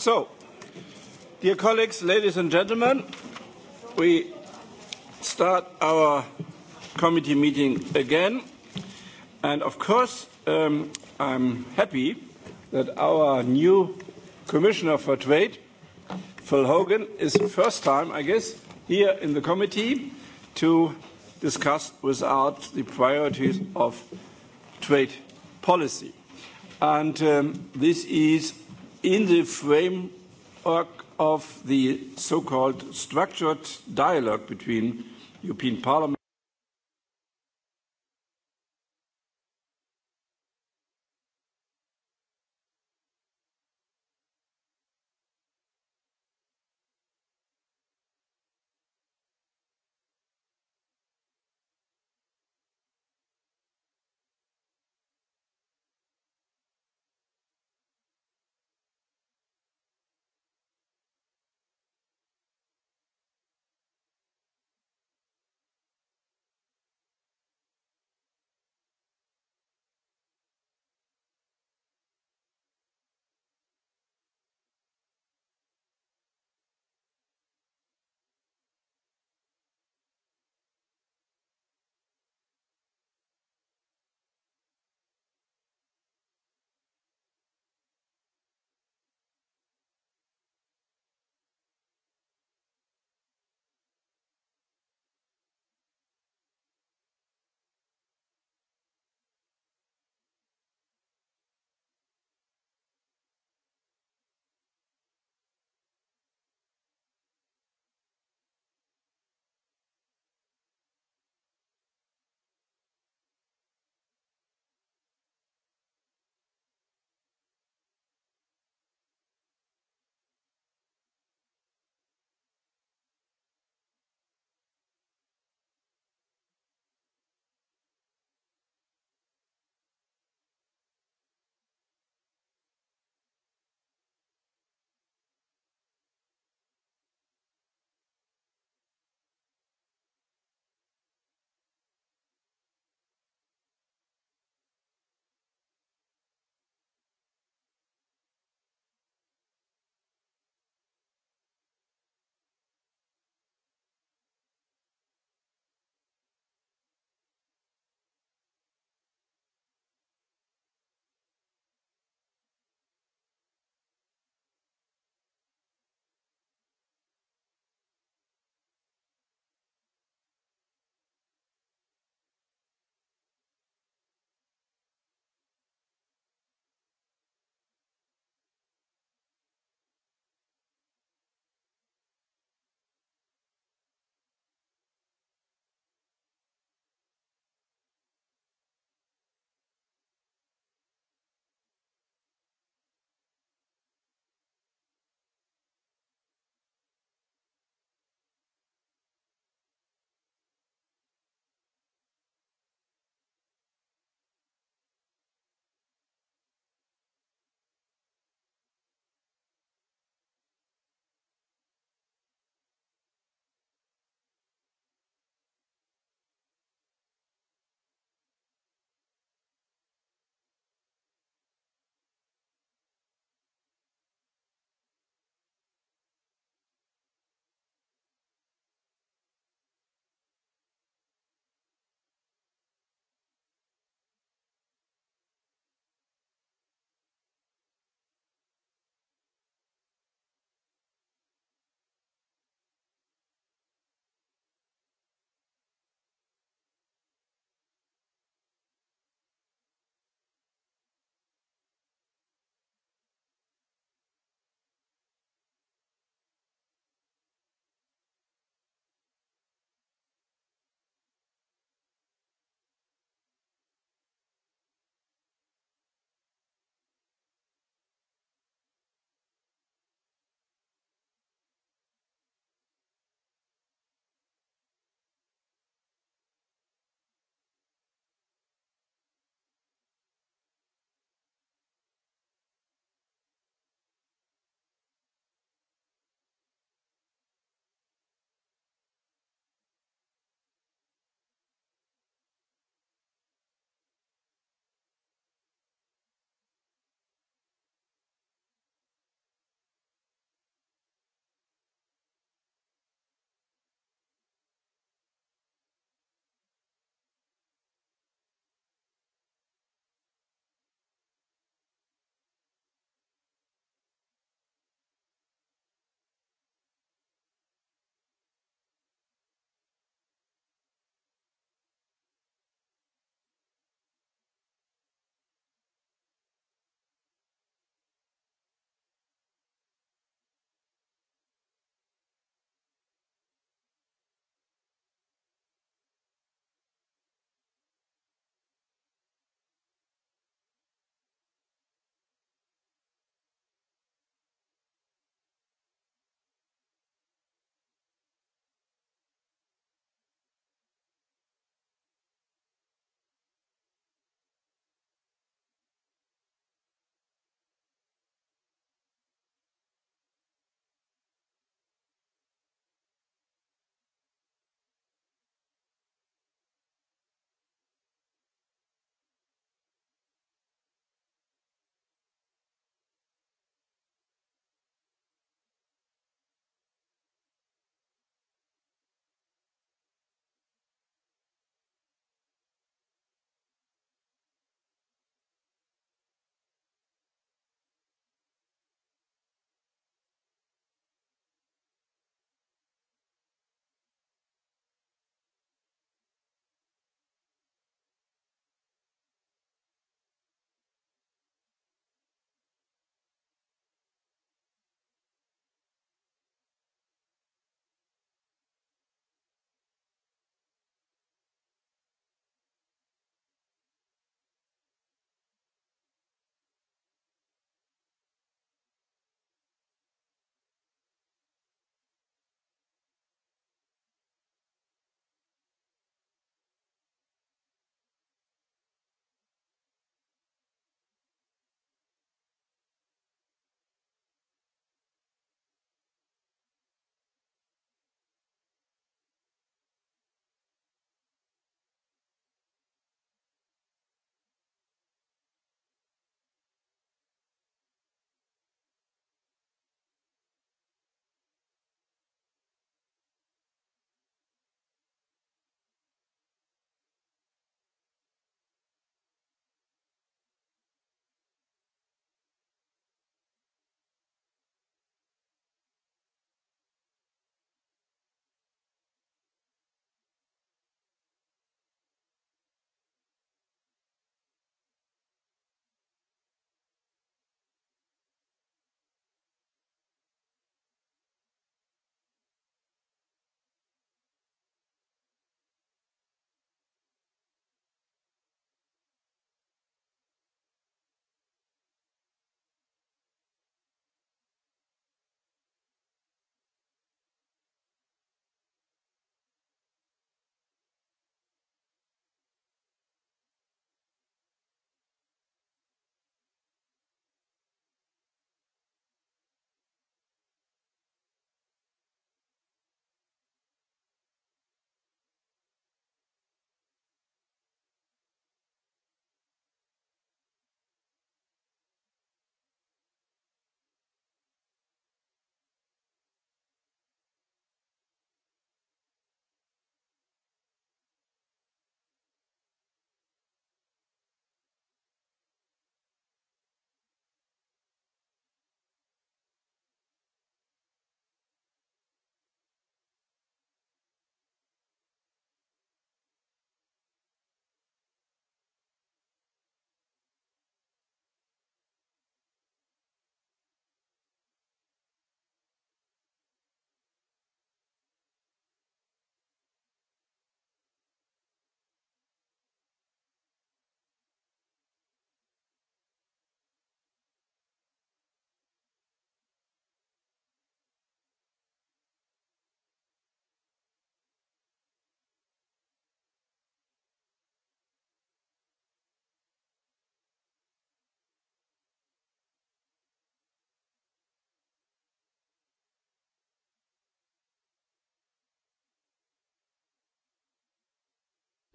So, dear colleagues, ladies and gentlemen, we start our committee meeting again. And of course, um, I'm happy that our new Commissioner for Trade, Phil Hogan, is the first time, I guess, here in the committee to discuss without the priorities of trade policy. And um, this is in the framework of the so-called structured dialogue between European Parliament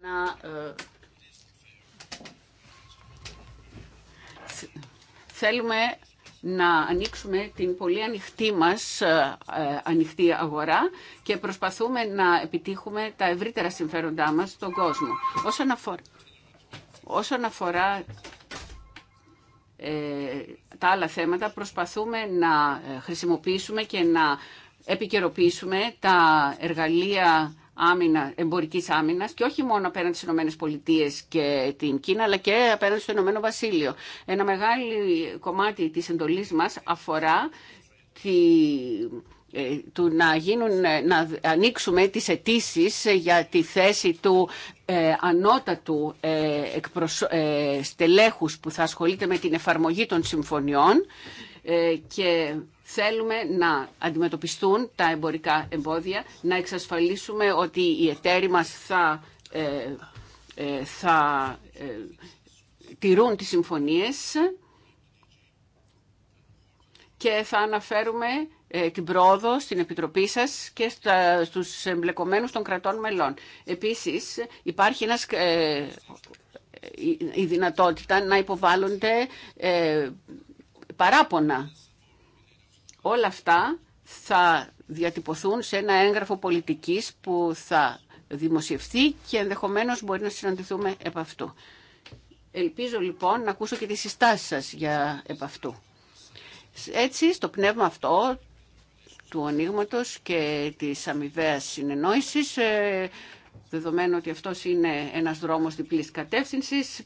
Ε, θέλουμε να ανοίξουμε την πολύ ανοιχτή μας ε, ε, ανοιχτή αγορά και προσπαθούμε να επιτύχουμε τα ευρύτερα συμφέροντά μας στον κόσμο. Όσον αφορά, ε, τα άλλα θέματα, προσπαθούμε να χρησιμοποιήσουμε και να επικαιροποιήσουμε τα εργαλεία άμυνα, εμπορικής άμυνας και όχι μόνο απέναντι στις Ηνωμένες Πολιτείες και την Κίνα αλλά και απέναντι στο Ηνωμένο Βασίλειο. Ένα μεγάλο κομμάτι της εντολής μας αφορά τη, ε, να, γίνουν, ε, να ανοίξουμε τις αιτήσει για τη θέση του ε, ανώτατου ε, στελέχους που θα ασχολείται με την εφαρμογή των συμφωνιών και Θέλουμε να αντιμετωπιστούν τα εμπορικά εμπόδια, να εξασφαλίσουμε ότι οι εταίροι μας θα, ε, ε, θα ε, τηρούν τις συμφωνίες και θα αναφέρουμε την πρόοδο στην Επιτροπή σας και στα, στους εμπλεκομένους των κρατών μελών. Επίσης, υπάρχει η δυνατότητα να υποβάλλονται παράπονα Όλα αυτά θα διατυπωθούν σε ένα έγγραφο πολιτικής που θα δημοσιευθεί και ενδεχομένως μπορεί να συναντηθούμε επ' αυτού. Ελπίζω λοιπόν να ακούσω και τις συστάσεις σας για επ' αυτού. Έτσι, στο πνεύμα αυτό του ανοίγματο και της αμοιβαία συνεννόησης, ε, δεδομένου ότι αυτός είναι ένας δρόμος διπλής κατεύθυνσης,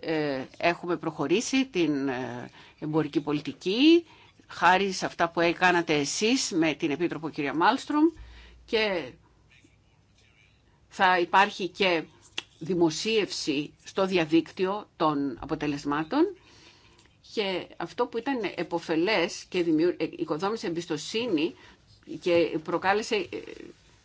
ε, έχουμε προχωρήσει την ε, εμπορική πολιτική χάρη σε αυτά που έκανατε εσείς με την Επίτροπο κυρία Μάλστρομ και θα υπάρχει και δημοσίευση στο διαδίκτυο των αποτελεσμάτων και αυτό που ήταν εποφελές και δημιου... Ε, οικοδόμησε εμπιστοσύνη και προκάλεσε ε,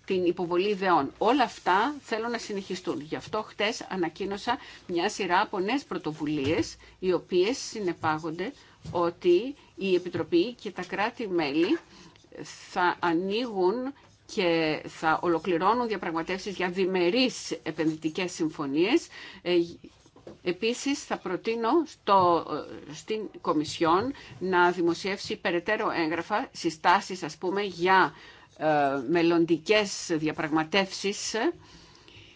την υποβολή ιδεών. Όλα αυτά θέλω να συνεχιστούν. Γι' αυτό χτες ανακοίνωσα μια σειρά από νέες πρωτοβουλίες, οι οποίες συνεπάγονται ότι η Επιτροπή και τα κράτη-μέλη θα ανοίγουν και θα ολοκληρώνουν διαπραγματεύσεις για διμερείς επενδυτικές συμφωνίες. Ε, επίσης, θα προτείνω στο, ε, στην Κομισιόν να δημοσιεύσει περαιτέρω έγγραφα, συστάσεις, ας πούμε, για ε, μελλοντικές διαπραγματεύσεις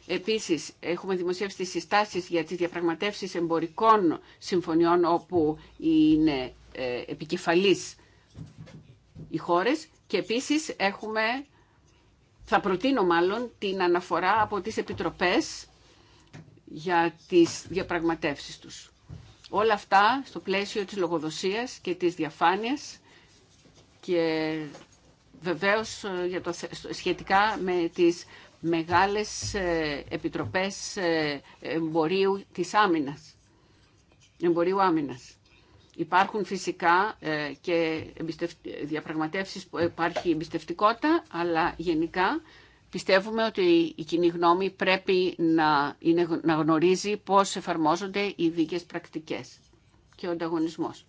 Επίσης, έχουμε δημοσιεύσει τι συστάσεις για τι διαπραγματεύσει εμπορικών συμφωνιών όπου είναι ε, επικεφαλής οι χώρε. και επίσης έχουμε, θα προτείνω μάλλον, την αναφορά από τις επιτροπές για τις διαπραγματεύσεις τους. Όλα αυτά στο πλαίσιο της λογοδοσίας και της διαφάνειας και βεβαίως ε, για το, σχετικά με τις μεγάλες ε, επιτροπές ε, εμπορίου της άμυνας, εμπορίου άμυνας. Υπάρχουν φυσικά ε, και διαπραγματεύσεις που υπάρχει εμπιστευτικότητα, αλλά γενικά πιστεύουμε ότι η κοινή γνώμη πρέπει να, είναι, να γνωρίζει πώς εφαρμόζονται οι δίκες πρακτικές και ο ανταγωνισμός.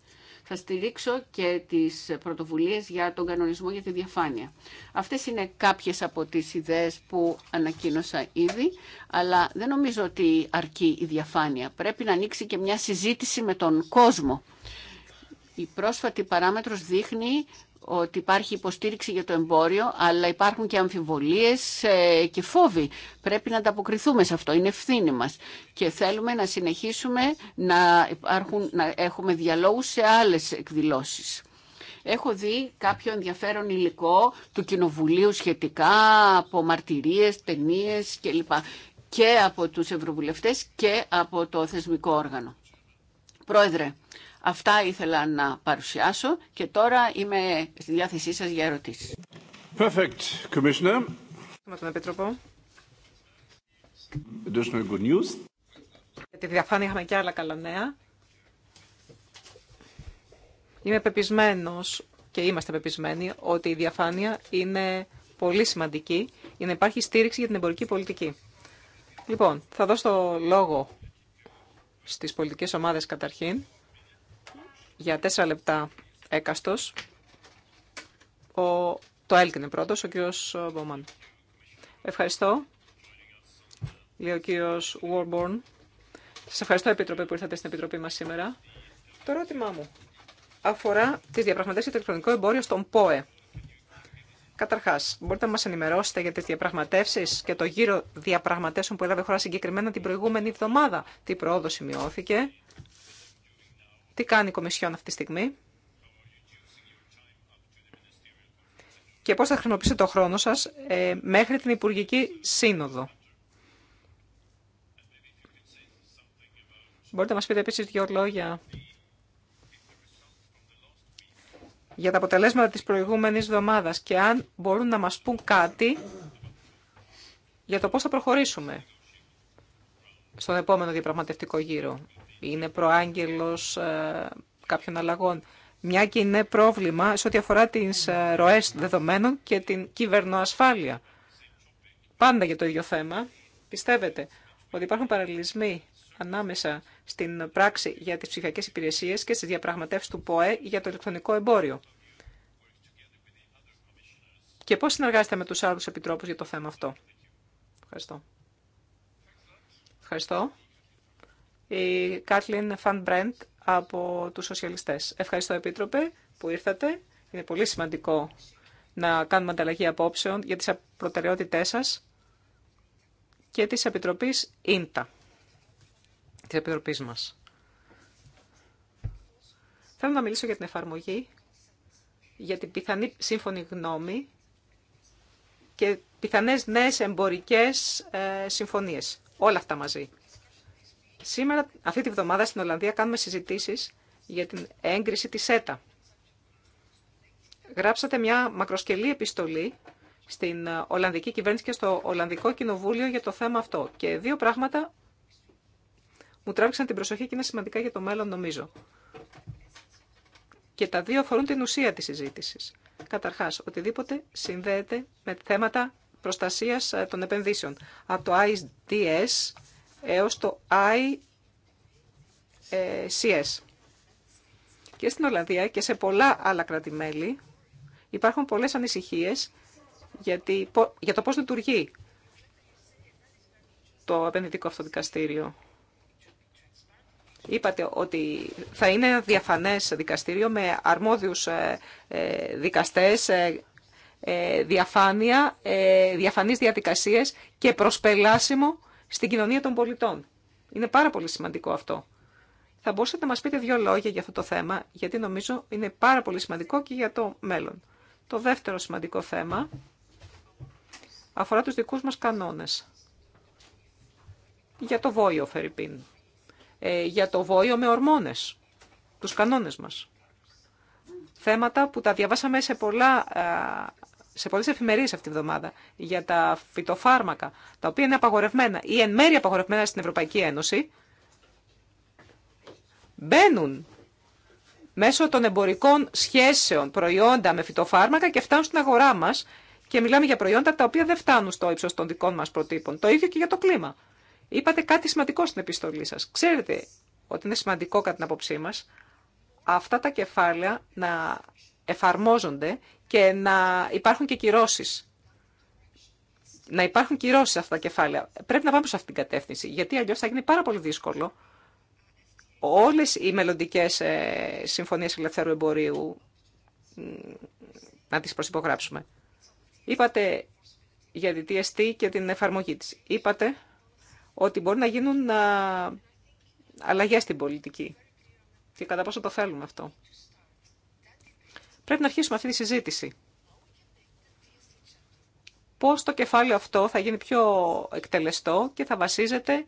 Θα στηρίξω και τις πρωτοβουλίες για τον κανονισμό για τη διαφάνεια. Αυτές είναι κάποιες από τις ιδέες που ανακοίνωσα ήδη, αλλά δεν νομίζω ότι αρκεί η διαφάνεια. Πρέπει να ανοίξει και μια συζήτηση με τον κόσμο. Η πρόσφατη παράμετρος δείχνει ότι υπάρχει υποστήριξη για το εμπόριο, αλλά υπάρχουν και αμφιβολίες ε, και φόβοι. Πρέπει να ανταποκριθούμε σε αυτό, είναι ευθύνη μας. Και θέλουμε να συνεχίσουμε να, υπάρχουν, να έχουμε διαλόγους σε άλλες εκδηλώσεις. Έχω δει κάποιο ενδιαφέρον υλικό του Κοινοβουλίου σχετικά από μαρτυρίες, ταινίες κλπ. Και από τους Ευρωβουλευτές και από το θεσμικό όργανο. Πρόεδρε, Αυτά ήθελα να παρουσιάσω και τώρα είμαι στη διάθεσή σας για ερωτήσεις. Perfect, Commissioner. τον Επίτροπο. Additional good news. Για τη διαφάνεια είχαμε και άλλα καλά νέα. Είμαι πεπισμένος και είμαστε πεπισμένοι ότι η διαφάνεια είναι πολύ σημαντική για να υπάρχει στήριξη για την εμπορική πολιτική. Λοιπόν, θα δώσω το λόγο στις πολιτικές ομάδες καταρχήν για τέσσερα λεπτά έκαστος. Ο, το έλκυνε πρώτος, ο κύριος Μπόμαν. Ευχαριστώ, λέει ο κύριος Warborn. Σας ευχαριστώ, Επίτροπε, που ήρθατε στην Επιτροπή μας σήμερα. Το ερώτημά μου αφορά τις διαπραγματεύσεις για το ηλεκτρονικό εμπόριο στον ΠΟΕ. Καταρχά, μπορείτε να μα ενημερώσετε για τι διαπραγματεύσει και το γύρο διαπραγματεύσεων που έλαβε χώρα συγκεκριμένα την προηγούμενη εβδομάδα. Τι πρόοδο σημειώθηκε, τι κάνει η Κομισιόν αυτή τη στιγμή και πώς θα χρησιμοποιήσετε το χρόνο σας ε, μέχρι την Υπουργική Σύνοδο. Μπορείτε να μας πείτε επίσης δύο λόγια για τα αποτελέσματα της προηγούμενης εβδομάδας και αν μπορούν να μας πούν κάτι για το πώς θα προχωρήσουμε στον επόμενο διαπραγματευτικό γύρο. Είναι προάγγελος ε, κάποιων αλλαγών. Μια και είναι πρόβλημα σε ό,τι αφορά τις ε, ροές δεδομένων και την κυβερνοασφάλεια. Πάντα για το ίδιο θέμα. Πιστεύετε ότι υπάρχουν παραλληλισμοί ανάμεσα στην πράξη για τις ψηφιακές υπηρεσίες και στις διαπραγματεύσεις του ΠΟΕ για το ηλεκτρονικό εμπόριο. Και πώς συνεργάζεται με τους άλλους επιτρόπους για το θέμα αυτό. Ευχαριστώ. Ευχαριστώ. Η Κάτλιν Φαν Μπρέντ από τους Σοσιαλιστές. Ευχαριστώ, Επίτροπε, που ήρθατε. Είναι πολύ σημαντικό να κάνουμε ανταλλαγή απόψεων για τις προτεραιότητές σας και της Επιτροπής ΙΝΤΑ, της Επιτροπής μας. Θέλω να μιλήσω για την εφαρμογή, για την πιθανή σύμφωνη γνώμη και πιθανές νέες εμπορικές ε, συμφωνίες. Όλα αυτά μαζί. Σήμερα, αυτή τη βδομάδα στην Ολλανδία κάνουμε συζητήσεις για την έγκριση της ΣΕΤΑ. Γράψατε μια μακροσκελή επιστολή στην Ολλανδική κυβέρνηση και στο Ολλανδικό Κοινοβούλιο για το θέμα αυτό. Και δύο πράγματα μου τράβηξαν την προσοχή και είναι σημαντικά για το μέλλον, νομίζω. Και τα δύο αφορούν την ουσία της συζήτησης. Καταρχάς, οτιδήποτε συνδέεται με θέματα προστασίας ε, των επενδύσεων από το ISDS έως το ICS. Και στην Ολλανδία και σε πολλά άλλα κράτη-μέλη υπάρχουν πολλές ανησυχίες γιατί, για το πώς λειτουργεί το επενδυτικό αυτό δικαστήριο. Είπατε ότι θα είναι διαφανές δικαστήριο με αρμόδιους ε, ε, δικαστές, ε, διαφάνεια, ε, διαφανείς διαδικασίες και προσπελάσιμο στην κοινωνία των πολιτών. Είναι πάρα πολύ σημαντικό αυτό. Θα μπορούσατε να μας πείτε δύο λόγια για αυτό το θέμα, γιατί νομίζω είναι πάρα πολύ σημαντικό και για το μέλλον. Το δεύτερο σημαντικό θέμα αφορά τους δικούς μας κανόνες. Για το βόλιο, Φερρυπίν. Ε, για το βόλιο με ορμόνες. Τους κανόνες μας. Θέματα που τα διαβάσαμε σε πολλά σε πολλέ εφημερίε αυτή τη βδομάδα για τα φυτοφάρμακα, τα οποία είναι απαγορευμένα ή εν μέρει απαγορευμένα στην Ευρωπαϊκή Ένωση, μπαίνουν μέσω των εμπορικών σχέσεων προϊόντα με φυτοφάρμακα και φτάνουν στην αγορά μα και μιλάμε για προϊόντα τα οποία δεν φτάνουν στο ύψο των δικών μα προτύπων. Το ίδιο και για το κλίμα. Είπατε κάτι σημαντικό στην επιστολή σα. Ξέρετε ότι είναι σημαντικό κατά την άποψή μα αυτά τα κεφάλαια να εφαρμόζονται και να υπάρχουν και κυρώσεις. Να υπάρχουν κυρώσεις σε αυτά τα κεφάλαια. Πρέπει να πάμε σε αυτήν την κατεύθυνση, γιατί αλλιώς θα γίνει πάρα πολύ δύσκολο όλες οι μελλοντικέ ε, συμφωνίες ελευθερού εμπορίου να τις προσυπογράψουμε. Είπατε για τη TST και την εφαρμογή της. Είπατε ότι μπορεί να γίνουν ε, αλλαγές στην πολιτική και κατά πόσο το θέλουμε αυτό. Πρέπει να αρχίσουμε αυτή τη συζήτηση. Πώς το κεφάλαιο αυτό θα γίνει πιο εκτελεστό και θα βασίζεται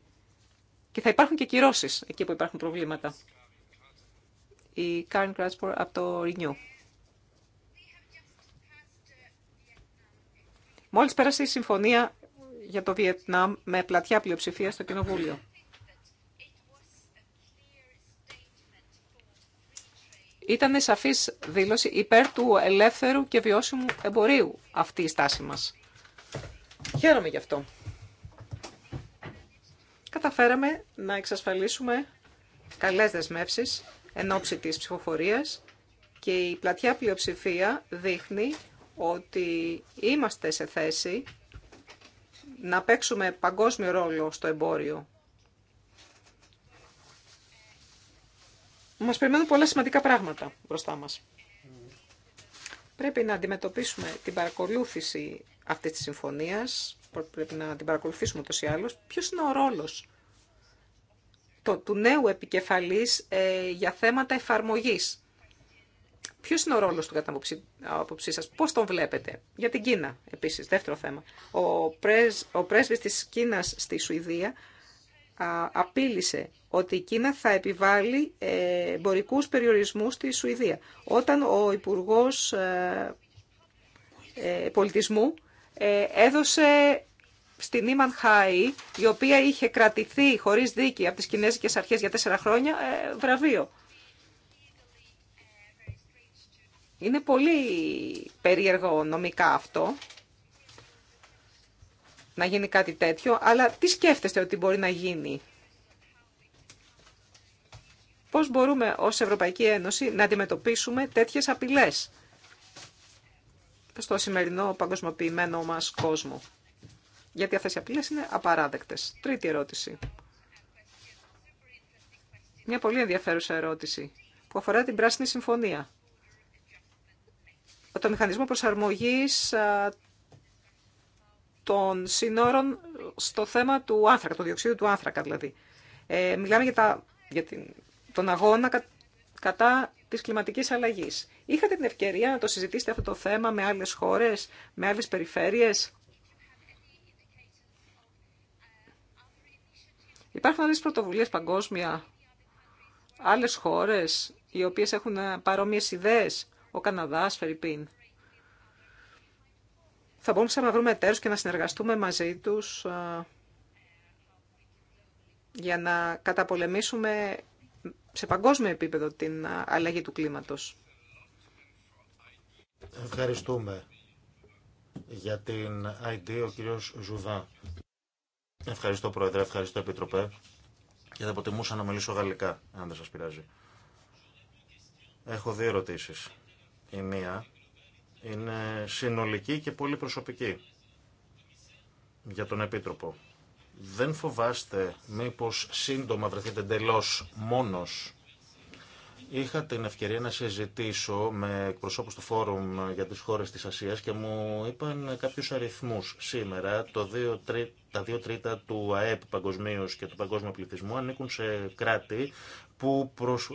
και θα υπάρχουν και κυρώσεις εκεί που υπάρχουν προβλήματα. Η Karen Κράτσπορ από το Renew. Μόλις πέρασε η συμφωνία για το Βιετνάμ με πλατιά πλειοψηφία στο Κοινοβούλιο. Ήταν σαφής δήλωση υπέρ του ελεύθερου και βιώσιμου εμπορίου αυτή η στάση μας. Χαίρομαι γι' αυτό. Καταφέραμε να εξασφαλίσουμε καλές δεσμεύσεις εν ώψη της ψηφοφορίας και η πλατιά πλειοψηφία δείχνει ότι είμαστε σε θέση να παίξουμε παγκόσμιο ρόλο στο εμπόριο Μας περιμένουν πολλά σημαντικά πράγματα μπροστά μας. Πρέπει να αντιμετωπίσουμε την παρακολούθηση αυτής της συμφωνίας, πρέπει να την παρακολουθήσουμε το ή άλλως. Ποιος είναι ο ρόλος το, του νέου επικεφαλής ε, για θέματα εφαρμογής. Ποιο είναι ο ρόλο του κατά απόψη σα, πώ τον βλέπετε. Για την Κίνα, επίση, δεύτερο θέμα. Ο, πρέσβης ο πρέσβη τη Κίνα στη Σουηδία απείλησε ότι η Κίνα θα επιβάλλει ε, εμπορικούς περιορισμούς στη Σουηδία. Όταν ο Υπουργός ε, ε, Πολιτισμού έδωσε στην ήμαν η οποία είχε κρατηθεί χωρίς δίκη από τις Κινέζικες Αρχές για τέσσερα χρόνια, βραβείο. Είναι πολύ περίεργο νομικά αυτό να γίνει κάτι τέτοιο, αλλά τι σκέφτεστε ότι μπορεί να γίνει. Πώς μπορούμε ως Ευρωπαϊκή Ένωση να αντιμετωπίσουμε τέτοιες απειλές στο σημερινό παγκοσμιοποιημένο μας κόσμο. Γιατί αυτές οι απειλές είναι απαράδεκτες. Τρίτη ερώτηση. Μια πολύ ενδιαφέρουσα ερώτηση που αφορά την Πράσινη Συμφωνία. Το μηχανισμό προσαρμογής των σύνορων στο θέμα του άνθρακα, του διοξείδιο του άνθρακα δηλαδή. Ε, μιλάμε για, τον αγώνα κα, κατά της κλιματικής αλλαγής. Είχατε την ευκαιρία να το συζητήσετε αυτό το θέμα με άλλες χώρες, με άλλες περιφέρειες. Υπάρχουν άλλες πρωτοβουλίες παγκόσμια, άλλες χώρες οι οποίες έχουν ε, παρόμοιες ιδέες. Ο Καναδάς, Φερρυπίν θα μπορούσαμε να βρούμε εταίρους και να συνεργαστούμε μαζί τους ε, για να καταπολεμήσουμε σε παγκόσμιο επίπεδο την ε, αλλαγή του κλίματος. Ευχαριστούμε για την ID ο κύριος Ζουδά. Ευχαριστώ Πρόεδρε, ευχαριστώ Επίτροπε και θα αποτιμούσα να μιλήσω γαλλικά, αν δεν σας πειράζει. Έχω δύο ερωτήσεις. Η μία είναι συνολική και πολύ προσωπική για τον Επίτροπο. Δεν φοβάστε μήπως σύντομα βρεθείτε εντελώ μόνος. Είχα την ευκαιρία να συζητήσω με εκπροσώπους του Φόρουμ για τις χώρες της Ασίας και μου είπαν κάποιους αριθμούς. Σήμερα το 2, τα δύο τρίτα του ΑΕΠ παγκοσμίω και του παγκόσμιου πληθυσμού ανήκουν σε κράτη που, προσ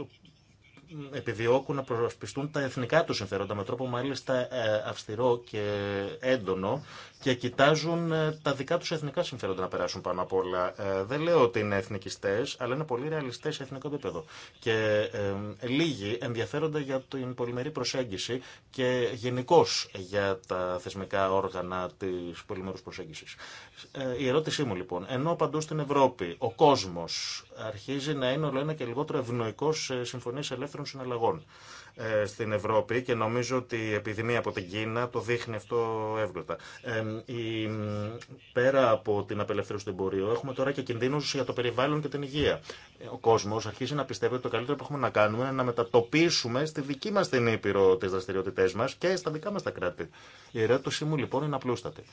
επιδιώκουν να προσπιστούν τα εθνικά του συμφέροντα με τρόπο μάλιστα ε, αυστηρό και έντονο και κοιτάζουν ε, τα δικά του εθνικά συμφέροντα να περάσουν πάνω απ' όλα. Ε, δεν λέω ότι είναι εθνικιστέ, αλλά είναι πολύ ρεαλιστέ σε εθνικό επίπεδο. Και λίγοι ενδιαφέρονται για την πολυμερή προσέγγιση και γενικώ για τα θεσμικά όργανα τη πολυμερού προσέγγιση. Η ερώτησή μου λοιπόν, ενώ παντού στην Ευρώπη ο κόσμο αρχίζει να είναι όλο ένα και λιγότερο ευνοϊκό σε συμφωνίε ελεύθερων συναλλαγών ε, στην Ευρώπη και νομίζω ότι η επιδημία από την Κίνα το δείχνει αυτό εύκολα. Ε, η, πέρα από την απελευθέρωση του εμπορίου, έχουμε τώρα και κινδύνου για το περιβάλλον και την υγεία. Ο κόσμο αρχίζει να πιστεύει ότι το καλύτερο που έχουμε να κάνουμε είναι να μετατοπίσουμε στη δική μα την ήπειρο τι δραστηριότητέ μα και στα δικά μα τα κράτη. Η ερώτησή μου λοιπόν είναι απλούστατη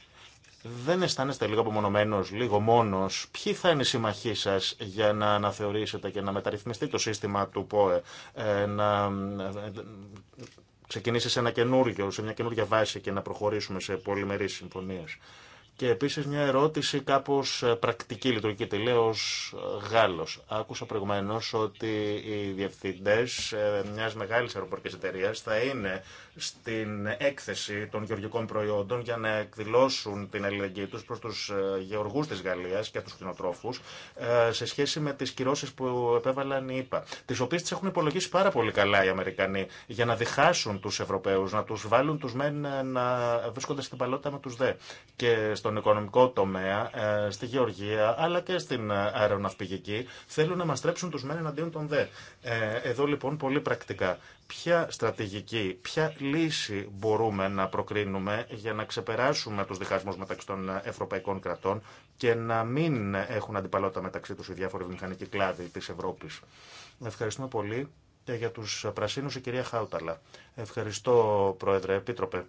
δεν αισθάνεστε λίγο απομονωμένο, λίγο μόνο. Ποιοι θα είναι οι συμμαχοί σα για να αναθεωρήσετε και να μεταρρυθμιστεί το σύστημα του ΠΟΕ, ε, να ε, ξεκινήσει σε, ένα καινούριο, σε μια καινούργια βάση και να προχωρήσουμε σε πολυμερεί συμφωνίε. Και επίση μια ερώτηση κάπω ε, πρακτική, λειτουργική. Τη λέω Γάλλο. Άκουσα προηγουμένω ότι οι διευθυντέ μια μεγάλη αεροπορική εταιρεία θα είναι στην έκθεση των γεωργικών προϊόντων για να εκδηλώσουν την αλληλεγγύη τους προς τους ε, γεωργούς της Γαλλίας και τους κτηνοτρόφους ε, σε σχέση με τις κυρώσεις που επέβαλαν οι ΙΠΑ, τις οποίες τις έχουν υπολογίσει πάρα πολύ καλά οι Αμερικανοί για να διχάσουν τους Ευρωπαίους, να τους βάλουν τους μεν ε, να βρίσκονται στην παλότητα με τους δε και στον οικονομικό τομέα, στη γεωργία αλλά και στην αεροναυπηγική θέλουν να μας τρέψουν τους μεν εναντίον των δε. Εδώ λοιπόν πολύ πρακτικά ποια στρατηγική, ποια λύση μπορούμε να προκρίνουμε για να ξεπεράσουμε τους διχασμούς μεταξύ των ευρωπαϊκών κρατών και να μην έχουν αντιπαλότητα μεταξύ τους οι διάφοροι μηχανικοί κλάδοι της Ευρώπης. Ευχαριστούμε πολύ και για τους πρασίνους η κυρία Χάουταλα. Ευχαριστώ Πρόεδρε Επίτροπε.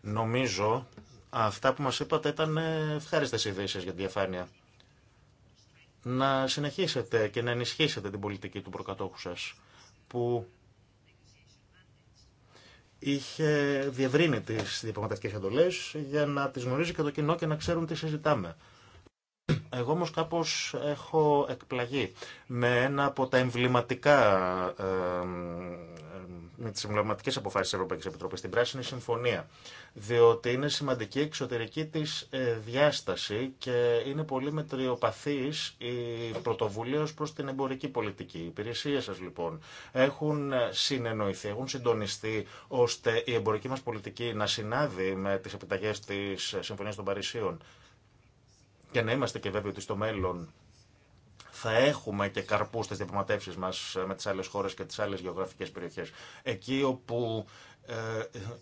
Νομίζω αυτά που μας είπατε ήταν ευχάριστες ειδήσει για τη διαφάνεια. Να συνεχίσετε και να ενισχύσετε την πολιτική του προκατόχου σας που είχε διευρύνει τι διαπραγματευτικές εντολές για να τις γνωρίζει και το κοινό και να ξέρουν τι συζητάμε. Εγώ όμω κάπω έχω εκπλαγεί με ένα από τα εμβληματικά, με τι εμβληματικέ αποφάσει τη Ευρωπαϊκή Επιτροπή, την Πράσινη Συμφωνία. Διότι είναι σημαντική η εξωτερική τη ε, διάσταση και είναι πολύ μετριοπαθή η πρωτοβουλία ω προ την εμπορική πολιτική. Οι υπηρεσίε σα λοιπόν έχουν συνεννοηθεί, έχουν συντονιστεί ώστε η εμπορική μα πολιτική να συνάδει με τι επιταγέ τη Συμφωνία των Παρισίων και να είμαστε και βέβαιοι ότι στο μέλλον θα έχουμε και καρπού στι διαπραγματεύσει μα ε, με τι άλλε χώρε και τι άλλε γεωγραφικέ περιοχέ, Εκεί όπου ε,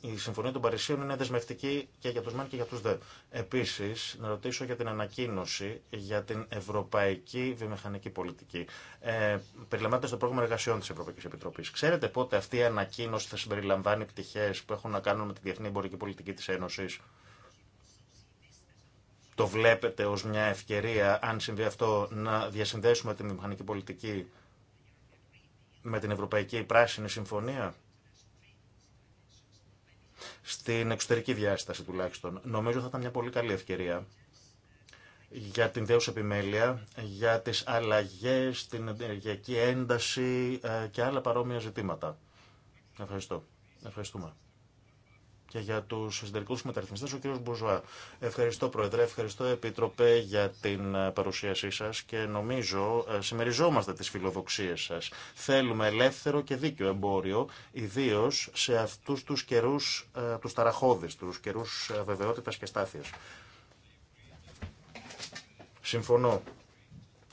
η Συμφωνία των Παρισίων είναι δεσμευτική και για του μεν και για του δε. Επίση, να ρωτήσω για την ανακοίνωση για την Ευρωπαϊκή Βιομηχανική Πολιτική. Ε, περιλαμβάνεται στο πρόγραμμα εργασιών τη Ευρωπαϊκή Επιτροπή. Ξέρετε πότε αυτή η ανακοίνωση θα συμπεριλαμβάνει πτυχέ που έχουν να κάνουν με τη διεθνή εμπορική πολιτική τη Ένωση το βλέπετε ως μια ευκαιρία, αν συμβεί αυτό, να διασυνδέσουμε τη μηχανική πολιτική με την Ευρωπαϊκή Πράσινη Συμφωνία. Στην εξωτερική διάσταση τουλάχιστον. Νομίζω θα ήταν μια πολύ καλή ευκαιρία για την δέους επιμέλεια, για τις αλλαγές, την ενεργειακή ένταση ε, και άλλα παρόμοια ζητήματα. Ευχαριστώ. Ευχαριστούμε και για του εσωτερικού μεταρρυθμιστέ, ο κ. Μπουζουά. Ευχαριστώ, Πρόεδρε, ευχαριστώ, Επίτροπε, για την ε, παρουσίασή σα και νομίζω ε, συμμεριζόμαστε τι φιλοδοξίε σα. Θέλουμε ελεύθερο και δίκαιο εμπόριο, ιδίω σε αυτού του καιρού, ε, του ταραχώδει, του καιρού βεβαιότητα και στάθεια. Συμφωνώ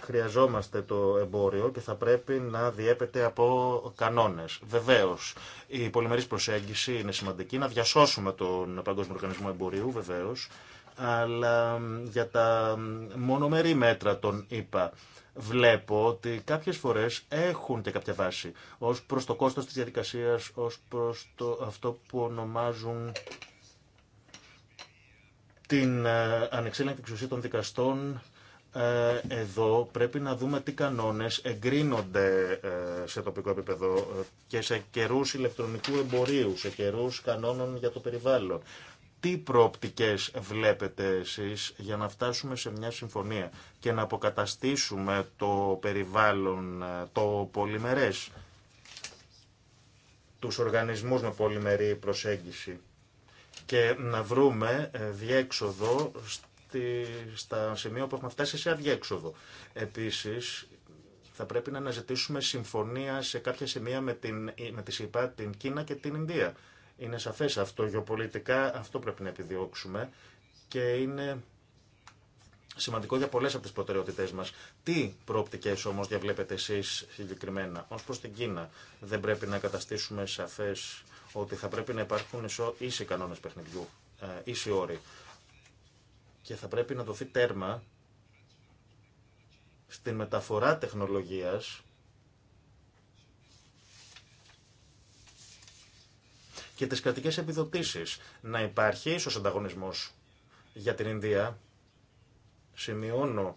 χρειαζόμαστε το εμπόριο και θα πρέπει να διέπεται από κανόνες. Βεβαίως, η πολυμερής προσέγγιση είναι σημαντική, να διασώσουμε τον Παγκόσμιο Οργανισμό Εμπορίου, βεβαίως, αλλά για τα μονομερή μέτρα των ήπα βλέπω ότι κάποιες φορές έχουν και κάποια βάση ως προς το κόστος της διαδικασίας, ως προς αυτό που ονομάζουν την ε, ανεξέλεγκτη εξουσία των δικαστών ε, εδώ πρέπει να δούμε τι κανόνες εγκρίνονται ε, σε τοπικό επίπεδο ε, και σε καιρούς ηλεκτρονικού εμπορίου, σε καιρούς κανόνων για το περιβάλλον. Τι προοπτικές βλέπετε εσείς για να φτάσουμε σε μια συμφωνία και να αποκαταστήσουμε το περιβάλλον, το πολυμερές, τους οργανισμούς με πολυμερή προσέγγιση και να βρούμε διέξοδο στη, στα σημεία που έχουμε φτάσει σε αδιέξοδο. Επίσης, θα πρέπει να αναζητήσουμε συμφωνία σε κάποια σημεία με, την, με τη ΣΥΠΑ, την Κίνα και την Ινδία. Είναι σαφές αυτό, γεωπολιτικά αυτό πρέπει να επιδιώξουμε και είναι σημαντικό για πολλέ από τι προτεραιότητε μα. Τι προοπτικέ όμω διαβλέπετε εσεί συγκεκριμένα ω προ την Κίνα. Δεν πρέπει να καταστήσουμε σαφέ ότι θα πρέπει να υπάρχουν ίσοι κανόνε παιχνιδιού, ε, ίσοι όροι και θα πρέπει να δοθεί τέρμα στην μεταφορά τεχνολογίας και τις κρατικές επιδοτήσεις. Να υπάρχει ίσως ανταγωνισμός για την Ινδία. Σημειώνω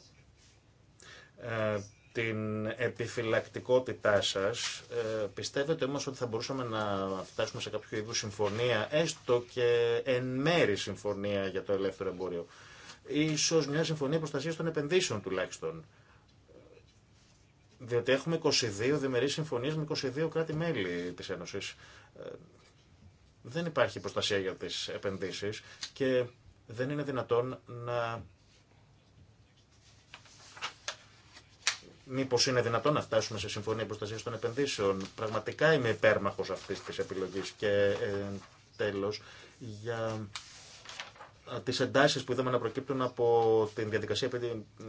ε, την επιφυλακτικότητά σας. Ε, πιστεύετε όμως ότι θα μπορούσαμε να φτάσουμε σε κάποιο είδους συμφωνία, έστω και εν μέρη συμφωνία για το ελεύθερο εμπόριο. Ισω μια συμφωνία προστασία των επενδύσεων τουλάχιστον. Διότι έχουμε 22 διμερεί συμφωνίε με 22 κράτη-μέλη της Ένωσης. Ε, δεν υπάρχει προστασία για τις επενδύσεις και δεν είναι δυνατόν να... Μήπω είναι δυνατόν να φτάσουμε σε συμφωνία προστασία των επενδύσεων. Πραγματικά είμαι υπέρμαχο αυτή τη επιλογή. Και ε, τέλο, για τις εντάσεις που είδαμε να προκύπτουν από την διαδικασία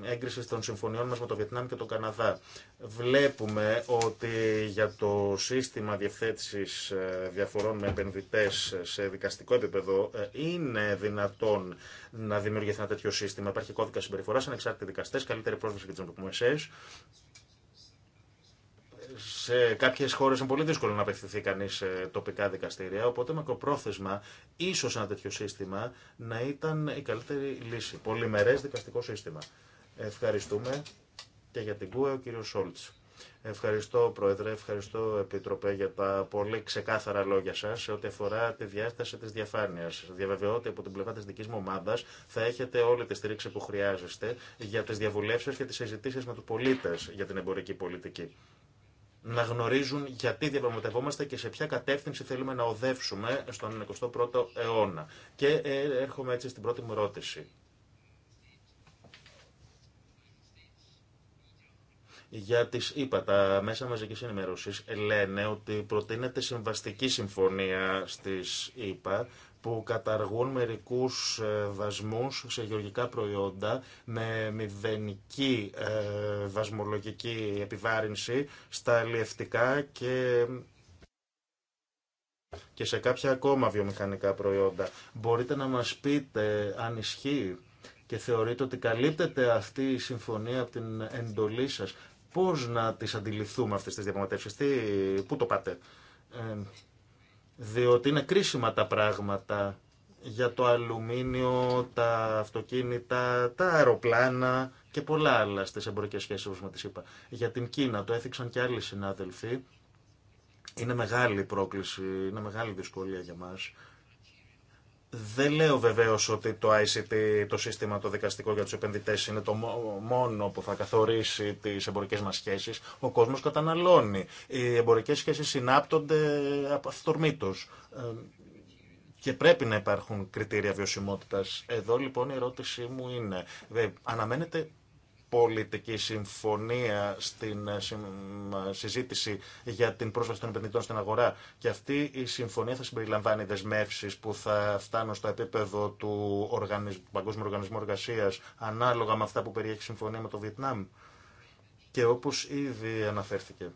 έγκριση των συμφωνιών μας με το Βιετνάμ και τον Καναδά. Βλέπουμε ότι για το σύστημα διευθέτησης ε, διαφορών με επενδυτές σε δικαστικό επίπεδο ε, είναι δυνατόν να δημιουργηθεί ένα τέτοιο σύστημα. Υπάρχει κώδικα συμπεριφοράς, ανεξάρτητοι δικαστέ, καλύτερη πρόσβαση για τι σε κάποιε χώρε είναι πολύ δύσκολο να απευθυνθεί κανεί σε τοπικά δικαστήρια. Οπότε, μακροπρόθεσμα, ίσω ένα τέτοιο σύστημα να ήταν η καλύτερη λύση. Πολυμερέ δικαστικό σύστημα. Ευχαριστούμε και για την ΚΟΕ ο κύριο Σόλτ. Ευχαριστώ, Πρόεδρε, ευχαριστώ, Επίτροπε, για τα πολύ ξεκάθαρα λόγια σα σε ό,τι αφορά τη διάσταση τη διαφάνεια. Διαβεβαιώ ότι από την πλευρά τη δική μου ομάδα θα έχετε όλη τη στήριξη που χρειάζεστε για τι διαβουλεύσει και τι συζητήσει με του πολίτε για την εμπορική πολιτική να γνωρίζουν γιατί διαπραγματευόμαστε και σε ποια κατεύθυνση θέλουμε να οδεύσουμε στον 21ο αιώνα. Και ε, έρχομαι έτσι στην πρώτη μου ερώτηση. για τις είπα, τα μέσα μαζικής ενημέρωση λένε ότι προτείνεται συμβαστική συμφωνία στις ΕΠΑ που καταργούν μερικούς βασμούς ε, σε γεωργικά προϊόντα με μηδενική βασμολογική ε, επιβάρυνση στα αλλιευτικά και και σε κάποια ακόμα βιομηχανικά προϊόντα. Μπορείτε να μας πείτε αν ισχύει και θεωρείτε ότι καλύπτεται αυτή η συμφωνία από την εντολή σας. Πώς να τις αντιληφθούμε αυτές τις διαπραγματεύσεις, πού το πάτε. Ε, διότι είναι κρίσιμα τα πράγματα για το αλουμίνιο, τα αυτοκίνητα, τα αεροπλάνα και πολλά άλλα στις εμπορικές σχέσεις όπως με τις είπα. Για την Κίνα το έθιξαν και άλλοι συνάδελφοι. Είναι μεγάλη πρόκληση, είναι μεγάλη δυσκολία για μας δεν λέω βεβαίω ότι το ICT, το σύστημα το δικαστικό για του επενδυτέ, είναι το μόνο που θα καθορίσει τι εμπορικέ μα σχέσει. Ο κόσμο καταναλώνει. Οι εμπορικέ σχέσει συνάπτονται αυθορμήτω. Ε, και πρέπει να υπάρχουν κριτήρια βιωσιμότητα. Εδώ λοιπόν η ερώτησή μου είναι, αναμένεται πολιτική συμφωνία στην ε, ε, συζήτηση για την πρόσβαση των επενδυτών στην αγορά. Και αυτή η συμφωνία θα συμπεριλαμβάνει δεσμεύσει που θα φτάνουν στο επίπεδο του, Παγκόσμιου Οργανισμού Εργασία ανάλογα με αυτά που περιέχει η συμφωνία με το Βιετνάμ. Και όπω ήδη αναφέρθηκε.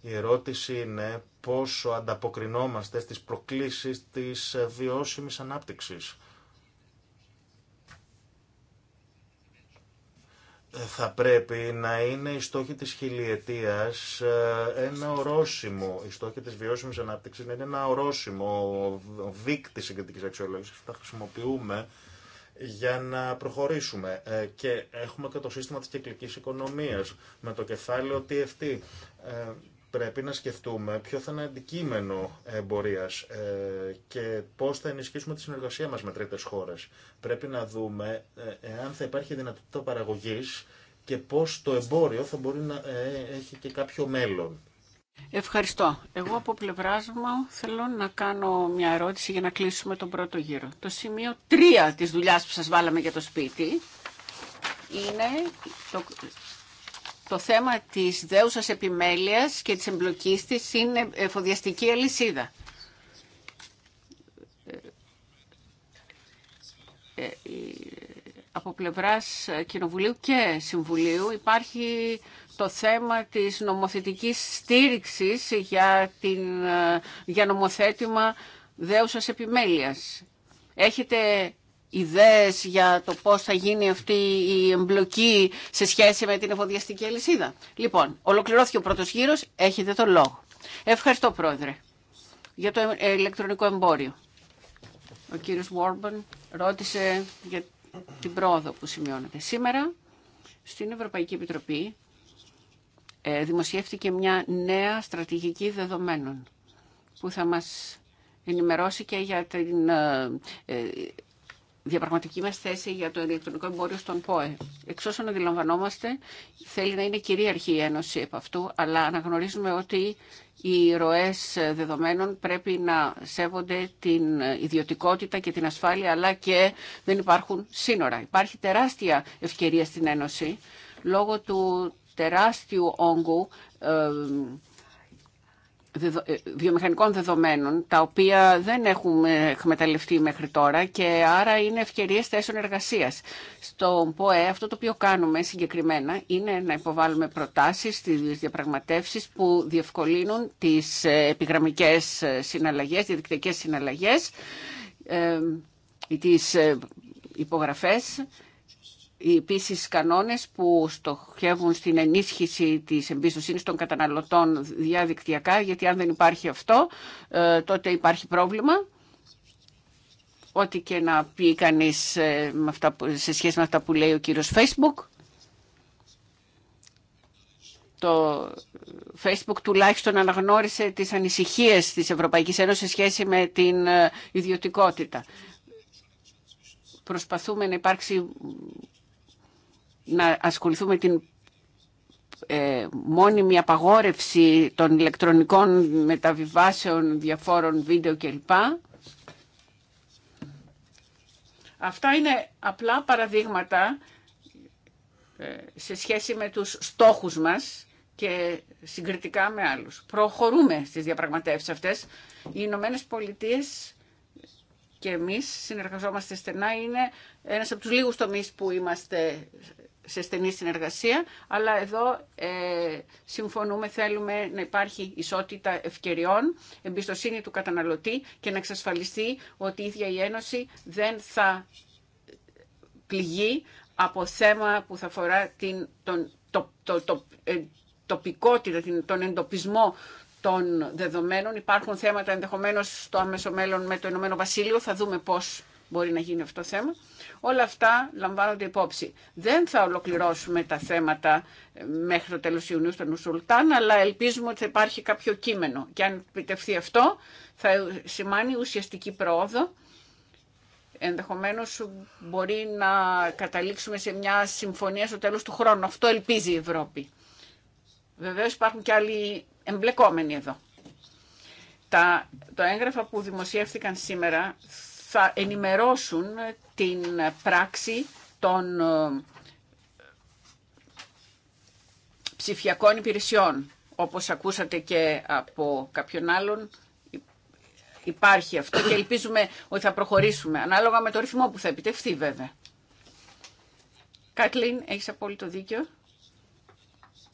Η ερώτηση είναι πόσο ανταποκρινόμαστε στις προκλήσεις της ε, βιώσιμης ανάπτυξης θα πρέπει να είναι η στόχη της χιλιετίας ε, ένα ορόσημο. Η στόχη της βιώσιμης ανάπτυξης είναι ένα ορόσημο δίκτυς συγκριτικής αξιολόγησης που χρησιμοποιούμε για να προχωρήσουμε. Ε, και έχουμε και το σύστημα της κυκλικής οικονομίας με το κεφάλαιο TFT πρέπει να σκεφτούμε ποιο θα είναι αντικείμενο εμπορία ε, και πώ θα ενισχύσουμε τη συνεργασία μα με τρίτε χώρε. Πρέπει να δούμε ε, εάν θα υπάρχει δυνατότητα παραγωγή και πώ το εμπόριο θα μπορεί να ε, έχει και κάποιο μέλλον. Ευχαριστώ. Εγώ από πλευρά μου θέλω να κάνω μια ερώτηση για να κλείσουμε τον πρώτο γύρο. Το σημείο 3 της δουλειάς που σας βάλαμε για το σπίτι είναι το το θέμα της δέουσας επιμέλειας και της εμπλοκής της είναι εφοδιαστική αλυσίδα. Ε, ε, από πλευράς Κοινοβουλίου και Συμβουλίου υπάρχει το θέμα της νομοθετικής στήριξης για, την, ε, για νομοθέτημα δέουσας επιμέλειας. Έχετε ιδέες για το πώς θα γίνει αυτή η εμπλοκή σε σχέση με την εφοδιαστική αλυσίδα. Λοιπόν, ολοκληρώθηκε ο πρώτος γύρος, έχετε τον λόγο. Ευχαριστώ Πρόεδρε για το ηλεκτρονικό εμπόριο. Ο κύριος Βόρμπαν ρώτησε για την πρόοδο που σημειώνεται. Σήμερα στην Ευρωπαϊκή Επιτροπή ε, δημοσιεύτηκε μια νέα στρατηγική δεδομένων που θα μας ενημερώσει και για την ε, ε, διαπραγματική μας θέση για το ηλεκτρονικό εμπόριο στον ΠΟΕ. Εξ όσων αντιλαμβανόμαστε, θέλει να είναι κυρίαρχη η Ένωση επ' αυτού, αλλά αναγνωρίζουμε ότι οι ροές δεδομένων πρέπει να σέβονται την ιδιωτικότητα και την ασφάλεια, αλλά και δεν υπάρχουν σύνορα. Υπάρχει τεράστια ευκαιρία στην Ένωση, λόγω του τεράστιου όγκου ε, βιομηχανικών δεδομένων, τα οποία δεν έχουμε εκμεταλλευτεί μέχρι τώρα και άρα είναι ευκαιρίες θέσεων εργασίας. Στον ΠΟΕ αυτό το οποίο κάνουμε συγκεκριμένα είναι να υποβάλουμε προτάσεις στις διαπραγματεύσεις που διευκολύνουν τις ε, επιγραμμικές ε, συναλλαγές, διαδικτυακές συναλλαγές, τις υπογραφές Επίση, κανόνε που στοχεύουν στην ενίσχυση τη εμπιστοσύνη των καταναλωτών διαδικτυακά, γιατί αν δεν υπάρχει αυτό, ε, τότε υπάρχει πρόβλημα. Ό,τι και να πει κανεί ε, σε σχέση με αυτά που λέει ο κύριο Facebook. Το Facebook τουλάχιστον αναγνώρισε τις ανησυχίες της Ευρωπαϊκής Ένωσης σε σχέση με την ε, ιδιωτικότητα. Προσπαθούμε να υπάρξει να ασχοληθούμε την ε, μόνιμη απαγόρευση των ηλεκτρονικών μεταβιβάσεων διαφόρων βίντεο κλπ. Αυτά είναι απλά παραδείγματα ε, σε σχέση με τους στόχους μας και συγκριτικά με άλλους. Προχωρούμε στις διαπραγματεύσεις αυτές. Οι Ηνωμένε Πολιτείε και εμείς συνεργαζόμαστε στενά. Είναι ένας από τους λίγους τομείς που είμαστε σε στενή συνεργασία, αλλά εδώ ε, συμφωνούμε, θέλουμε να υπάρχει ισότητα ευκαιριών, εμπιστοσύνη του καταναλωτή και να εξασφαλιστεί ότι η ίδια η Ένωση δεν θα πληγεί από θέμα που θα αφορά την, τον, το, το, ε, τοπικότητα, την, τον εντοπισμό των δεδομένων. Υπάρχουν θέματα ενδεχομένως στο άμεσο μέλλον με το Ηνωμένο Βασίλειο. Θα δούμε πώς μπορεί να γίνει αυτό θέμα. Όλα αυτά λαμβάνονται υπόψη. Δεν θα ολοκληρώσουμε τα θέματα ε, μέχρι το τέλος Ιουνίου στον Ουσουλτάν, αλλά ελπίζουμε ότι θα υπάρχει κάποιο κείμενο. Και αν επιτευχθεί αυτό, θα σημάνει ουσιαστική πρόοδο. Ενδεχομένως μπορεί να καταλήξουμε σε μια συμφωνία στο τέλος του χρόνου. Αυτό ελπίζει η Ευρώπη. Βεβαίως υπάρχουν και άλλοι εμπλεκόμενοι εδώ. Τα, το έγγραφα που δημοσιεύθηκαν σήμερα θα ενημερώσουν την πράξη των ε, ψηφιακών υπηρεσιών. Όπως ακούσατε και από κάποιον άλλον, υπάρχει αυτό και ελπίζουμε ότι θα προχωρήσουμε, ανάλογα με το ρυθμό που θα επιτευχθεί βέβαια. Κάτλιν, έχεις απόλυτο δίκιο.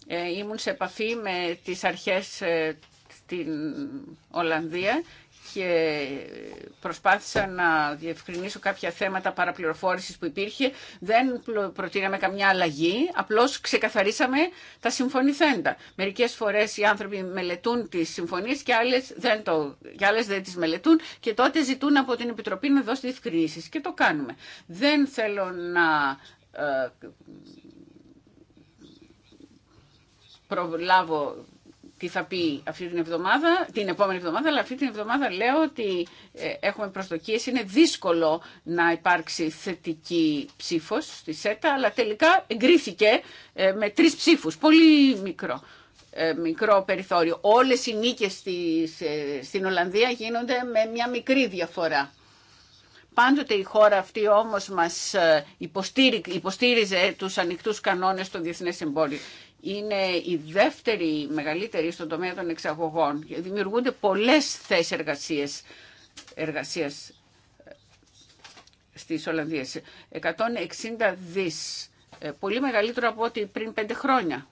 Ε, ήμουν σε επαφή με τις αρχές ε, στην Ολλανδία και προσπάθησα να διευκρινίσω κάποια θέματα παραπληροφόρησης που υπήρχε. Δεν προτείναμε καμιά αλλαγή, απλώς ξεκαθαρίσαμε τα συμφωνηθέντα. Μερικές φορές οι άνθρωποι μελετούν τις συμφωνίες και άλλες δεν, το, δεν τις μελετούν και τότε ζητούν από την Επιτροπή να δώσει διευκρινήσεις και το κάνουμε. Δεν θέλω να ε, προλάβω τι θα πει αυτή την εβδομάδα, την επόμενη εβδομάδα, αλλά αυτή την εβδομάδα λέω ότι ε, έχουμε προσδοκίες. Είναι δύσκολο να υπάρξει θετική ψήφος στη ΣΕΤΑ, αλλά τελικά εγκρίθηκε ε, με τρεις ψήφους, πολύ μικρό ε, μικρό περιθώριο. Όλες οι νίκες στην Ολλανδία γίνονται με μια μικρή διαφορά. Πάντοτε η χώρα αυτή όμως μας υποστήριζε τους ανοιχτούς κανόνες των διεθνές εμπόριων είναι η δεύτερη μεγαλύτερη στον τομέα των εξαγωγών. Δημιουργούνται πολλές θέσεις εργασίας, εργασίας στις Ολλανδίες. 160 δις, ε, πολύ μεγαλύτερο από ό,τι πριν πέντε χρόνια.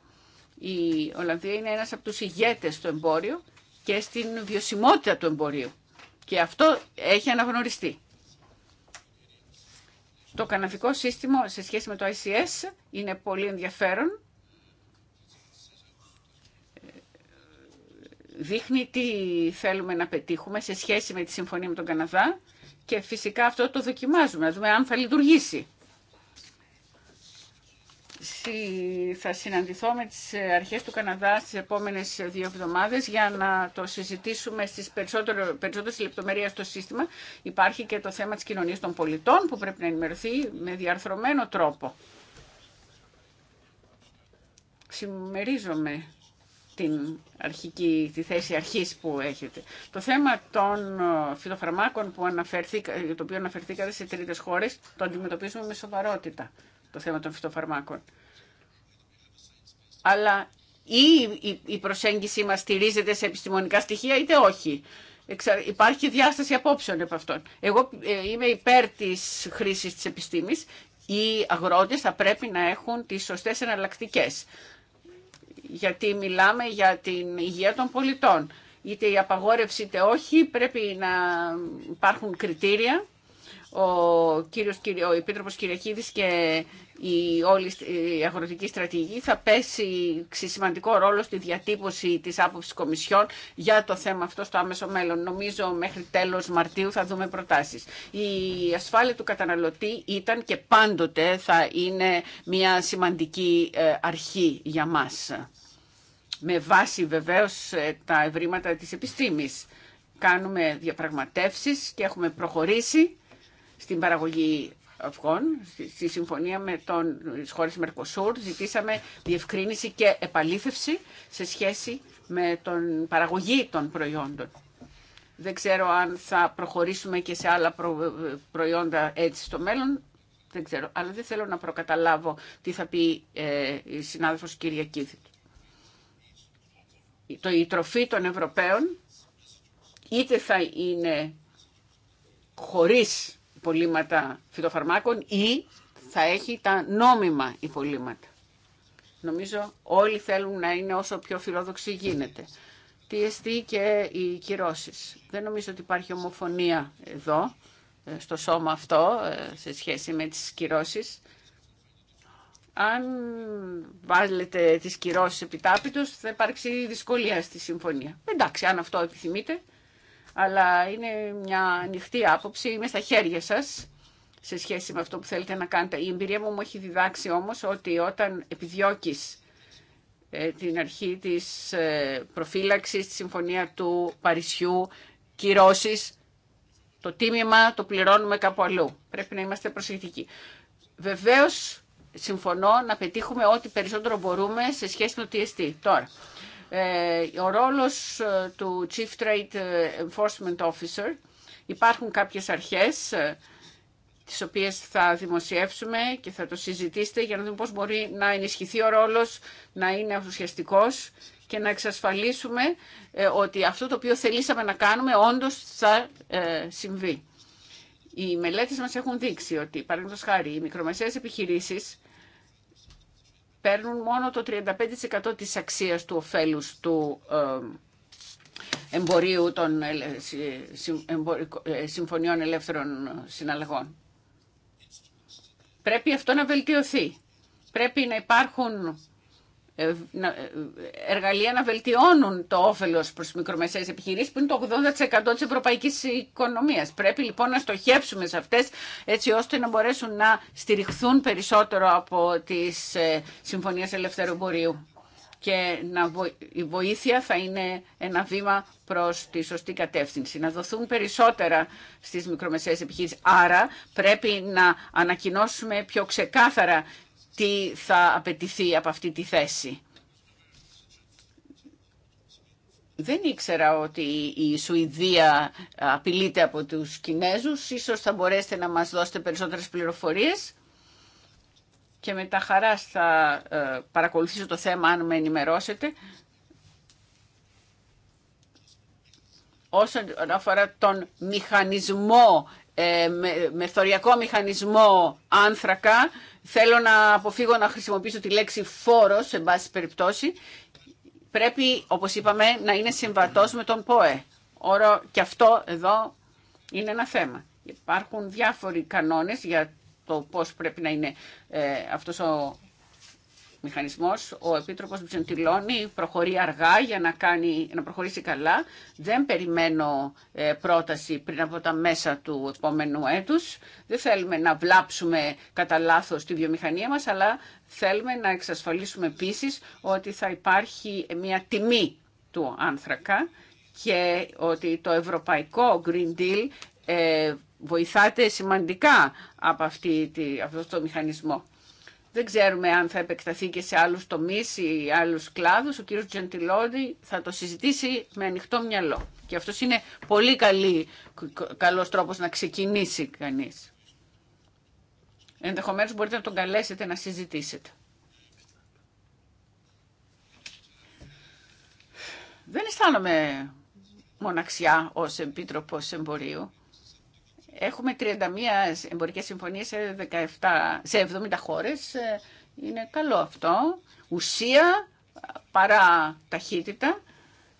Η Ολλανδία είναι ένας από τους ηγέτες στο εμπόριο και στην βιωσιμότητα του εμπορίου. Και αυτό έχει αναγνωριστεί. Το καναδικό σύστημα σε σχέση με το ICS είναι πολύ ενδιαφέρον δείχνει τι θέλουμε να πετύχουμε σε σχέση με τη συμφωνία με τον Καναδά και φυσικά αυτό το δοκιμάζουμε, να δούμε αν θα λειτουργήσει. Θα συναντηθώ με τις αρχές του Καναδά στις επόμενες δύο εβδομάδες για να το συζητήσουμε στις περισσότερες λεπτομέρειες στο σύστημα. Υπάρχει και το θέμα της κοινωνίας των πολιτών που πρέπει να ενημερωθεί με διαρθρωμένο τρόπο. Συμμερίζομαι την αρχική, τη θέση αρχής που έχετε. Το θέμα των ε, φυτοφαρμάκων που αναφερθήκα, το οποίο αναφερθήκατε σε τρίτες χώρες, το αντιμετωπίζουμε με σοβαρότητα, το θέμα των φυτοφαρμάκων. Αλλά ή η προσέγγιση μας στηρίζεται σε επιστημονικά στοιχεία είτε όχι. Υπάρχει διάσταση απόψεων από αυτόν. Εγώ ε, είμαι υπέρ της χρήσης της επιστήμης. Οι αγρότες θα πρέπει να έχουν τις σωστές εναλλακτικές γιατί μιλάμε για την υγεία των πολιτών. Είτε η απαγόρευση είτε όχι πρέπει να υπάρχουν κριτήρια ο, κύριος, ο Επίτροπος Κυριακίδης και η όλη η αγροτική στρατηγική θα πέσει σημαντικό ρόλο στη διατύπωση της άποψης Κομισιόν για το θέμα αυτό στο άμεσο μέλλον. Νομίζω μέχρι τέλος Μαρτίου θα δούμε προτάσεις. Η ασφάλεια του καταναλωτή ήταν και πάντοτε θα είναι μια σημαντική ε, αρχή για μας. Με βάση βεβαίως ε, τα ευρήματα της επιστήμης. Κάνουμε διαπραγματεύσεις και έχουμε προχωρήσει στην παραγωγή αυγών. Στη συμφωνία με τον, τις χώρες Μερκοσούρ ζητήσαμε διευκρίνηση και επαλήθευση σε σχέση με την παραγωγή των προϊόντων. Δεν ξέρω αν θα προχωρήσουμε και σε άλλα προϊόντα έτσι στο μέλλον. Δεν ξέρω, αλλά δεν θέλω να προκαταλάβω τι θα πει ε, η συνάδελφος Κυριακίδη. Το, η τροφή των Ευρωπαίων είτε θα είναι χωρίς υπολείμματα φυτοφαρμάκων ή θα έχει τα νόμιμα υπολείμματα. Νομίζω όλοι θέλουν να είναι όσο πιο φιλόδοξοι γίνεται. Τι και οι κυρώσεις. Δεν νομίζω ότι υπάρχει ομοφωνία εδώ, ε, στο σώμα αυτό, ε, σε σχέση με τις κυρώσεις. Αν βάλετε τις κυρώσεις επιτάπητος, θα υπάρξει δυσκολία στη συμφωνία. Εντάξει, αν αυτό επιθυμείτε αλλά είναι μια ανοιχτή άποψη, είμαι στα χέρια σας σε σχέση με αυτό που θέλετε να κάνετε. Η εμπειρία μου μου έχει διδάξει όμως ότι όταν επιδιώκεις ε, την αρχή της ε, προφύλαξης, τη συμφωνία του Παρισιού, κυρώσεις, το τίμημα το πληρώνουμε κάπου αλλού. Πρέπει να είμαστε προσεκτικοί. Βεβαίως συμφωνώ να πετύχουμε ό,τι περισσότερο μπορούμε σε σχέση με το TST. Τώρα, ε, ο ρόλος ε, του Chief Trade Enforcement Officer. Υπάρχουν κάποιες αρχές ε, τις οποίες θα δημοσιεύσουμε και θα το συζητήσετε για να δούμε πώς μπορεί να ενισχυθεί ο ρόλος, να είναι ουσιαστικός και να εξασφαλίσουμε ότι αυτό το οποίο θελήσαμε να κάνουμε όντως θα συμβεί. Οι μελέτες μας έχουν δείξει ότι, παραδείγματος χάρη, οι μικρομεσαίες επιχειρήσεις παίρνουν μόνο το 35% της αξίας του ωφέλους του ε, εμπορίου των ε, συμφωνιών ελεύθερων συναλλαγών. Πρέπει αυτό να βελτιωθεί. Πρέπει να υπάρχουν ε, ε, εργαλεία να βελτιώνουν το όφελος προς τις μικρομεσαίες επιχειρήσεις που είναι το 80% της ευρωπαϊκής οικονομίας. Πρέπει λοιπόν να στοχεύσουμε σε αυτές έτσι ώστε να μπορέσουν να στηριχθούν περισσότερο από τις ε, συμφωνίες ελευθεροπορίου και να, η βοήθεια θα είναι ένα βήμα προς τη σωστή κατεύθυνση. Να δοθούν περισσότερα στις μικρομεσαίες επιχείρησεις. Άρα πρέπει να ανακοινώσουμε πιο ξεκάθαρα τι θα απαιτηθεί από αυτή τη θέση. Δεν ήξερα ότι η Σουηδία απειλείται από τους Κινέζους. Ίσως θα μπορέσετε να μας δώσετε περισσότερες πληροφορίες και με τα χαράς θα ε, παρακολουθήσω το θέμα αν με ενημερώσετε. Όσον αφορά τον μηχανισμό, ε, μεθοριακό μηχανισμό άνθρακα, Θέλω να αποφύγω να χρησιμοποιήσω τη λέξη φόρος, σε μπάση περιπτώσει. Πρέπει, όπως είπαμε, να είναι συμβατός με τον ΠΟΕ. Όρο και αυτό εδώ είναι ένα θέμα. Υπάρχουν διάφοροι κανόνες για το πώς πρέπει να είναι ε, αυτός ο μηχανισμός. Ο Επίτροπος Μπιζεντιλόνη προχωρεί αργά για να, κάνει, να προχωρήσει καλά. Δεν περιμένω ε, πρόταση πριν από τα μέσα του επόμενου έτους. Δεν θέλουμε να βλάψουμε κατά λάθο τη βιομηχανία μας, αλλά θέλουμε να εξασφαλίσουμε επίση ότι θα υπάρχει μια τιμή του άνθρακα και ότι το ευρωπαϊκό Green Deal ε, βοηθάται σημαντικά από αυτή, αυτό το μηχανισμό. Δεν ξέρουμε αν θα επεκταθεί και σε άλλους τομείς ή άλλους κλάδους. Ο κύριος Τζεντιλόντι θα το συζητήσει με ανοιχτό μυαλό. Και αυτός είναι πολύ καλή, καλός τρόπος να ξεκινήσει κανείς. Ενδεχομένως μπορείτε να τον καλέσετε να συζητήσετε. Δεν αισθάνομαι μοναξιά ως Επίτροπος Εμπορίου. Έχουμε 31 εμπορικέ συμφωνίες σε, 17, σε 70 χώρες. Ε, είναι καλό αυτό. Ουσία παρά ταχύτητα.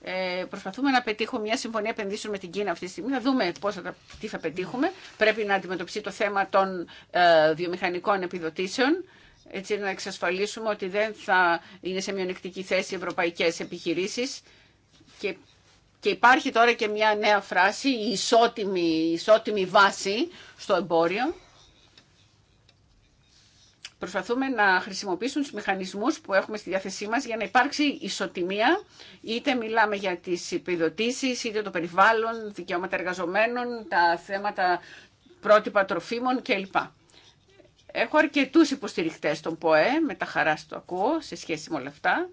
Ε, προσπαθούμε να πετύχουμε μια συμφωνία επενδύσεων με την Κίνα αυτή τη στιγμή. Θα δούμε πώς θα, τι θα πετύχουμε. Πρέπει να αντιμετωπιστεί το θέμα των ε, βιομηχανικών επιδοτήσεων έτσι να εξασφαλίσουμε ότι δεν θα είναι σε μειονεκτική θέση ευρωπαϊκές επιχειρήσεις και και υπάρχει τώρα και μια νέα φράση, η ισότιμη, ισότιμη βάση στο εμπόριο. Προσπαθούμε να χρησιμοποιήσουμε τους μηχανισμούς που έχουμε στη διάθεσή μας για να υπάρξει ισοτιμία, είτε μιλάμε για τις επιδοτήσεις, είτε το περιβάλλον, δικαιώματα εργαζομένων, τα θέματα πρότυπα τροφίμων κλπ. Έχω αρκετούς υποστηριχτές στον ΠΟΕ, με τα χαρά στο ακούω, σε σχέση με όλα αυτά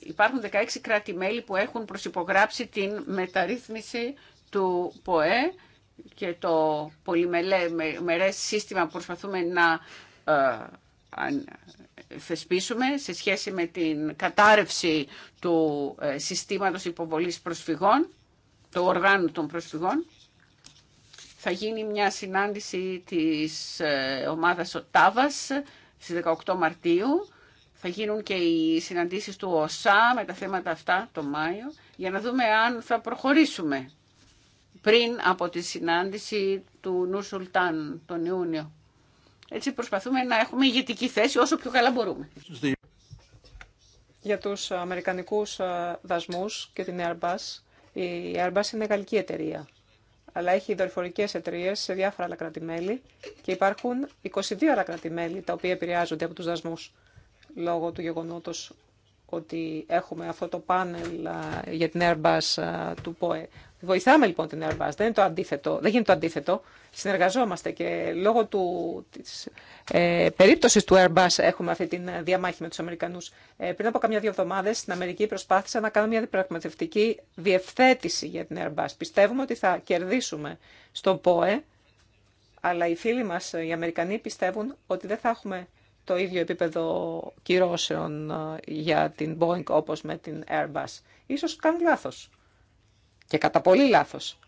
υπάρχουν 16 κράτη-μέλη που έχουν προσυπογράψει την μεταρρύθμιση του ΠΟΕ και το πολυμερές σύστημα που προσπαθούμε να ε, θεσπίσουμε σε σχέση με την κατάρρευση του ε, συστήματος υποβολής προσφυγών, του οργάνου των προσφυγών. Θα γίνει μια συνάντηση της ε, ομάδας ΟΤΑΒΑΣ στις 18 Μαρτίου θα γίνουν και οι συναντήσεις του ΟΣΑ με τα θέματα αυτά το Μάιο για να δούμε αν θα προχωρήσουμε πριν από τη συνάντηση του Νου Σουλτάν τον Ιούνιο. Έτσι προσπαθούμε να έχουμε ηγετική θέση όσο πιο καλά μπορούμε. Για τους αμερικανικούς ε, δασμούς και την Airbus, η Airbus είναι γαλλική εταιρεία, αλλά έχει δορυφορικές εταιρείε σε διάφορα άλλα κρατημέλη και υπάρχουν 22 άλλα κρατημέλη τα οποία επηρεάζονται από τους δασμούς λόγω του γεγονότος ότι έχουμε αυτό το πάνελ για την Airbus του ΠΟΕ. Βοηθάμε λοιπόν την Airbus, δεν, είναι το αντίθετο, δεν γίνεται το αντίθετο. Συνεργαζόμαστε και λόγω του, της ε, περίπτωσης του Airbus έχουμε αυτή τη διαμάχη με τους Αμερικανούς. Ε, πριν από καμιά δύο εβδομάδες στην Αμερική προσπάθησα να κάνω μια διπραγματευτική διευθέτηση για την Airbus. Πιστεύουμε ότι θα κερδίσουμε στον ΠΟΕ, αλλά οι φίλοι μας οι Αμερικανοί πιστεύουν ότι δεν θα έχουμε το ίδιο επίπεδο κυρώσεων ε, για την Boeing όπως με την Airbus. Ίσως κάνει λάθος. Και κατά πολύ λάθος.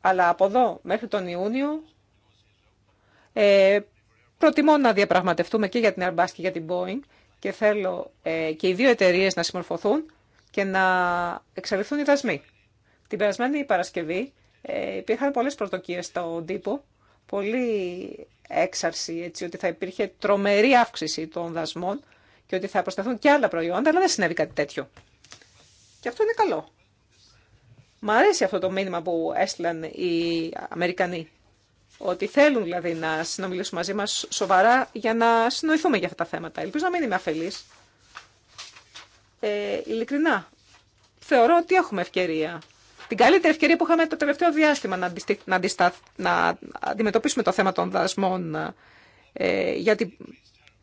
Αλλά από εδώ μέχρι τον Ιούνιο ε, προτιμώ να διαπραγματευτούμε και για την Airbus και για την Boeing και θέλω ε, και οι δύο εταιρείες να συμμορφωθούν και να εξαλειφθούν οι δασμοί. Την περασμένη Παρασκευή ε, υπήρχαν πολλές προσδοκίες στον τύπο έξαρση, έτσι, ότι θα υπήρχε τρομερή αύξηση των δασμών και ότι θα προσταθούν και άλλα προϊόντα, αλλά δεν συνέβη κάτι τέτοιο. Και αυτό είναι καλό. Μ' αρέσει αυτό το μήνυμα που έστειλαν οι Αμερικανοί. Ότι θέλουν δηλαδή να συνομιλήσουν μαζί μας σοβαρά για να συνοηθούμε για αυτά τα θέματα. Ελπίζω να μην είμαι αφελής. Ε, ειλικρινά, θεωρώ ότι έχουμε ευκαιρία την καλύτερη ευκαιρία που είχαμε το τελευταίο διάστημα να, να, αντιμετωπίσουμε το θέμα των δασμών ε, για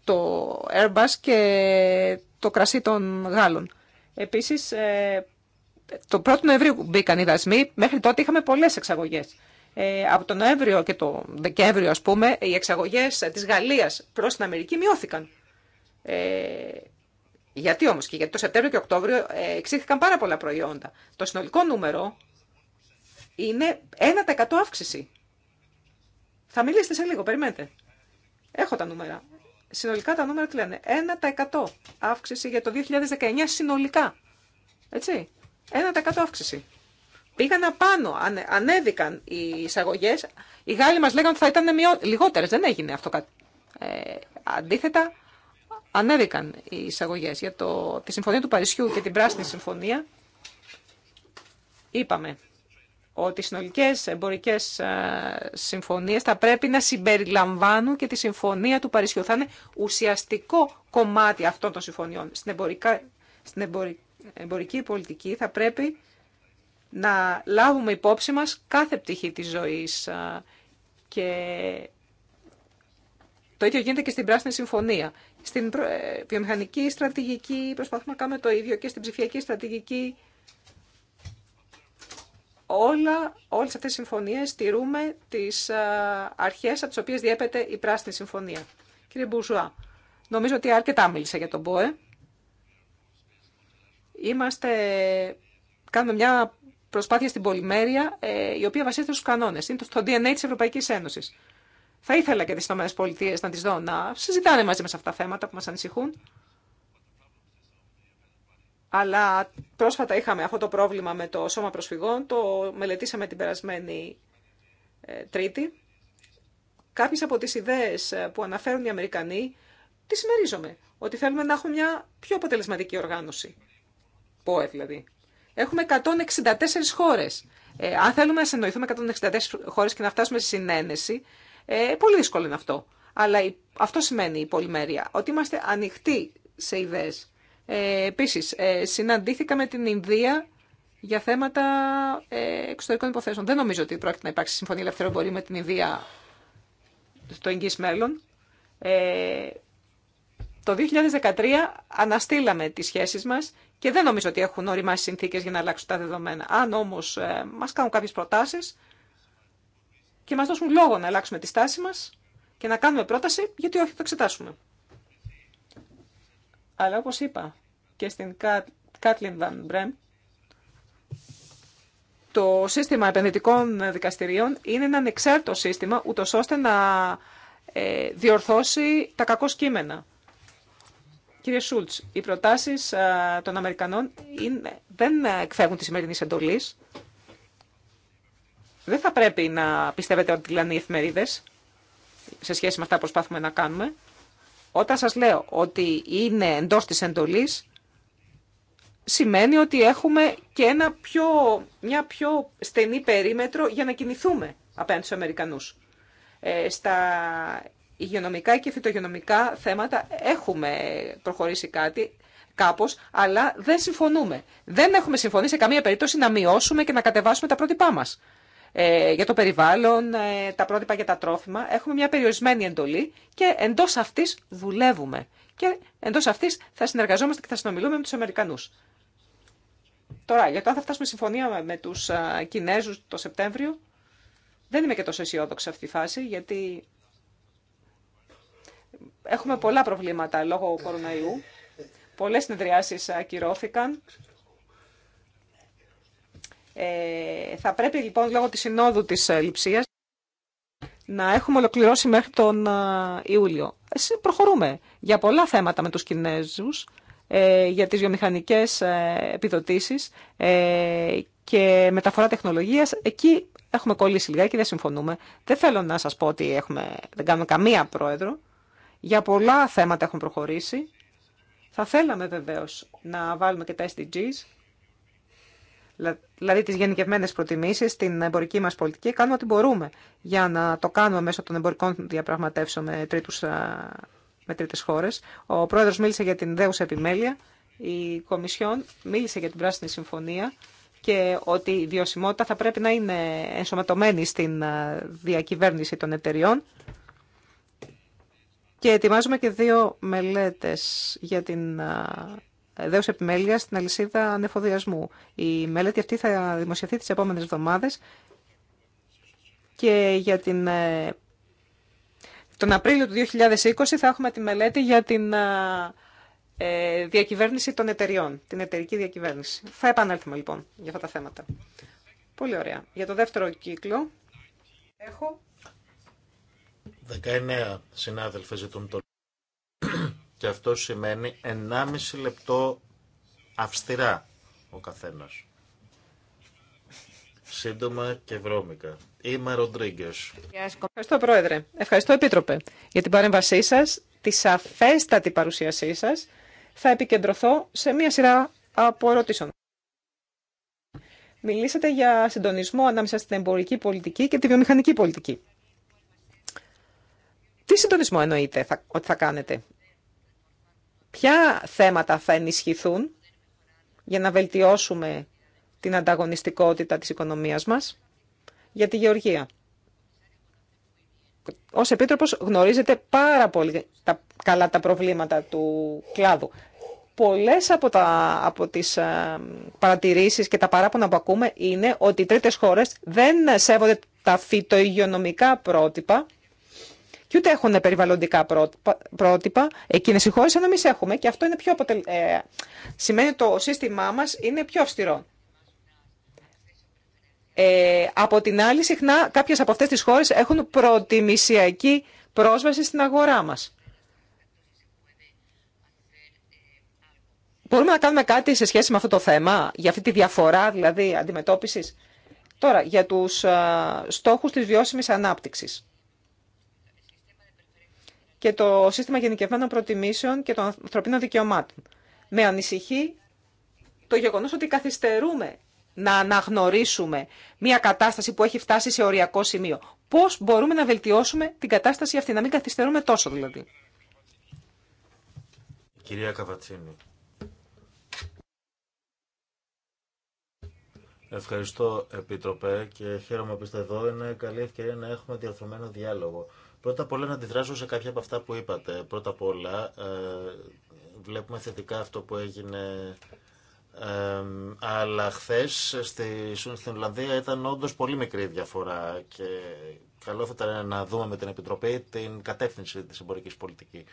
το Airbus και το κρασί των Γάλλων. Επίσης, ε, το 1ο Νοεμβρίου μπήκαν οι δασμοί, μέχρι τότε είχαμε πολλές εξαγωγές. Ε, από τον Νοέμβριο και τον Δεκέμβριο, ας πούμε, οι εξαγωγές της Γαλλίας προς την Αμερική μειώθηκαν. Ε, γιατί όμως και γιατί το Σεπτέμβριο και Οκτώβριο ε, εξήχθηκαν πάρα πολλά προϊόντα. Το συνολικό νούμερο είναι 1% αύξηση. Θα μιλήσετε σε λίγο, περιμένετε. Έχω τα νούμερα. Συνολικά τα νούμερα τι λένε. 1% αύξηση για το 2019 συνολικά. Έτσι. 1% αύξηση. Πήγαν απάνω, ανέβηκαν οι εισαγωγέ. Οι Γάλλοι μα λέγανε ότι θα ήταν λιγότερε. Δεν έγινε αυτό. Ε, αντίθετα, ανέβηκαν οι εισαγωγές. Για το, τη Συμφωνία του Παρισιού και την Πράσινη Συμφωνία είπαμε ότι οι συνολικές εμπορικές ε, συμφωνίες θα πρέπει να συμπεριλαμβάνουν και τη Συμφωνία του Παρισιού. Θα είναι ουσιαστικό κομμάτι αυτών των συμφωνιών. Στην, εμπορικά, στην εμπορική, πολιτική θα πρέπει να λάβουμε υπόψη μας κάθε πτυχή της ζωής ε, και το ίδιο γίνεται και στην Πράσινη Συμφωνία στην ε, βιομηχανική στρατηγική προσπαθούμε να κάνουμε το ίδιο και στην ψηφιακή στρατηγική. Όλα, όλες αυτές οι συμφωνίες στηρούμε τις αρχές από τις οποίες διέπεται η Πράσινη Συμφωνία. Κύριε Μπουζουά, νομίζω ότι αρκετά μίλησα για τον ΠΟΕ. Είμαστε, κάνουμε μια προσπάθεια στην πολυμέρεια, ε, η οποία βασίζεται στους κανόνες. Είναι το DNA της Ευρωπαϊκής Ένωσης. Θα ήθελα και τι ΗΠΑ να τι δω να συζητάνε μαζί μα αυτά τα θέματα που μα ανησυχούν. Αλλά πρόσφατα είχαμε αυτό το πρόβλημα με το σώμα προσφυγών, το μελετήσαμε την περασμένη ε, Τρίτη. Κάποιε από τι ιδέε ε, που αναφέρουν οι Αμερικανοί, τι συμμερίζομαι, ότι θέλουμε να έχουμε μια πιο αποτελεσματική οργάνωση. ΠΟΕ δηλαδή. Έχουμε 164 χώρε. Ε, αν θέλουμε να συνοηθούμε 164 χώρε και να φτάσουμε στη συνένεση, ε, πολύ δύσκολο είναι αυτό. Αλλά αυτό σημαίνει η πολυμέρεια, ότι είμαστε ανοιχτοί σε ιδέες. Ε, επίσης, ε, συναντήθηκα με την Ινδία για θέματα ε, εξωτερικών υποθέσεων. Δεν νομίζω ότι πρόκειται να υπάρξει συμφωνία ελευθερών με την Ινδία στο εγγύς μέλλον. Ε, το 2013 αναστήλαμε τις σχέσεις μας και δεν νομίζω ότι έχουν οριμάσει συνθήκες για να αλλάξουν τα δεδομένα. Αν όμως ε, μας κάνουν κάποιες προτάσεις, και μας δώσουν λόγο να αλλάξουμε τη στάση μας και να κάνουμε πρόταση, γιατί όχι, θα εξετάσουμε. Αλλά όπως είπα και στην Κάτλιν Βαν Μπρέμ, το σύστημα επενδυτικών δικαστηρίων είναι ένα ανεξάρτητο σύστημα, ούτω ώστε να ε, διορθώσει τα κακό κείμενα. Κύριε Σούλτς, οι προτάσεις ε, των Αμερικανών δεν εκφεύγουν τη σημερινή εντολή. Δεν θα πρέπει να πιστεύετε ότι λένε οι εφημερίδε σε σχέση με αυτά που προσπάθουμε να κάνουμε. Όταν σας λέω ότι είναι εντός της εντολής, σημαίνει ότι έχουμε και ένα πιο, μια πιο στενή περίμετρο για να κινηθούμε απέναντι στους Αμερικανούς. Ε, στα υγειονομικά και φυτογειονομικά θέματα έχουμε προχωρήσει κάτι, κάπως, αλλά δεν συμφωνούμε. Δεν έχουμε συμφωνήσει σε καμία περίπτωση να μειώσουμε και να κατεβάσουμε τα πρότυπά μας. Ε, για το περιβάλλον, ε, τα πρότυπα για τα τρόφιμα. Έχουμε μια περιορισμένη εντολή και εντός αυτής δουλεύουμε. Και εντός αυτής θα συνεργαζόμαστε και θα συνομιλούμε με τους Αμερικανούς. Τώρα, για το αν θα φτάσουμε συμφωνία με τους Κινέζους το Σεπτέμβριο, δεν είμαι και τόσο αισιόδοξη αυτή τη φάση, γιατί έχουμε πολλά προβλήματα λόγω κοροναϊού. Πολλές συνεδριάσεις ακυρώθηκαν ε, θα πρέπει λοιπόν λόγω της συνόδου της ε, λειψίας να έχουμε ολοκληρώσει μέχρι τον ε, Ιούλιο. Εσύ προχωρούμε για πολλά θέματα με τους Κινέζους, για τις βιομηχανικές επιδοτήσεις και μεταφορά τεχνολογίας. Εκεί έχουμε κολλήσει λιγάκι, δεν συμφωνούμε. Δεν θέλω να σας πω ότι έχουμε, δεν κάνουμε καμία πρόεδρο. Για πολλά θέματα έχουμε προχωρήσει. Θα θέλαμε βεβαίως να βάλουμε και τα SDGs δηλαδή τις γενικευμένες προτιμήσεις, την εμπορική μας πολιτική, κάνουμε ό,τι μπορούμε για να το κάνουμε μέσω των εμπορικών διαπραγματεύσεων με, τρίτους, με τρίτες χώρες. Ο πρόεδρος μίλησε για την δέουσα επιμέλεια, η Κομισιόν μίλησε για την Πράσινη Συμφωνία και ότι η βιωσιμότητα θα πρέπει να είναι ενσωματωμένη στην διακυβέρνηση των εταιριών. Και ετοιμάζουμε και δύο μελέτες για την δέος επιμέλεια στην αλυσίδα ανεφοδιασμού. Η μελέτη αυτή θα δημοσιευθεί τις επόμενες εβδομάδες και για την... Ε, τον Απρίλιο του 2020 θα έχουμε τη μελέτη για την ε, ε, διακυβέρνηση των εταιριών, την εταιρική διακυβέρνηση. Θα επανέλθουμε λοιπόν για αυτά τα θέματα. Πολύ ωραία. Για το δεύτερο κύκλο έχω... 19 συνάδελφες ζητούν το και αυτό σημαίνει 1,5 λεπτό αυστηρά ο καθένας. Σύντομα και βρώμικα. Είμαι Ροντρίγκε. Ευχαριστώ, Πρόεδρε. Ευχαριστώ, Επίτροπε, για την παρέμβασή σα, τη σαφέστατη παρουσίασή σα. Θα επικεντρωθώ σε μία σειρά από ερωτήσεων. Μιλήσατε για συντονισμό ανάμεσα στην εμπορική πολιτική και τη βιομηχανική πολιτική. Τι συντονισμό εννοείτε ότι θα κάνετε Ποια θέματα θα ενισχυθούν για να βελτιώσουμε την ανταγωνιστικότητα της οικονομίας μας για τη γεωργία. Ως Επίτροπος γνωρίζετε πάρα πολύ τα, καλά τα προβλήματα του κλάδου. Πολλές από, τα, από τις ε, παρατηρήσεις και τα παράπονα που ακούμε είναι ότι οι τρίτες χώρες δεν σέβονται τα φυτοϊγειονομικά πρότυπα και ούτε έχουν περιβαλλοντικά πρότυπα. Εκείνες οι χώρε ενώ εμεί έχουμε και αυτό είναι πιο αποτελ... ε, σημαίνει το σύστημά μας είναι πιο αυστηρό. Ε, από την άλλη, συχνά κάποιε από αυτέ τι χώρε έχουν προτιμησιακή πρόσβαση στην αγορά μας. Μπορούμε να κάνουμε κάτι σε σχέση με αυτό το θέμα, για αυτή τη διαφορά δηλαδή αντιμετώπισης. Τώρα, για τους α, ε, στόχους της βιώσιμης ανάπτυξης και το σύστημα γενικευμένων προτιμήσεων και των ανθρωπίνων δικαιωμάτων. Με ανησυχεί το γεγονός ότι καθυστερούμε να αναγνωρίσουμε μια κατάσταση που έχει φτάσει σε οριακό σημείο. Πώς μπορούμε να βελτιώσουμε την κατάσταση αυτή, να μην καθυστερούμε τόσο δηλαδή. Κυρία Καβατσίνη. Ευχαριστώ, Επίτροπε, και χαίρομαι που είστε εδώ. Είναι καλή ευκαιρία να έχουμε διαρθρωμένο διάλογο Πρώτα απ' όλα να αντιδράσω σε κάποια από αυτά που είπατε. Πρώτα απ' όλα ε, βλέπουμε θετικά αυτό που έγινε αλλά χθε στη, στην Ολλανδία ήταν όντω πολύ μικρή διαφορά και καλό θα ήταν να δούμε με την Επιτροπή την κατεύθυνση της εμπορική πολιτικής.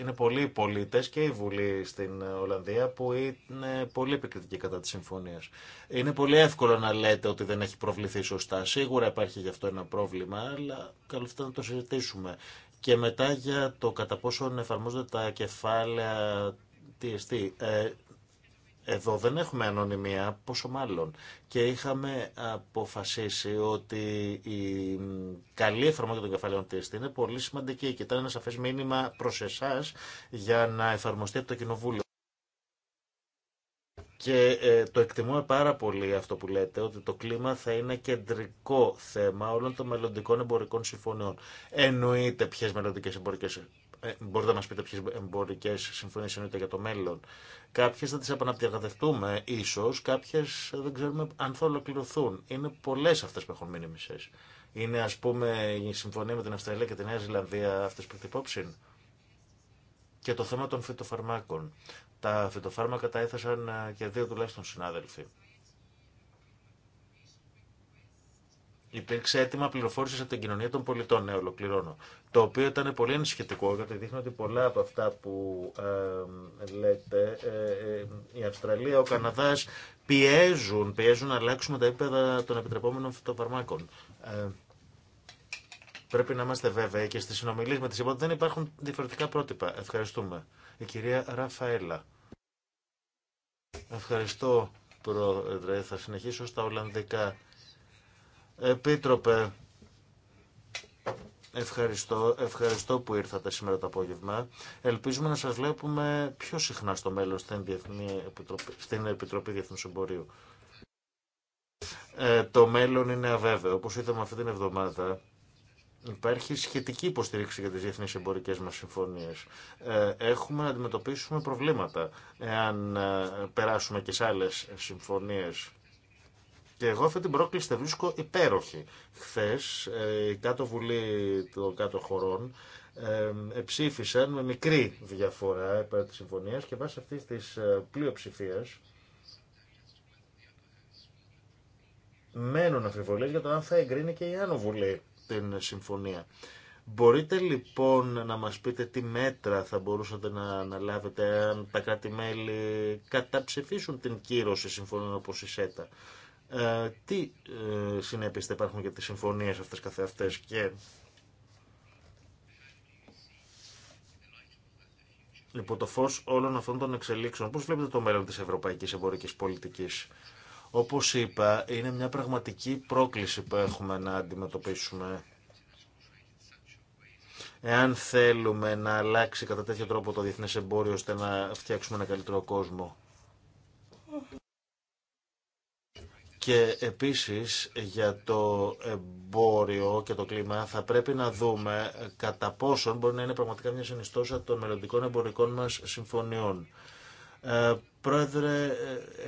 Είναι πολλοί πολίτες και η Βουλή στην Ολλανδία που είναι πολύ επικριτική κατά της συμφωνίας. Είναι πολύ εύκολο να λέτε ότι δεν έχει προβληθεί σωστά. Σίγουρα υπάρχει γι' αυτό ένα πρόβλημα, αλλά καλό να το συζητήσουμε. Και μετά για το κατά πόσο εφαρμόζονται τα κεφάλαια TST. Ε, εδώ δεν έχουμε ανωνυμία, πόσο μάλλον. Και είχαμε αποφασίσει ότι η καλή εφαρμογή των κεφαλαίων τεστ είναι πολύ σημαντική και ήταν ένα σαφέ μήνυμα προ εσά για να εφαρμοστεί από το Κοινοβούλιο. Και ε, το εκτιμούμε πάρα πολύ αυτό που λέτε, ότι το κλίμα θα είναι κεντρικό θέμα όλων των μελλοντικών εμπορικών συμφωνιών. Εννοείται ποιε μελλοντικέ εμπορικέ ε, μπορείτε να μας πείτε ποιες εμπορικές συμφωνίες εννοείται για το μέλλον. Κάποιες θα τις επαναπτυαγαδευτούμε ίσως, κάποιες δεν ξέρουμε αν θα ολοκληρωθούν. Είναι πολλές αυτές που έχουν μείνει Είναι ας πούμε η συμφωνία με την Αυστραλία και τη Νέα Ζηλανδία αυτές που υπόψη. Και το θέμα των φυτοφαρμάκων. Τα φυτοφάρμακα τα έθεσαν ε, και δύο τουλάχιστον συνάδελφοι. Υπήρξε αίτημα πληροφόρηση από την κοινωνία των πολιτών, ναι, ολοκληρώνω. Το οποίο ήταν πολύ ενισχυτικό, γιατί δείχνει ότι πολλά από αυτά που ε, λέτε, ε, ε, η Αυστραλία, ο Καναδά πιέζουν, πιέζουν να αλλάξουμε τα επίπεδα των επιτρεπόμενων φυτοφαρμάκων. Ε, πρέπει να είμαστε βέβαιοι και στι συνομιλίε με τι υπόλοιπε δεν υπάρχουν διαφορετικά πρότυπα. Ευχαριστούμε. Η κυρία Ραφαέλα. Ευχαριστώ, Πρόεδρε. Θα συνεχίσω στα Ολλανδικά. Επίτροπε, ευχαριστώ, ευχαριστώ που ήρθατε σήμερα το απόγευμα. Ελπίζουμε να σας βλέπουμε πιο συχνά στο μέλλον στην, Διεθνή Επιτροπή, στην Επιτροπή Διεθνούς Εμπορίου. Ε, το μέλλον είναι αβέβαιο. Όπως είδαμε αυτή την εβδομάδα, Υπάρχει σχετική υποστήριξη για τι εμπορικές μας συμφωνίες. συμφωνίε. Έχουμε να αντιμετωπίσουμε προβλήματα εάν ε, περάσουμε και σε άλλε συμφωνίες... Και εγώ αυτή την πρόκληση τη βρίσκω υπέροχη. Χθε ε, η κάτω βουλή των κάτω χωρών ε, εψήφισαν με μικρή διαφορά υπέρ τη συμφωνία και βάσει αυτή τη ε, πλειοψηφία μένουν αφιβολίες για το αν θα εγκρίνει και η Άνω Βουλή την συμφωνία. Μπορείτε λοιπόν να μας πείτε τι μέτρα θα μπορούσατε να αναλάβετε αν τα κράτη-μέλη καταψηφίσουν την κύρωση συμφωνία όπως η ΣΕΤΑ. Ε, τι ε, συνέπειες υπάρχουν για τις συμφωνίες αυτές καθεαυτές και υπό το φως όλων αυτών των εξελίξεων. Πώς βλέπετε το μέλλον της ευρωπαϊκής εμπορικής πολιτικής. Όπως είπα, είναι μια πραγματική πρόκληση που έχουμε να αντιμετωπίσουμε. Εάν θέλουμε να αλλάξει κατά τέτοιο τρόπο το διεθνές εμπόριο ώστε να φτιάξουμε ένα καλύτερο κόσμο. Και επίσης για το εμπόριο και το κλίμα θα πρέπει να δούμε κατά πόσον μπορεί να είναι πραγματικά μια συνιστόσα των μελλοντικών εμπορικών μας συμφωνιών. Ε, πρόεδρε, ε,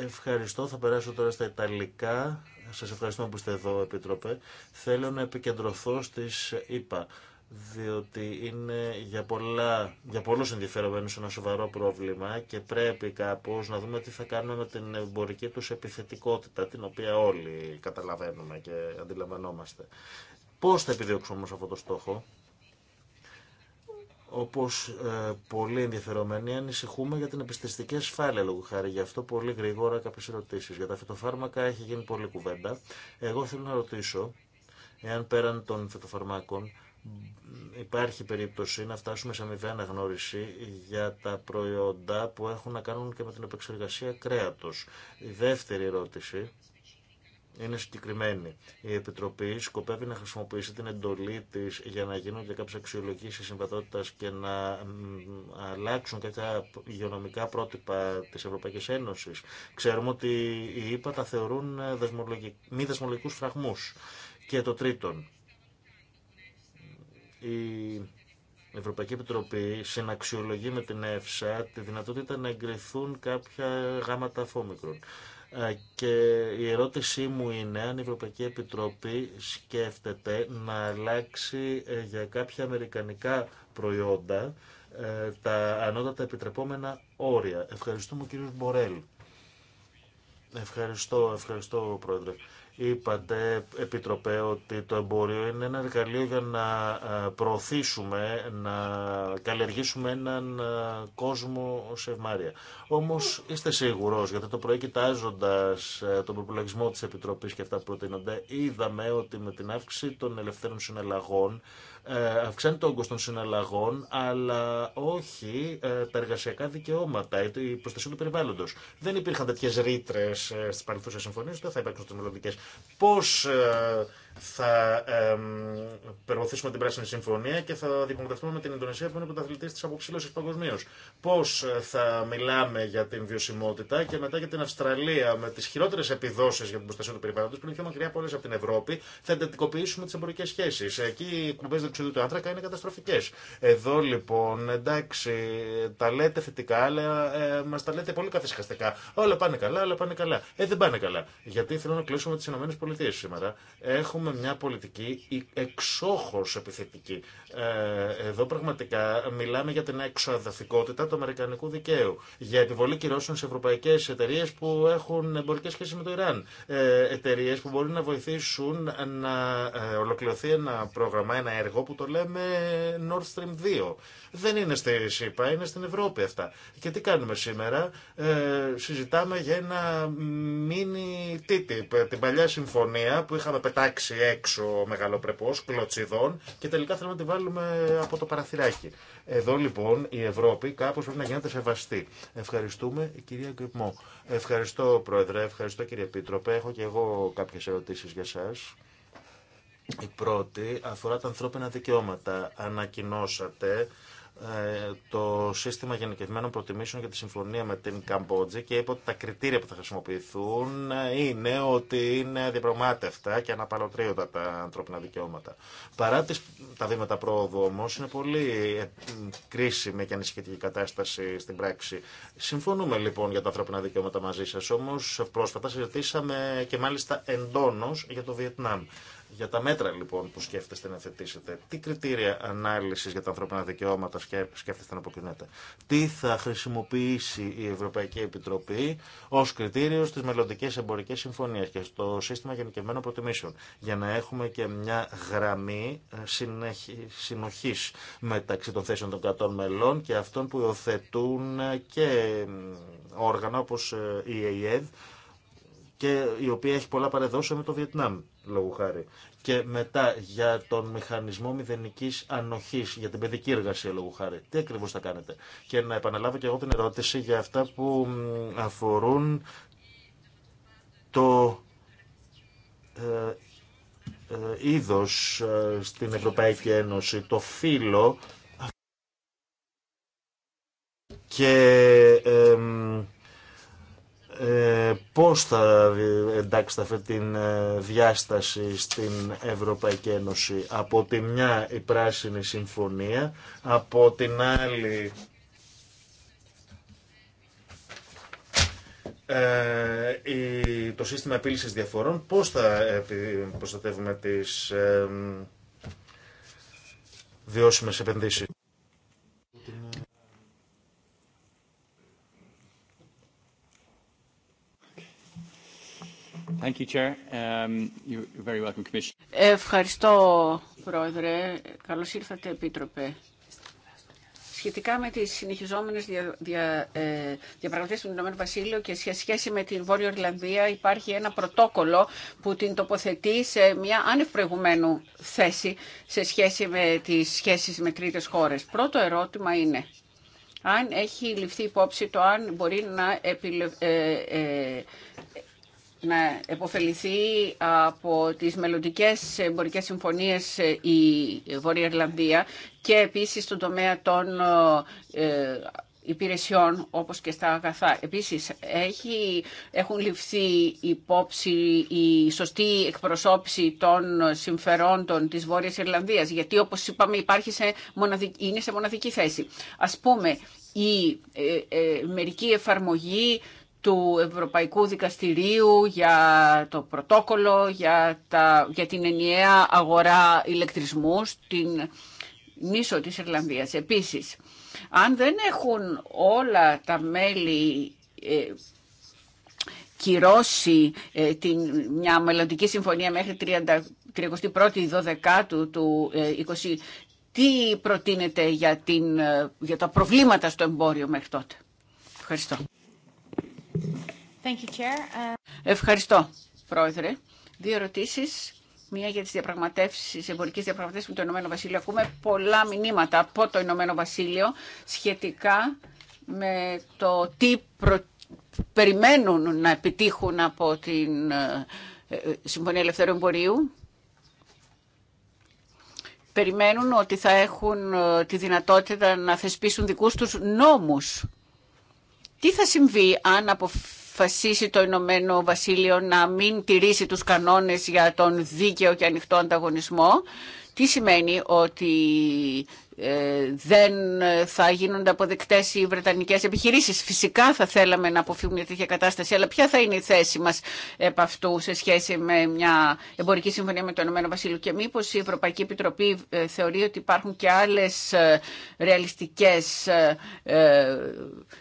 ευχαριστώ. Θα περάσω τώρα στα Ιταλικά. Σας ευχαριστώ που είστε εδώ, Επίτροπε. Θέλω να επικεντρωθώ στις ΕΠΑ διότι είναι για, πολλά, για πολλούς ενδιαφερομένους ένα σοβαρό πρόβλημα και πρέπει κάπως να δούμε τι θα κάνουμε με την εμπορική τους επιθετικότητα, την οποία όλοι καταλαβαίνουμε και αντιλαμβανόμαστε. Πώς θα επιδιώξουμε όμως αυτό το στόχο, όπως ε, πολλοί ενδιαφερομένοι ανησυχούμε για την επιστηστική ασφάλεια λόγω χάρη. Γι' αυτό πολύ γρήγορα κάποιες ερωτήσεις. Για τα φυτοφάρμακα έχει γίνει πολλή κουβέντα. Εγώ θέλω να ρωτήσω, εάν πέραν των φυτοφαρμάκων, υπάρχει περίπτωση να φτάσουμε σε αμοιβαία αναγνώριση για τα προϊόντα που έχουν να κάνουν και με την επεξεργασία κρέατος. Η δεύτερη ερώτηση είναι συγκεκριμένη. Η Επιτροπή σκοπεύει να χρησιμοποιήσει την εντολή τη για να γίνονται κάποιε αξιολογήσει συμβατότητα και να αλλάξουν κάποια υγειονομικά πρότυπα τη Ευρωπαϊκή Ένωση. Ξέρουμε ότι οι ΙΠΑ τα θεωρούν μη δεσμολογικού φραγμού. Και το τρίτον, η Ευρωπαϊκή Επιτροπή συναξιολογεί με την ΕΦΣΑ τη δυνατότητα να εγκριθούν κάποια γάματα φόμικρων. Ε, και η ερώτησή μου είναι αν η Ευρωπαϊκή Επιτροπή σκέφτεται να αλλάξει ε, για κάποια αμερικανικά προϊόντα ε, τα ανώτατα επιτρεπόμενα όρια. Ευχαριστούμε κύριο Μπορέλ. Ευχαριστώ, ευχαριστώ πρόεδρε. Είπατε, Επιτροπέ, ότι το εμπόριο είναι ένα εργαλείο για να ε, προωθήσουμε, να καλλιεργήσουμε έναν ε, κόσμο σε ευμάρεια. Όμως είστε σίγουρος, γιατί το πρωί κοιτάζοντα ε, τον προπολογισμό της Επιτροπής και αυτά που προτείνονται, είδαμε ότι με την αύξηση των ελευθέρων συναλλαγών ε, αυξάνει το όγκο των συναλλαγών, αλλά όχι ε, τα εργασιακά δικαιώματα ή η προστασία του περιβάλλοντο. Δεν υπήρχαν τέτοιε ρήτρε ε, στι παρελθούσε συμφωνίε, δεν θα υπάρξουν στι μελλοντικέ. Πώ θα προωθήσουμε την Πράσινη Συμφωνία και θα διπλωματευτούμε με την Ινδονησία που είναι πρωταθλητή τη αποψήλωση παγκοσμίω. Πώ ε, θα μιλάμε για την βιωσιμότητα και μετά για την Αυστραλία με τι χειρότερε επιδόσει για την προστασία του περιβάλλοντο που είναι πιο μακριά από όλε από την Ευρώπη, θα εντατικοποιήσουμε τι εμπορικέ σχέσει. Εκεί οι κουμπέ δεξιού του άνθρακα είναι καταστροφικέ. Εδώ λοιπόν, εντάξει, τα λέτε θετικά, αλλά ε, μα τα λέτε πολύ καθησυχαστικά. Όλα πάνε καλά, όλα πάνε καλά. Ε, δεν πάνε καλά. Γιατί θέλω να κλείσουμε τι ΗΠΑ σήμερα. Έχουμε με μια πολιτική εξόχως επιθετική. Ε, εδώ πραγματικά μιλάμε για την εξοδαφικότητα του Αμερικανικού δικαίου, για επιβολή κυρώσεων σε ευρωπαϊκές εταιρείε που έχουν εμπορικέ σχέσεις με το Ιράν, ε, εταιρείε που μπορεί να βοηθήσουν να ε, ολοκληρωθεί ένα πρόγραμμα, ένα έργο που το λέμε Nord Stream 2. Δεν είναι στη ΣΥΠΑ, είναι στην Ευρώπη αυτά. Και τι κάνουμε σήμερα, συζητάμε για ένα μίνι TTIP, την παλιά συμφωνία που είχαμε πετάξει έξω μεγαλοπρεπώς, κλωτσιδών και τελικά θέλουμε να τη βάλουμε από το παραθυράκι. Εδώ λοιπόν η Ευρώπη κάπως πρέπει να γίνεται σεβαστή. Ευχαριστούμε κυρία Γκριμό. Ευχαριστώ Πρόεδρε, ευχαριστώ κύριε Επίτροπε. Έχω και εγώ κάποιες ερωτήσεις για σας. Η πρώτη αφορά τα ανθρώπινα δικαιώματα. Ανακοινώσατε ε, το σύστημα γενικευμένων προτιμήσεων για τη συμφωνία με την Καμπότζη και είπε ότι τα κριτήρια που θα χρησιμοποιηθούν ε, είναι ότι είναι διαπραγμάτευτα και αναπαλωτρίωτα τα ανθρώπινα δικαιώματα. Παρά τις, τα βήματα πρόοδου όμω, είναι πολύ ε, κρίσιμη και ανησυχητική κατάσταση στην πράξη. Συμφωνούμε λοιπόν για τα ανθρώπινα δικαιώματα μαζί σα, όμω πρόσφατα συζητήσαμε και μάλιστα εντόνω για το Βιετνάμ. Για τα μέτρα λοιπόν που σκέφτεστε να θετήσετε, τι κριτήρια ανάλυσης για τα ανθρώπινα δικαιώματα σκέφτεστε να αποκρινέτε, τι θα χρησιμοποιήσει η Ευρωπαϊκή Επιτροπή ως κριτήριο στις μελλοντικέ εμπορικές συμφωνίες και στο σύστημα γενικευμένων προτιμήσεων, για να έχουμε και μια γραμμή ε, συνοχής μεταξύ των θέσεων των κρατών μελών και αυτών που υιοθετούν και όργανα όπως ε, η ΕΕΔ, και η οποία έχει πολλά παρεδόσει με το Βιετνάμ, λόγου χάρη. Και μετά για τον μηχανισμό μηδενική ανοχή, για την παιδική εργασία, λόγου χάρη. Τι ακριβώ θα κάνετε. Και να επαναλάβω και εγώ την ερώτηση για αυτά που αφορούν το ε, ε, ε, στην Ευρωπαϊκή Ένωση, το φύλλο και ε, ε, πώς θα εντάξει αυτή τη ε, διάσταση στην Ευρωπαϊκή Ένωση. Από τη μια η Πράσινη Συμφωνία, από την άλλη ε, το σύστημα επίλυσης διαφορών, πώς θα προστατεύουμε τις ε, βιώσιμες επενδύσει. Um, Ευχαριστώ, Πρόεδρε. Καλώς ήρθατε, Επίτροπε. Σχετικά με τις συνεχιζόμενες δια, δια, ε, διαπραγματεύσεις με τον Ηνωμένο και σε σχέση με την Βόρεια Ορλανδία υπάρχει ένα πρωτόκολλο που την τοποθετεί σε μια ανευπροηγουμένου θέση σε σχέση με τις σχέσεις με τρίτες χώρες. Πρώτο ερώτημα είναι, αν έχει ληφθεί υπόψη το αν μπορεί να επιλε... ε, ε να επωφεληθεί από τις μελλοντικέ εμπορικές συμφωνίες ε, η Βόρεια Ιρλανδία και επίσης στον τομέα των ε, ε, υπηρεσιών όπως και στα αγαθά. Επίσης έχει, έχουν ληφθεί υπόψη η σωστή εκπροσώπηση των συμφερόντων της Βόρειας Ιρλανδίας γιατί όπως είπαμε υπάρχει σε μοναδική, είναι σε μοναδική θέση. Ας πούμε η μερική εφαρμογή του Ευρωπαϊκού Δικαστηρίου για το πρωτόκολλο, για, τα, για την ενιαία αγορά ηλεκτρισμού στην νήσο της Ιρλανδίας. Επίσης, αν δεν έχουν όλα τα μέλη ε, κυρώσει ε, την, μια μελλοντική συμφωνία μέχρι 31η 12 του, του ε, 20, τι προτείνετε για, την, ε, για τα προβλήματα στο εμπόριο μέχρι τότε. Ευχαριστώ. Uh, Ευχαριστώ, Πρόεδρε. Δύο ερωτήσεις. Μία για τι διαπραγματεύσει, εμπορικέ διαπραγματεύσει με το Ηνωμένο Βασίλειο. Ακούμε πολλά μηνύματα από το Ηνωμένο Βασίλειο σχετικά με το τι περιμένουν να επιτύχουν από την ε, ε, Συμφωνία Ελευθερού Εμπορίου. Περιμένουν ότι θα έχουν ε, τη δυνατότητα να θεσπίσουν δικούς τους νόμους. Τι θα συμβεί αν αποφασίσει το Ηνωμένο Βασίλειο να μην τηρήσει τους κανόνες για τον δίκαιο και ανοιχτό ανταγωνισμό. Τι σημαίνει ότι ε, δεν θα γίνονται αποδεκτές οι βρετανικές επιχειρήσεις. Φυσικά θα θέλαμε να αποφύγουμε μια τέτοια κατάσταση, αλλά ποια θα είναι η θέση μας επ' αυτού σε σχέση με μια εμπορική συμφωνία με το Ηνωμένο Βασίλειο και μήπως η Ευρωπαϊκή Επιτροπή ε, θεωρεί ότι υπάρχουν και άλλες ε, ρεαλιστικές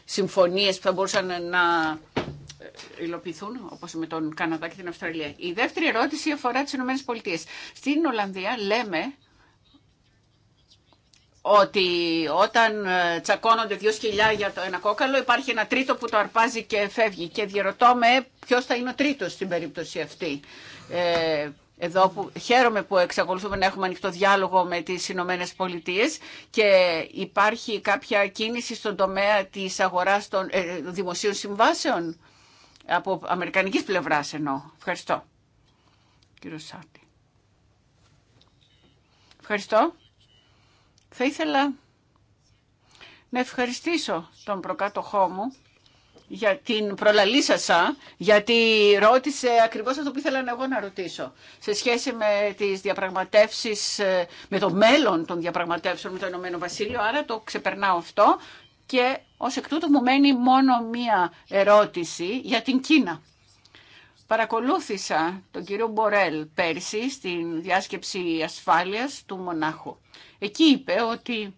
συμφωνίες που θα μπορούσαν να υλοποιηθούν, όπως με τον Καναδά και την Αυστραλία. Η δεύτερη ερώτηση αφορά τις ΗΠΑ. Στην Ολλανδία λέμε ότι όταν ε, τσακώνονται δύο σκυλιά για το ένα κόκαλο υπάρχει ένα τρίτο που το αρπάζει και φεύγει και διερωτώ με ποιος θα είναι ο τρίτος στην περίπτωση αυτή. Ε, εδώ που χαίρομαι που εξακολουθούμε να έχουμε ανοιχτό διάλογο με τις Ηνωμένε Πολιτείε και υπάρχει κάποια κίνηση στον τομέα της αγοράς των ε, δημοσίων συμβάσεων. Από αμερικανικής πλευράς εννοώ. Ευχαριστώ. Κύριο Σάρτη. Ευχαριστώ. Θα ήθελα να ευχαριστήσω τον προκάτοχό μου για την προλαλήσασα, γιατί ρώτησε ακριβώς αυτό που ήθελα εγώ να ρωτήσω. Σε σχέση με τις διαπραγματεύσεις, ε, με το μέλλον των διαπραγματεύσεων με το Ηνωμένο Βασίλειο, άρα το ξεπερνάω αυτό και ως εκ τούτου μου μένει μόνο μία ερώτηση για την Κίνα. Παρακολούθησα τον κύριο Μπορέλ πέρσι στην διάσκεψη ασφάλειας του Μονάχου. Εκεί είπε ότι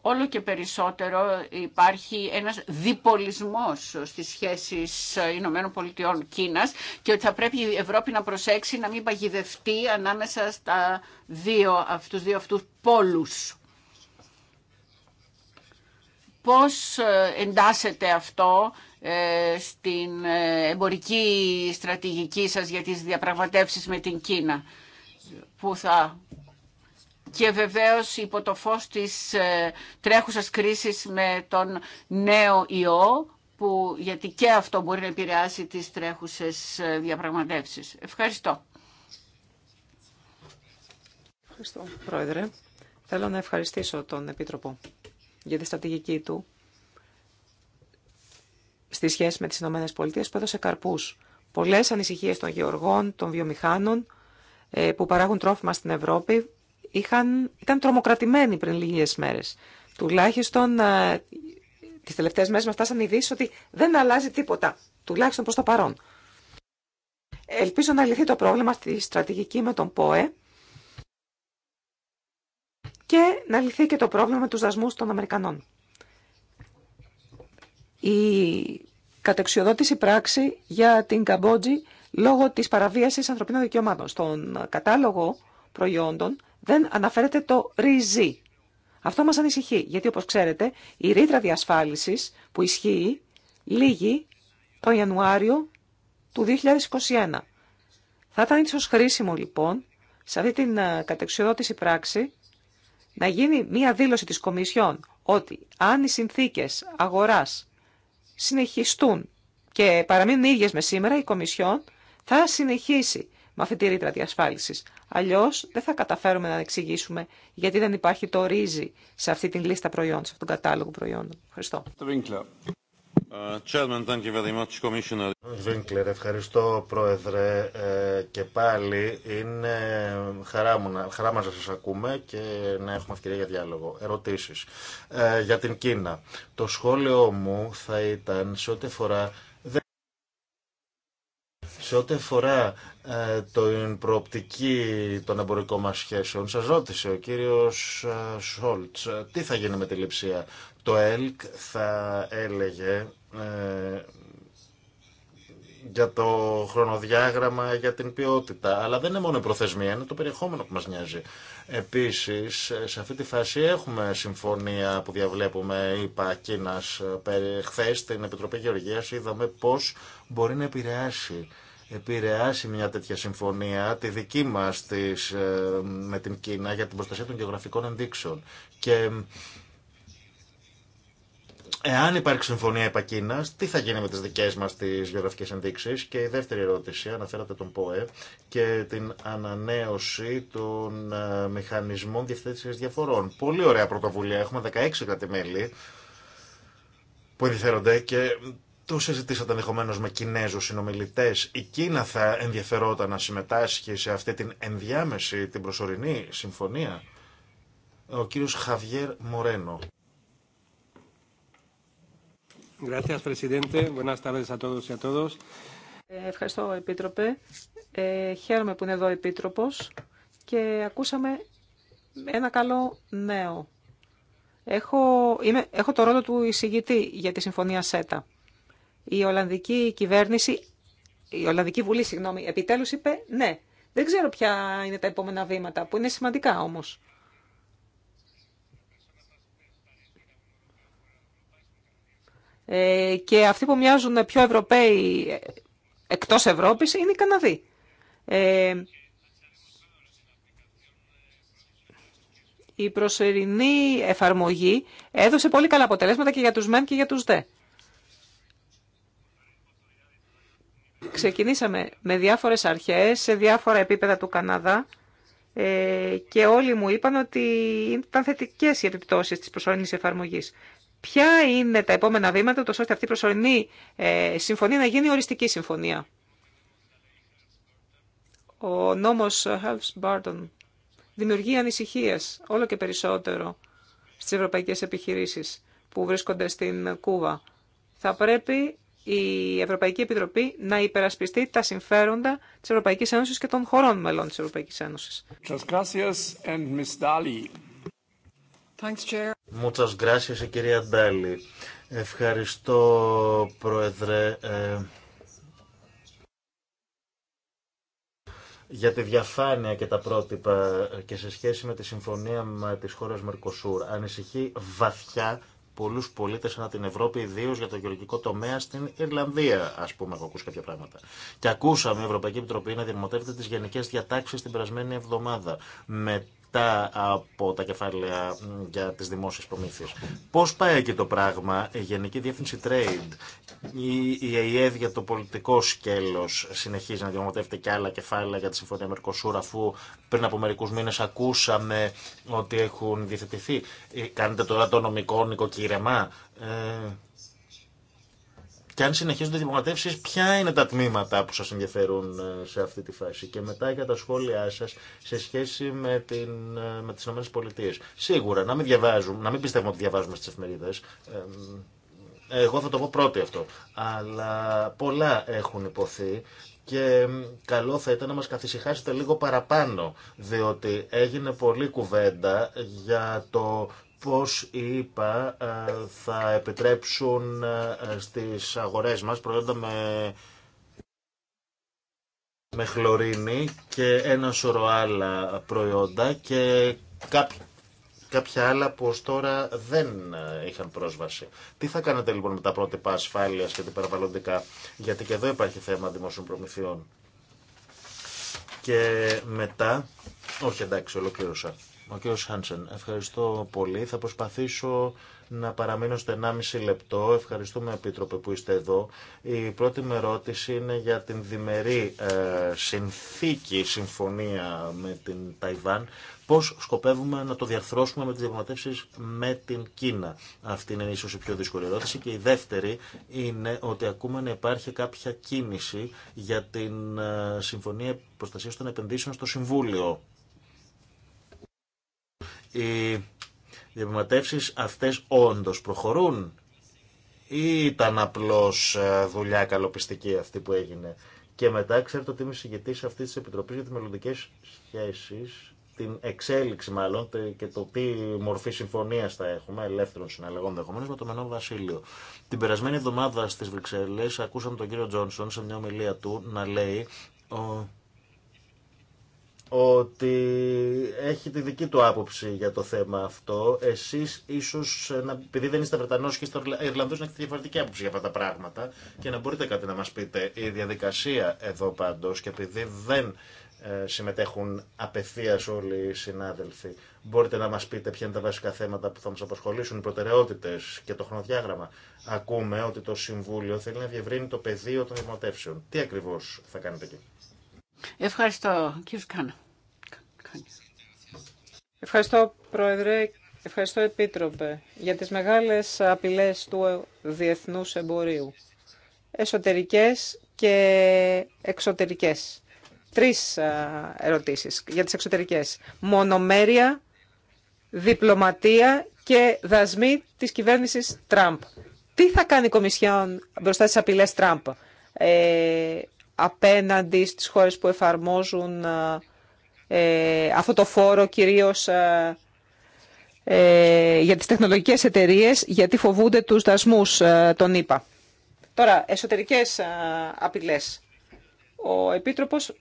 όλο και περισσότερο υπάρχει ένας διπολισμός στις σχέσεις Ηνωμένων Πολιτειών Κίνας και ότι θα πρέπει η Ευρώπη να προσέξει να μην παγιδευτεί ανάμεσα στα δύο, αυτούς δύο αυτούς πόλους. Πώς ε, εντάσσεται αυτό ε, στην ε, εμπορική στρατηγική σας για τις διαπραγματεύσεις με την Κίνα που θα και βεβαίως υπό το φως της τρέχουσας κρίσης με τον νέο ιό που, γιατί και αυτό μπορεί να επηρεάσει τις τρέχουσες διαπραγματεύσεις. Ευχαριστώ. Ευχαριστώ, Πρόεδρε. Θέλω να ευχαριστήσω τον Επίτροπο για τη στρατηγική του στη σχέση με τις Ηνωμένες Πολιτείες που έδωσε καρπούς. Πολλές ανησυχίες των γεωργών, των βιομηχάνων ε, που παράγουν τρόφιμα στην Ευρώπη είχαν, ήταν τρομοκρατημένοι πριν λίγες μέρες. Τουλάχιστον ε, τις τελευταίες μέρες μας φτάσαν ειδήσει ότι δεν αλλάζει τίποτα, τουλάχιστον προς το παρόν. Ελπίζω να λυθεί το πρόβλημα στη στρατηγική με τον ΠΟΕ και να λυθεί και το πρόβλημα με τους δασμούς των Αμερικανών. Η κατεξιοδότηση πράξη για την Καμπότζη λόγω της παραβίασης ανθρωπίνων δικαιωμάτων. Στον κατάλογο προϊόντων δεν αναφέρεται το ριζί. Αυτό μας ανησυχεί, γιατί όπως ξέρετε η ρήτρα διασφάλισης που ισχύει λίγη τον Ιανουάριο του 2021. Θα ήταν ίσως χρήσιμο λοιπόν σε αυτή την ε, κατεξιοδότηση πράξη να γίνει μία δήλωση της Κομισιόν ότι αν οι συνθήκες αγοράς συνεχιστούν και παραμείνουν ίδιες με σήμερα, η Κομισιόν θα συνεχίσει με αυτή τη ρήτρα διασφάλισης. Αλλιώς δεν θα καταφέρουμε να εξηγήσουμε γιατί δεν υπάρχει το ρύζι σε αυτή την λίστα προϊόντων, σε αυτόν τον κατάλογο προϊόντων. Ευχαριστώ. Βίνκλερ, uh, ευχαριστώ Πρόεδρε ε, και πάλι είναι χαρά, μου, χαρά μας να σας ακούμε και να έχουμε ευκαιρία για διάλογο. Ερωτήσεις. Ε, για την Κίνα. Το σχόλιο μου θα ήταν σε ό,τι αφορά σε ό,τι αφορά ε, την προοπτική των εμπορικών μας σχέσεων, σας ρώτησε ο κύριος ε, Σόλτς τι θα γίνει με τη λειψία. Το ΕΛΚ θα έλεγε ε, για το χρονοδιάγραμμα, για την ποιότητα. Αλλά δεν είναι μόνο η προθεσμία, είναι το περιεχόμενο που μας νοιάζει. Επίσης, σε αυτή τη φάση έχουμε συμφωνία που διαβλέπουμε, είπα, Κίνας. Ε, Χθε στην Επιτροπή Γεωργίας είδαμε πώς μπορεί να επηρεάσει επηρεάσει μια τέτοια συμφωνία τη δική μας της, ε, με την Κίνα για την προστασία των γεωγραφικών ενδείξεων. Και Εάν υπάρχει συμφωνία επακίνα, τι θα γίνει με τι δικέ μα τι γεωγραφικέ ενδείξει. Και η δεύτερη ερώτηση, αναφέρατε τον ΠΟΕ και την ανανέωση των ε, μηχανισμών διευθέτηση διαφορών. Πολύ ωραία πρωτοβουλία. Έχουμε 16 κρατημέλη που ενδιαφέρονται και το συζητήσατε ενδεχομένω με Κινέζου συνομιλητέ. Η Κίνα θα ενδιαφερόταν να συμμετάσχει σε αυτή την ενδιάμεση, την προσωρινή συμφωνία. Ο κύριος Χαβιέρ Μορένο. Ευχαριστώ, Επίτροπε. Ε, χαίρομαι που είναι εδώ ο Επίτροπος και ακούσαμε ένα καλό νέο. Έχω, είμαι, έχω το ρόλο του εισηγητή για τη Συμφωνία ΣΕΤΑ. Η Ολλανδική κυβέρνηση, η Ολλανδική Βουλή, συγγνώμη, επιτέλους είπε ναι. Δεν ξέρω ποια είναι τα επόμενα βήματα, που είναι σημαντικά όμως. Ε, και αυτοί που μοιάζουν πιο Ευρωπαίοι εκτός Ευρώπης είναι οι Καναδοί. Ε, η προσωρινή εφαρμογή έδωσε πολύ καλά αποτελέσματα και για τους μεν και για τους δε. Ξεκινήσαμε με διάφορες αρχές, σε διάφορα επίπεδα του Καναδά ε, και όλοι μου είπαν ότι ήταν θετικές οι επιπτώσεις της προσωρινής εφαρμογής. Ποια είναι τα επόμενα βήματα, τόσο ώστε αυτή η προσωρινή ε, συμφωνία να γίνει οριστική συμφωνία. Ο νόμος Helms-Barton δημιουργεί ανησυχίες όλο και περισσότερο στις ευρωπαϊκές επιχειρήσεις που βρίσκονται στην Κούβα. Θα πρέπει η Ευρωπαϊκή Επιτροπή να υπερασπιστεί τα συμφέροντα της Ευρωπαϊκής Ένωσης και των χωρών μελών της Ευρωπαϊκής Ένωσης. Thanks, Chair. Muchas gracias, κυρία Ευχαριστώ, Πρόεδρε. Ε, για τη διαφάνεια και τα πρότυπα και σε σχέση με τη συμφωνία με τις χώρες Μερκοσούρ. Ανησυχεί βαθιά πολλού πολίτε ανά την Ευρώπη, ιδίω για το γεωργικό τομέα στην Ιρλανδία, α πούμε. Έχω ακούσει κάποια πράγματα. Και ακούσαμε η Ευρωπαϊκή Επιτροπή να διαμορφώνεται τι γενικέ διατάξει την περασμένη εβδομάδα. Με αυτά από τα κεφάλαια για τι δημόσιε προμήθειε. Πώ πάει εκεί το πράγμα, η Γενική Διεύθυνση Trade, η ΕΕΔ για το πολιτικό σκέλο συνεχίζει να διαμορφωτεύεται και άλλα κεφάλαια για τη Συμφωνία Μερκοσούρ, αφού πριν από μερικού μήνε ακούσαμε ότι έχουν διαθετηθεί. Ε, κάνετε τώρα το νομικό νοικοκύρεμα. Ε, και αν συνεχίζονται οι διαπραγματεύσει, ποια είναι τα τμήματα που σα ενδιαφέρουν ε, σε αυτή τη φάση. Και μετά για τα σχόλιά σα σε σχέση με, την, ε, με τι ΗΠΑ. Σίγουρα, να μην, διαβάζουμε, να μην πιστεύουμε ότι διαβάζουμε στι εφημερίδε. Εγώ θα το πω πρώτοι αυτό. Αλλά πολλά έχουν υποθεί και καλό θα ήταν να μας καθησυχάσετε λίγο παραπάνω, διότι έγινε πολλή κουβέντα για το πώς είπα, ε, θα επιτρέψουν ε, στις αγορές μας προϊόντα με, με χλωρίνη και ένα σωρό άλλα προϊόντα και κάποια κάποια άλλα που ως τώρα δεν ε, είχαν πρόσβαση. Τι θα κάνετε λοιπόν με τα πρότυπα ασφάλεια και τα περιβαλλοντικά, γιατί και εδώ υπάρχει θέμα δημόσιων προμηθειών. Και μετά, όχι εντάξει, ολοκλήρωσα. Ο κ. Χάνσεν, ευχαριστώ πολύ. Θα προσπαθήσω να παραμείνω στο 1,5 λεπτό. Ευχαριστούμε, Επίτροπε, που είστε εδώ. Η πρώτη με ερώτηση είναι για την διμερή ε, συνθήκη, συμφωνία με την Ταϊβάν. Πώς σκοπεύουμε να το διαρθρώσουμε με τις διαπραγματεύσεις με την Κίνα. Αυτή είναι ίσως η πιο δύσκολη ερώτηση. Και η δεύτερη είναι ότι ακούμε να υπάρχει κάποια κίνηση για την ε, Συμφωνία Προστασίας των Επενδύσεων στο Συμβούλιο οι διαπραγματεύσεις αυτές όντως προχωρούν ή ήταν απλώς ε, δουλειά καλοπιστική αυτή που έγινε. Και μετά ξέρετε ότι είμαι συγκεκριτής αυτή τη επιτροπή για τις μελλοντικές σχέσεις την εξέλιξη μάλλον και το τι μορφή συμφωνία θα έχουμε, ελεύθερων συναλλαγών ενδεχομένω, με το Μενό Βασίλειο. Την περασμένη εβδομάδα στις Βρυξέλλε ακούσαμε τον κύριο Τζόνσον σε μια ομιλία του να λέει ότι έχει τη δική του άποψη για το θέμα αυτό. Εσεί ίσω, επειδή δεν είστε Βρετανό και είστε Ιρλανδό, να έχετε διαφορετική άποψη για αυτά τα πράγματα και να μπορείτε κάτι να μα πείτε. Η διαδικασία εδώ πάντω, και επειδή δεν ε, συμμετέχουν απευθεία όλοι οι συνάδελφοι, μπορείτε να μα πείτε ποια είναι τα βασικά θέματα που θα μα απασχολήσουν, οι προτεραιότητε και το χρονοδιάγραμμα. Ακούμε ότι το Συμβούλιο θέλει να διευρύνει το πεδίο των δημοτεύσεων. Τι ακριβώ θα κάνετε εκεί. Ευχαριστώ, κύριε Κάνα. Ευχαριστώ, Πρόεδρε. Ευχαριστώ, Επίτροπε, για τις μεγάλες απειλές του διεθνούς εμπορίου. Εσωτερικές και εξωτερικές. Τρεις ερωτήσεις για τις εξωτερικές. Μονομέρια, διπλωματία και δασμή της κυβέρνησης Τραμπ. Τι θα κάνει η Κομισιόν μπροστά στις απειλές Τραμπ. Ε, απέναντι στις χώρες που εφαρμόζουν ε, ε αυτό το φόρο κυρίως ε, ε, για τις τεχνολογικές εταιρείες γιατί φοβούνται τους δασμούς ε, τον των ΗΠΑ. Τώρα, εσωτερικές απειλές. Ο Επίτροπος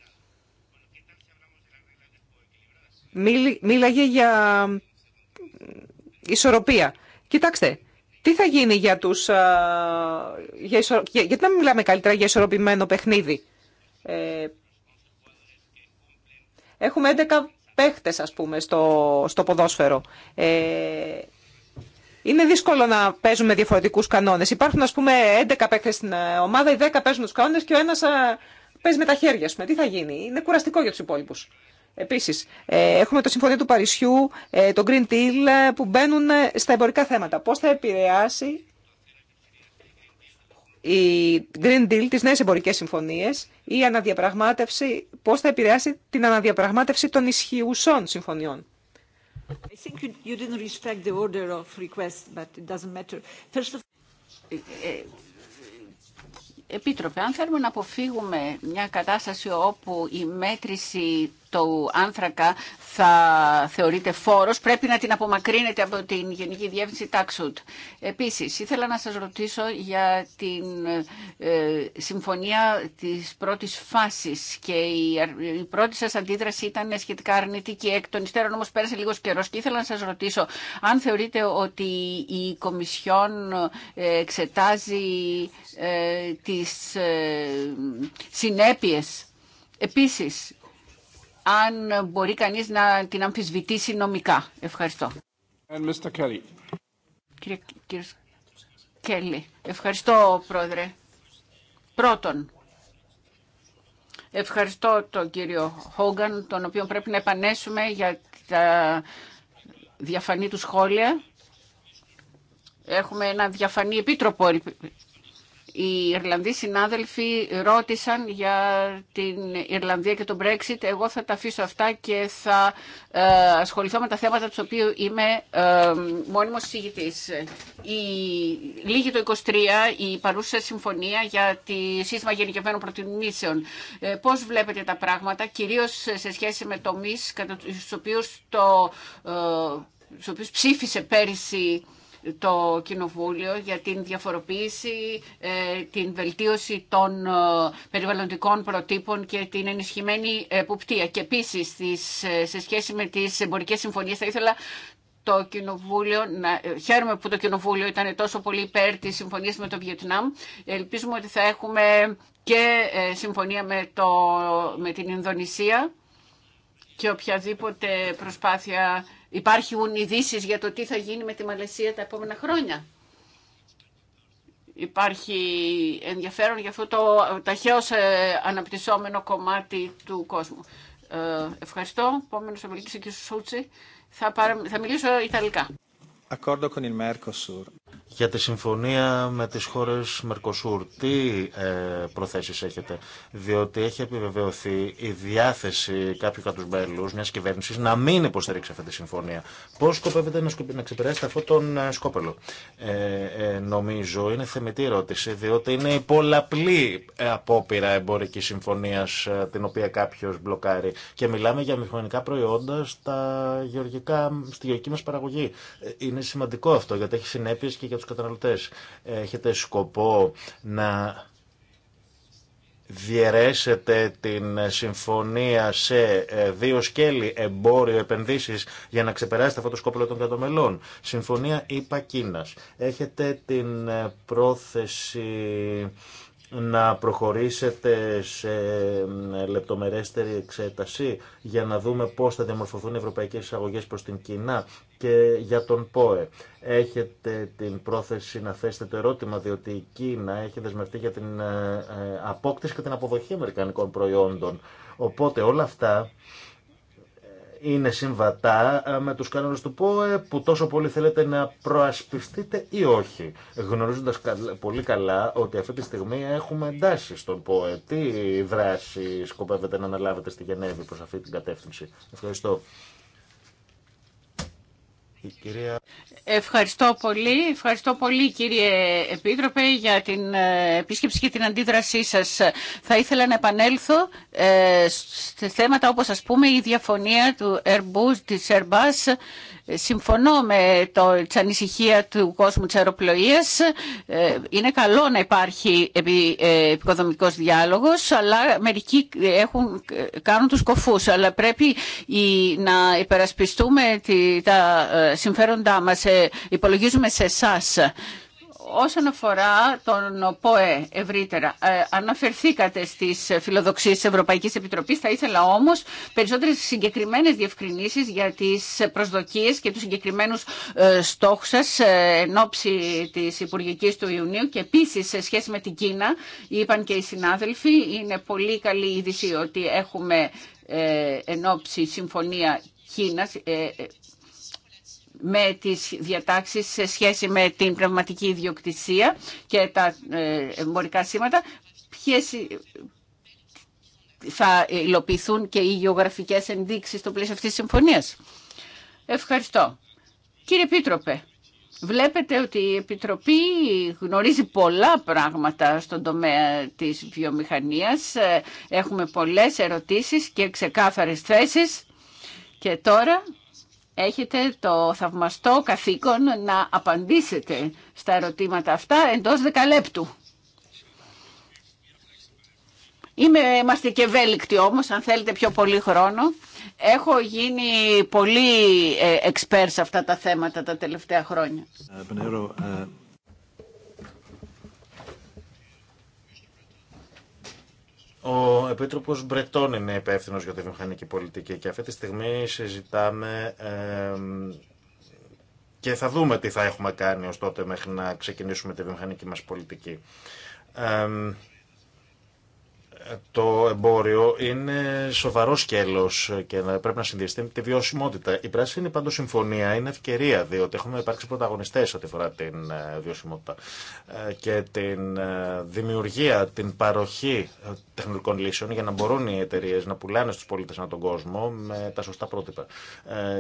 μίλαγε για ισορροπία. Κοιτάξτε, τι θα γίνει για τους... Ε, για για, γιατί να μην μιλάμε καλύτερα για ισορροπημένο παιχνίδι. Ε, έχουμε 11 παίχτες, ας πούμε, στο, στο ποδόσφαιρο. Ε, είναι δύσκολο να παίζουμε διαφορετικού κανόνε. Υπάρχουν, α πούμε, 11 παίκτε στην ε, ομάδα, οι 10 παίζουν του κανόνε και ο ένα παίζει με τα χέρια, α Τι θα γίνει, είναι κουραστικό για του υπόλοιπου. Επίσης, ε, έχουμε το Συμφωνία του Παρισιού, ε, το Green Deal ε, που μπαίνουν στα εμπορικά θέματα. Πώς θα επηρεάσει η Green Deal, τι νέε εμπορικέ συμφωνίες, η αναδιαπραγμάτευση, πώς θα επηρεάσει την αναδιαπραγμάτευση των ισχυουσών συμφωνιών. Επίτροπε, αν θέλουμε να αποφύγουμε μια κατάσταση όπου η μέτρηση το άνθρακα θα θεωρείται φόρος, πρέπει να την απομακρύνετε από την Γενική Διεύθυνση Τάξουτ. Επίσης, ήθελα να σας ρωτήσω για την ε, συμφωνία της πρώτης φάσης και η, πρώτη σας αντίδραση ήταν σχετικά αρνητική. Εκ των υστέρων όμως πέρασε λίγος καιρός και ήθελα να σας ρωτήσω αν θεωρείτε ότι η Κομισιόν ε, εξετάζει ε, τις ε, συνέπειες Επίσης, αν μπορεί κανείς να την αμφισβητήσει νομικά. Ευχαριστώ. Κύριε, κύριε ευχαριστώ πρόεδρε. Πρώτον, ευχαριστώ τον κύριο Χόγκαν, τον οποίο πρέπει να επανέσουμε για τα διαφανή του σχόλια. Έχουμε ένα διαφανή επίτροπο, οι Ιρλανδοί συνάδελφοι ρώτησαν για την Ιρλανδία και τον Brexit. Εγώ θα τα αφήσω αυτά και θα ε, ασχοληθώ με τα θέματα του οποίου είμαι ε, μόνιμος συζητητής. Η, λίγη το 23 η παρούσα συμφωνία για τη σύστημα γενικευμένων προτιμήσεων. Ε, πώς βλέπετε τα πράγματα, κυρίως σε σχέση με το κατά τους οποίους, το, τους οποίους ψήφισε πέρυσι το Κοινοβούλιο για την διαφοροποίηση, ε, την βελτίωση των ε, περιβαλλοντικών προτύπων και την ενισχυμένη εποπτεία. Και επίσης ε, σε σχέση με τις εμπορικές συμφωνίες θα ήθελα το Κοινοβούλιο, να, χαίρομαι που το Κοινοβούλιο ήταν τόσο πολύ υπέρ τη συμφωνία με το Βιετνάμ. Ελπίζουμε ότι θα έχουμε και συμφωνία με, με την Ινδονησία και οποιαδήποτε προσπάθεια Υπάρχουν ειδήσει για το τι θα γίνει με τη Μαλαισία τα επόμενα χρόνια. Υπάρχει ενδιαφέρον για αυτό το ταχαίως ε, αναπτυσσόμενο κομμάτι του κόσμου. Ε, ευχαριστώ. Επόμενος ομιλητής ο κ. Σούτσι. Θα, θα μιλήσω Ιταλικά. Για τη συμφωνία με τις χώρες Μερκοσούρ, τι ε, προθέσεις έχετε, διότι έχει επιβεβαιωθεί η διάθεση κάποιου τους μέλους μιας κυβέρνησης να μην υποστηρίξει αυτή τη συμφωνία. Πώς σκοπεύετε να ξεπεράσετε αυτό τον ε, σκόπελο. Ε, ε, νομίζω είναι θεμητή ερώτηση, διότι είναι η πολλαπλή ε, απόπειρα εμπορική συμφωνίας την οποία κάποιος μπλοκάρει και μιλάμε για μηχανικά προϊόντα στα γεωργικά, στη γεωργική μας παραγωγή. Είναι σημαντικό αυτό γιατί έχει συνέπειες και για τους καταναλωτές. Έχετε σκοπό να διαιρέσετε την συμφωνία σε ε, δύο σκέλη εμπόριο επενδύσεις για να ξεπεράσετε αυτό το σκόπελο των κατομελών. Συμφωνία ΙΠΑ Κίνας. Έχετε την ε, πρόθεση να προχωρήσετε σε λεπτομερέστερη εξέταση για να δούμε πώς θα διαμορφωθούν οι ευρωπαϊκές εισαγωγές προς την Κίνα και για τον ΠΟΕ. Έχετε την πρόθεση να θέσετε το ερώτημα διότι η Κίνα έχει δεσμευτεί για την ε, ε, απόκτηση και την αποδοχή αμερικανικών προϊόντων. Οπότε όλα αυτά είναι συμβατά ε, με τους κανόνες του ΠΟΕ που τόσο πολύ θέλετε να προασπιστείτε ή όχι. Γνωρίζοντας πολύ καλά ότι αυτή τη στιγμή έχουμε εντάσει στον ΠΟΕ. Τι δράση σκοπεύετε να αναλάβετε στη Γενέβη προς αυτή την κατεύθυνση. Ευχαριστώ. Ευχαριστώ πολύ. Ευχαριστώ πολύ κύριε Επίτροπε για την ε, επίσκεψη και την αντίδρασή σας. Θα ήθελα να επανέλθω ε, σε θέματα όπως ας πούμε η διαφωνία του Airbus, της Airbus Συμφωνώ με το, την ανησυχία του κόσμου της αεροπλοείας. Ε, είναι καλό να υπάρχει επι, ε, επικοδομικός διάλογος, αλλά μερικοί έχουν, κάνουν τους κοφούς. Αλλά πρέπει να υπερασπιστούμε τη, τα ε, συμφέροντά μας. Υπολογίζουμε σε εσά Όσον αφορά τον ΠΟΕ ευρύτερα, ε, αναφερθήκατε στις φιλοδοξίες της Ευρωπαϊκής Επιτροπής, θα ήθελα όμω περισσότερες συγκεκριμένες διευκρινήσει για τις προσδοκίε και τους συγκεκριμένους ε, στόχους σα ε, εν ώψη της Υπουργική του Ιουνίου και επίσης σε σχέση με την Κίνα, είπαν και οι συνάδελφοι, είναι πολύ καλή είδηση ότι έχουμε εν ώψη συμφωνία Κίνας, με τις διατάξεις σε σχέση με την πνευματική ιδιοκτησία και τα ε, εμπορικά σήματα, ποιες θα υλοποιηθούν και οι γεωγραφικές ενδείξεις στο πλαίσιο αυτής της συμφωνίας. Ευχαριστώ. Κύριε Επίτροπε, βλέπετε ότι η Επιτροπή γνωρίζει πολλά πράγματα στον τομέα της βιομηχανίας. Ε, έχουμε πολλές ερωτήσεις και ξεκάθαρες θέσεις. Και τώρα έχετε το θαυμαστό καθήκον να απαντήσετε στα ερωτήματα αυτά εντός δεκαλέπτου. Είμαι, είμαστε και ευέλικτοι όμως, αν θέλετε πιο πολύ χρόνο. Έχω γίνει πολύ ε, σε αυτά τα θέματα τα τελευταία χρόνια. Ε, Ο Επίτροπο Μπρετών είναι υπεύθυνο για τη βιομηχανική πολιτική και αυτή τη στιγμή συζητάμε και θα δούμε τι θα έχουμε κάνει ω τότε μέχρι να ξεκινήσουμε τη βιομηχανική μα πολιτική το εμπόριο είναι σοβαρό σκέλος και πρέπει να συνδυαστεί με τη βιωσιμότητα. Η Πράσινη πάντω συμφωνία είναι ευκαιρία διότι έχουμε υπάρξει πρωταγωνιστές ό,τι αφορά την ε, βιωσιμότητα ε, και την ε, δημιουργία, την παροχή τεχνολογικών λύσεων για να μπορούν οι εταιρείε να πουλάνε στους πολίτε ανά τον κόσμο με τα σωστά πρότυπα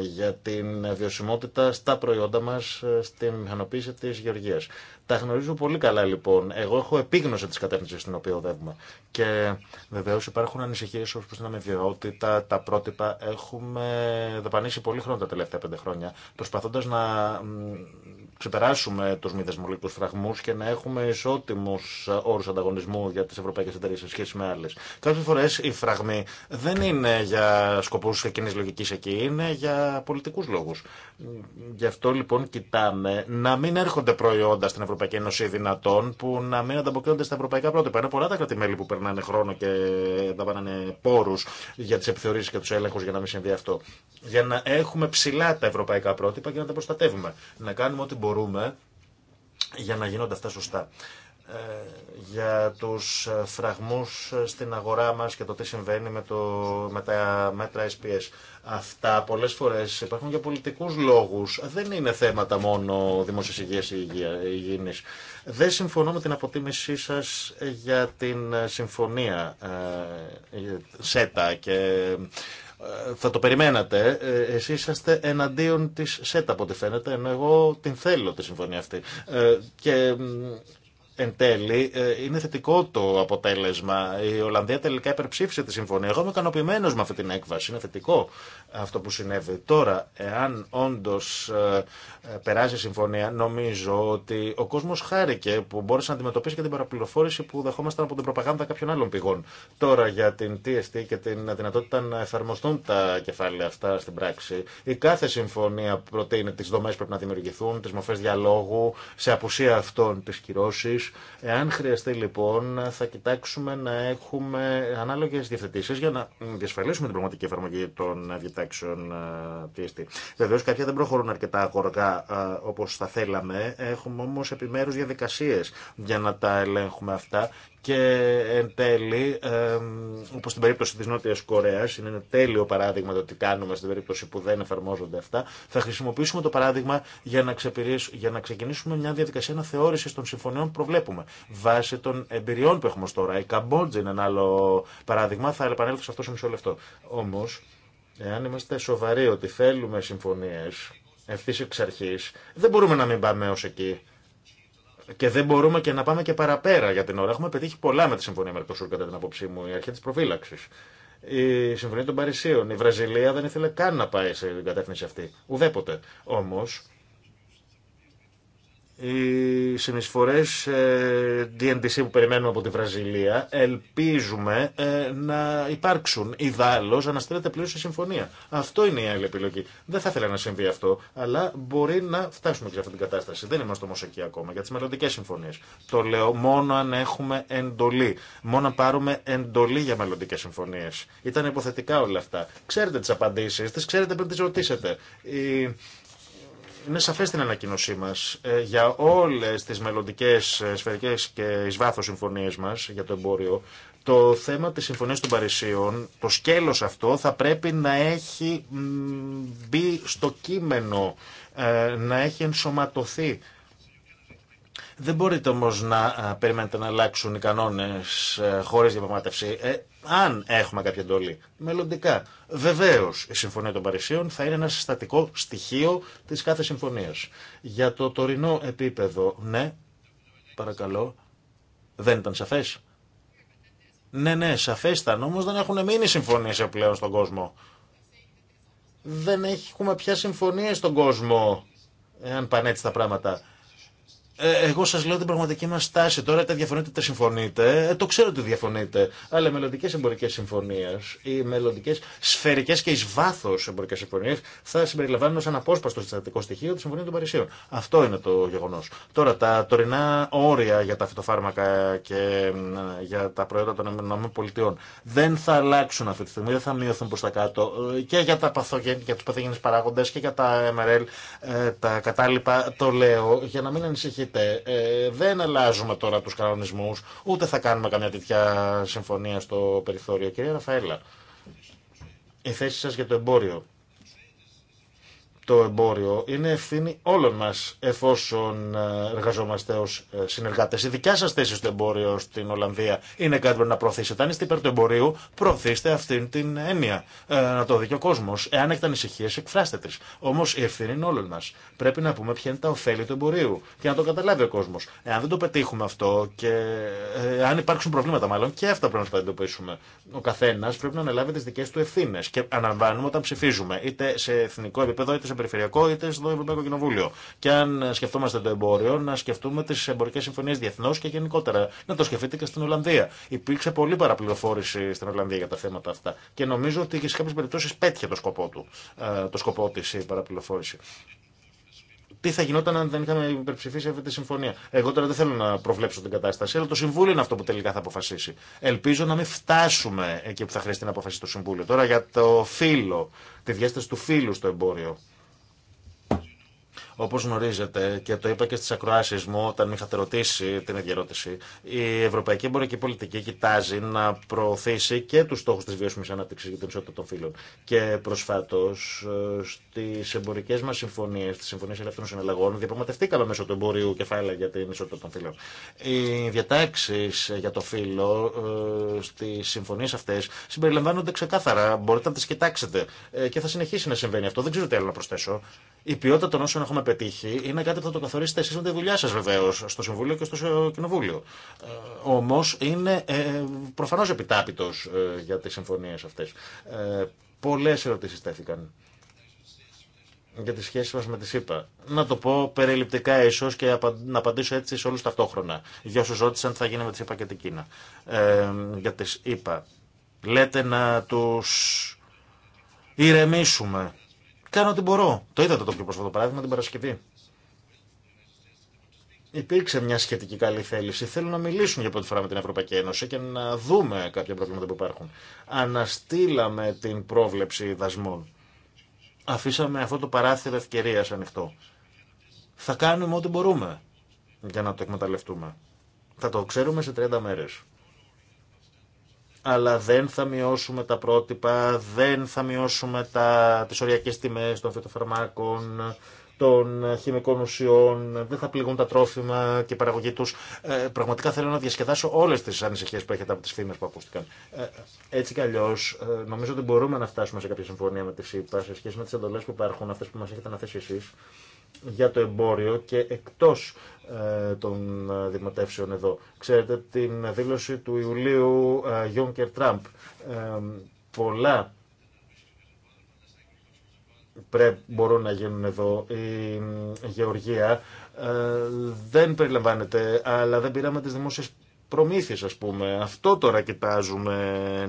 για την βιωσιμότητα στα προϊόντα μα στη μηχανοποίηση τη γεωργία. Τα γνωρίζω πολύ καλά λοιπόν. Εγώ έχω επίγνωση τη κατεύθυνση στην οποία οδεύουμε. Και βεβαίω υπάρχουν ανησυχίε όπω την αμοιβαιότητα, τα πρότυπα. Έχουμε δαπανίσει πολύ χρόνο τα τελευταία πέντε χρόνια προσπαθώντα να ξεπεράσουμε του μη δεσμολογικού φραγμού και να έχουμε ισότιμου ε, όρου ανταγωνισμού για τι ευρωπαϊκέ εταιρείε σε σχέση με άλλε. Κάποιε φορέ, οι φραγμοί δεν είναι για σκοπού κοινή λογική εκεί, είναι για πολιτικού λόγου. Γι' αυτό λοιπόν κοιτάμε να μην έρχονται προϊόντα στην Ευρωπαϊκή Ένωση δυνατών που να μην ανταποκρίνονται στα ευρωπαϊκά πρότυπα. Είναι πολλά τα κρατημέλη που περνάνε χρόνο και δαπανάνε πόρου για τι επιθεωρήσει και του έλεγχου για να μην συμβεί αυτό. Για να έχουμε ψηλά τα ευρωπαϊκά πρότυπα και να τα προστατεύουμε. Να κάνουμε ό,τι μπορούμε για να γίνονται αυτά σωστά. Ε, για τους ε, φραγμούς ε, στην αγορά μας και το τι συμβαίνει με, το, με τα μέτρα SPS. Αυτά πολλές φορές υπάρχουν για πολιτικούς λόγους. Δεν είναι θέματα μόνο δημόσιας υγείας ή υγιεινής. Δεν συμφωνώ με την αποτίμησή σας για την συμφωνία ΣΕΤΑ και ε, θα το περιμένατε. Ε, Εσεί είσαστε εναντίον τη ΣΕΤΑ από ό,τι φαίνεται, ενώ εγώ την θέλω τη συμφωνία αυτή. Ε, και εν τέλει είναι θετικό το αποτέλεσμα. Η Ολλανδία τελικά υπερψήφισε τη συμφωνία. Εγώ είμαι ικανοποιημένο με αυτή την έκβαση. Είναι θετικό αυτό που συνέβη. Τώρα, εάν όντω ε, ε, περάσει η συμφωνία, νομίζω ότι ο κόσμο χάρηκε που μπόρεσε να αντιμετωπίσει και την παραπληροφόρηση που δεχόμασταν από την προπαγάνδα κάποιων άλλων πηγών. Τώρα, για την TST και την δυνατότητα να εφαρμοστούν τα κεφάλαια αυτά στην πράξη, η κάθε συμφωνία προτείνει τι δομέ που πρέπει να δημιουργηθούν, τι μορφέ διαλόγου, σε απουσία αυτών τι κυρώσει. Εάν χρειαστεί, λοιπόν, θα κοιτάξουμε να έχουμε ανάλογε διευθετήσει για να διασφαλίσουμε την πραγματική εφαρμογή των διευθετήσεων action ε, Βεβαίω κάποια δεν προχωρούν αρκετά αγοργά ε, όπω θα θέλαμε. Έχουμε όμω επιμέρου διαδικασίε για να τα ελέγχουμε αυτά και εν τέλει, ε, όπως στην περίπτωση τη νότια Κορέα, είναι ένα τέλειο παράδειγμα το τι κάνουμε στην περίπτωση που δεν εφαρμόζονται αυτά, θα χρησιμοποιήσουμε το παράδειγμα για να, για να ξεκινήσουμε μια διαδικασία αναθεώρηση των συμφωνιών που προβλέπουμε. Βάσει των εμπειριών που έχουμε τώρα, η Καμπότζη είναι ένα άλλο παράδειγμα, θα επανέλθω σε αυτό σε μισό λεπτό. Όμω, Εάν είμαστε σοβαροί ότι θέλουμε συμφωνίε, ευθύ εξ αρχή, δεν μπορούμε να μην πάμε ως εκεί. Και δεν μπορούμε και να πάμε και παραπέρα για την ώρα. Έχουμε πετύχει πολλά με τη Συμφωνία Μερκοσούρ, κατά την άποψή μου, η αρχή τη προφύλαξη. Η Συμφωνία των Παρισίων. Η Βραζιλία δεν ήθελε καν να πάει σε την κατεύθυνση αυτή. Ουδέποτε. Όμω, οι συνεισφορές ε, DNDC που περιμένουμε από τη Βραζιλία ελπίζουμε ε, να υπάρξουν. Ιδάλλως αναστέλλεται πλήρως η συμφωνία. Αυτό είναι η άλλη επιλογή. Δεν θα ήθελα να συμβεί αυτό, αλλά μπορεί να φτάσουμε και σε αυτή την κατάσταση. Δεν είμαστε όμως εκεί ακόμα για τις μελλοντικές συμφωνίες. Το λέω μόνο αν έχουμε εντολή. Μόνο αν πάρουμε εντολή για μελλοντικές συμφωνίες. Ήταν υποθετικά όλα αυτά. Ξέρετε τις απαντήσεις, τις ξέρετε πριν τις ρωτήσετε είναι σαφέ την ανακοίνωσή μα ε, για όλε τι μελλοντικέ ε, σφαιρικέ και ει βάθο συμφωνίε μα για το εμπόριο. Το θέμα της Συμφωνίας των Παρισίων, το σκέλος αυτό θα πρέπει να έχει μπει στο κείμενο, ε, να έχει ενσωματωθεί δεν μπορείτε όμω να περιμένετε να αλλάξουν οι κανόνε ε, χωρί διαπραγμάτευση. Ε, αν έχουμε κάποια εντολή. Μελλοντικά. Βεβαίω η Συμφωνία των Παρισίων θα είναι ένα συστατικό στοιχείο τη κάθε συμφωνία. Για το τωρινό επίπεδο, ναι, παρακαλώ. Δεν ήταν σαφέ. Ναι, ναι, σαφέ ήταν. Όμω δεν έχουν μείνει συμφωνίε πλέον στον κόσμο. Δεν έχουμε πια συμφωνίε στον κόσμο. Εάν πάνε έτσι τα πράγματα. Ε, εγώ σα λέω την πραγματική μα στάση. Τώρα είτε διαφωνείτε είτε συμφωνείτε. Ε, το ξέρω ότι διαφωνείτε. Αλλά οι μελλοντικέ εμπορικέ συμφωνίε, οι μελλοντικέ σφαιρικέ και ει βάθο εμπορικέ συμφωνίε θα συμπεριλαμβάνουν ω αναπόσπαστο συστατικό στοιχείο τη Συμφωνία των Παρισίων. Αυτό είναι το γεγονό. Τώρα, τα τωρινά όρια για τα φυτοφάρμακα και για τα προϊόντα των ΗΠΑ δεν θα αλλάξουν αυτή τη στιγμή, δεν θα μειωθούν προ τα κάτω. Και για, παθογεν, για του παθογενεί παράγοντε και για τα MRL, ε, τα κατάλοιπα, το λέω για να μην ανησυχείτε δείτε, δεν αλλάζουμε τώρα τους κανονισμούς, ούτε θα κάνουμε καμιά τέτοια συμφωνία στο περιθώριο. Κυρία Ραφαέλα, η θέση σας για το εμπόριο το εμπόριο είναι ευθύνη όλων μα εφόσον ε, εργαζόμαστε ω ε, συνεργάτε. Η δικιά σα θέση στο εμπόριο στην Ολλανδία είναι κάτι που να προωθήσετε. Αν είστε υπέρ του εμπορίου, προωθήστε αυτήν την έννοια. Ε, να το δει και ο κόσμο. Εάν έχετε ανησυχίε, εκφράστε τι. Όμω η ευθύνη είναι όλων μα. Πρέπει να πούμε ποια είναι τα ωφέλη του εμπορίου και να το καταλάβει ο κόσμο. Εάν δεν το πετύχουμε αυτό και αν υπάρξουν προβλήματα μάλλον και αυτά πρέπει να τα εντοπίσουμε. Ο καθένα πρέπει να αναλάβει τι δικέ του ευθύνε και αναλαμβάνουμε όταν ψηφίζουμε είτε σε εθνικό επίπεδο είτε σε περιφερειακό είτε στο Ευρωπαϊκό Κοινοβούλιο. Και αν σκεφτόμαστε το εμπόριο, να σκεφτούμε τι εμπορικέ συμφωνίε διεθνώ και γενικότερα. Να το σκεφτείτε και στην Ολλανδία. Υπήρξε πολύ παραπληροφόρηση στην Ολλανδία για τα θέματα αυτά. Και νομίζω ότι σε κάποιε περιπτώσει πέτυχε το σκοπό, του, ε, το σκοπό τη η παραπληροφόρηση τι θα γινόταν αν δεν είχαμε υπερψηφίσει αυτή τη συμφωνία. Εγώ τώρα δεν θέλω να προβλέψω την κατάσταση, αλλά το Συμβούλιο είναι αυτό που τελικά θα αποφασίσει. Ελπίζω να μην φτάσουμε εκεί που θα χρειαστεί να αποφασίσει το Συμβούλιο. Τώρα για το φύλλο, τη διάσταση του φύλλου στο εμπόριο. Όπω γνωρίζετε και το είπα και στι ακροάσει μου όταν είχατε ρωτήσει την ίδια ερώτηση, η Ευρωπαϊκή Εμπορική Πολιτική κοιτάζει να προωθήσει και του στόχου τη βιώσιμη ανάπτυξη για την ισότητα των φύλων. Και προσφάτω ε, στι εμπορικέ μα συμφωνίε, στι συμφωνίε ελεύθερων συναλλαγών, διαπραγματευτήκαμε μέσω του εμπορίου κεφάλαια για την ισότητα των φύλων. Οι διατάξει για το φύλλο ε, στι συμφωνίε αυτέ συμπεριλαμβάνονται ξεκάθαρα. Μπορείτε να τι κοιτάξετε ε, και θα συνεχίσει να συμβαίνει αυτό. Δεν ξέρω τι άλλο να προσθέσω. Η ποιότητα των όσων έχουμε πετύχει είναι κάτι που θα το καθορίσετε εσεί με τη δουλειά σα βεβαίω στο Συμβούλιο και στο Κοινοβούλιο. Ε, Όμω είναι ε, προφανώ επιτάπητο ε, για τι συμφωνίε αυτέ. Ε, Πολλέ ερωτήσει τέθηκαν για τις σχέσεις μα με τη ΣΥΠΑ. Να το πω περιληπτικά ίσω και να απαντήσω έτσι σε όλους ταυτόχρονα. Για όσου ρώτησαν τι θα γίνει με τη ΣΥΠΑ και την Κίνα. Ε, για τις ΕΠΑ Λέτε να του ηρεμήσουμε κάνω ό,τι μπορώ. Το είδατε το πιο πρόσφατο παράδειγμα την Παρασκευή. Υπήρξε μια σχετική καλή θέληση. Θέλουν να μιλήσουν για πρώτη φορά με την Ευρωπαϊκή Ένωση και να δούμε κάποια προβλήματα που υπάρχουν. Αναστήλαμε την πρόβλεψη δασμών. Αφήσαμε αυτό το παράθυρο ευκαιρία ανοιχτό. Θα κάνουμε ό,τι μπορούμε για να το εκμεταλλευτούμε. Θα το ξέρουμε σε 30 μέρες αλλά δεν θα μειώσουμε τα πρότυπα, δεν θα μειώσουμε τα, τις οριακές τιμές των φυτοφαρμάκων, των χημικών ουσιών, δεν θα πληγούν τα τρόφιμα και η παραγωγή τους. Ε, πραγματικά θέλω να διασκεδάσω όλες τις ανησυχίες που έχετε από τις φήμες που ακούστηκαν. Ε, έτσι κι αλλιώ. Ε, νομίζω ότι μπορούμε να φτάσουμε σε κάποια συμφωνία με τη ΣΥΠΑ σε σχέση με τις εντολές που υπάρχουν, αυτές που μας έχετε αναθέσει εσείς για το εμπόριο και εκτός ε, των δημοτεύσεων εδώ. Ξέρετε την δήλωση του Ιουλίου Γιόνκερ Τραμπ. Ε, πολλά πρέπει, μπορούν να γίνουν εδώ. Η γεωργία ε, δεν περιλαμβάνεται, αλλά δεν πήραμε τις δημόσιες προμήθειες ας πούμε. Αυτό τώρα κοιτάζουμε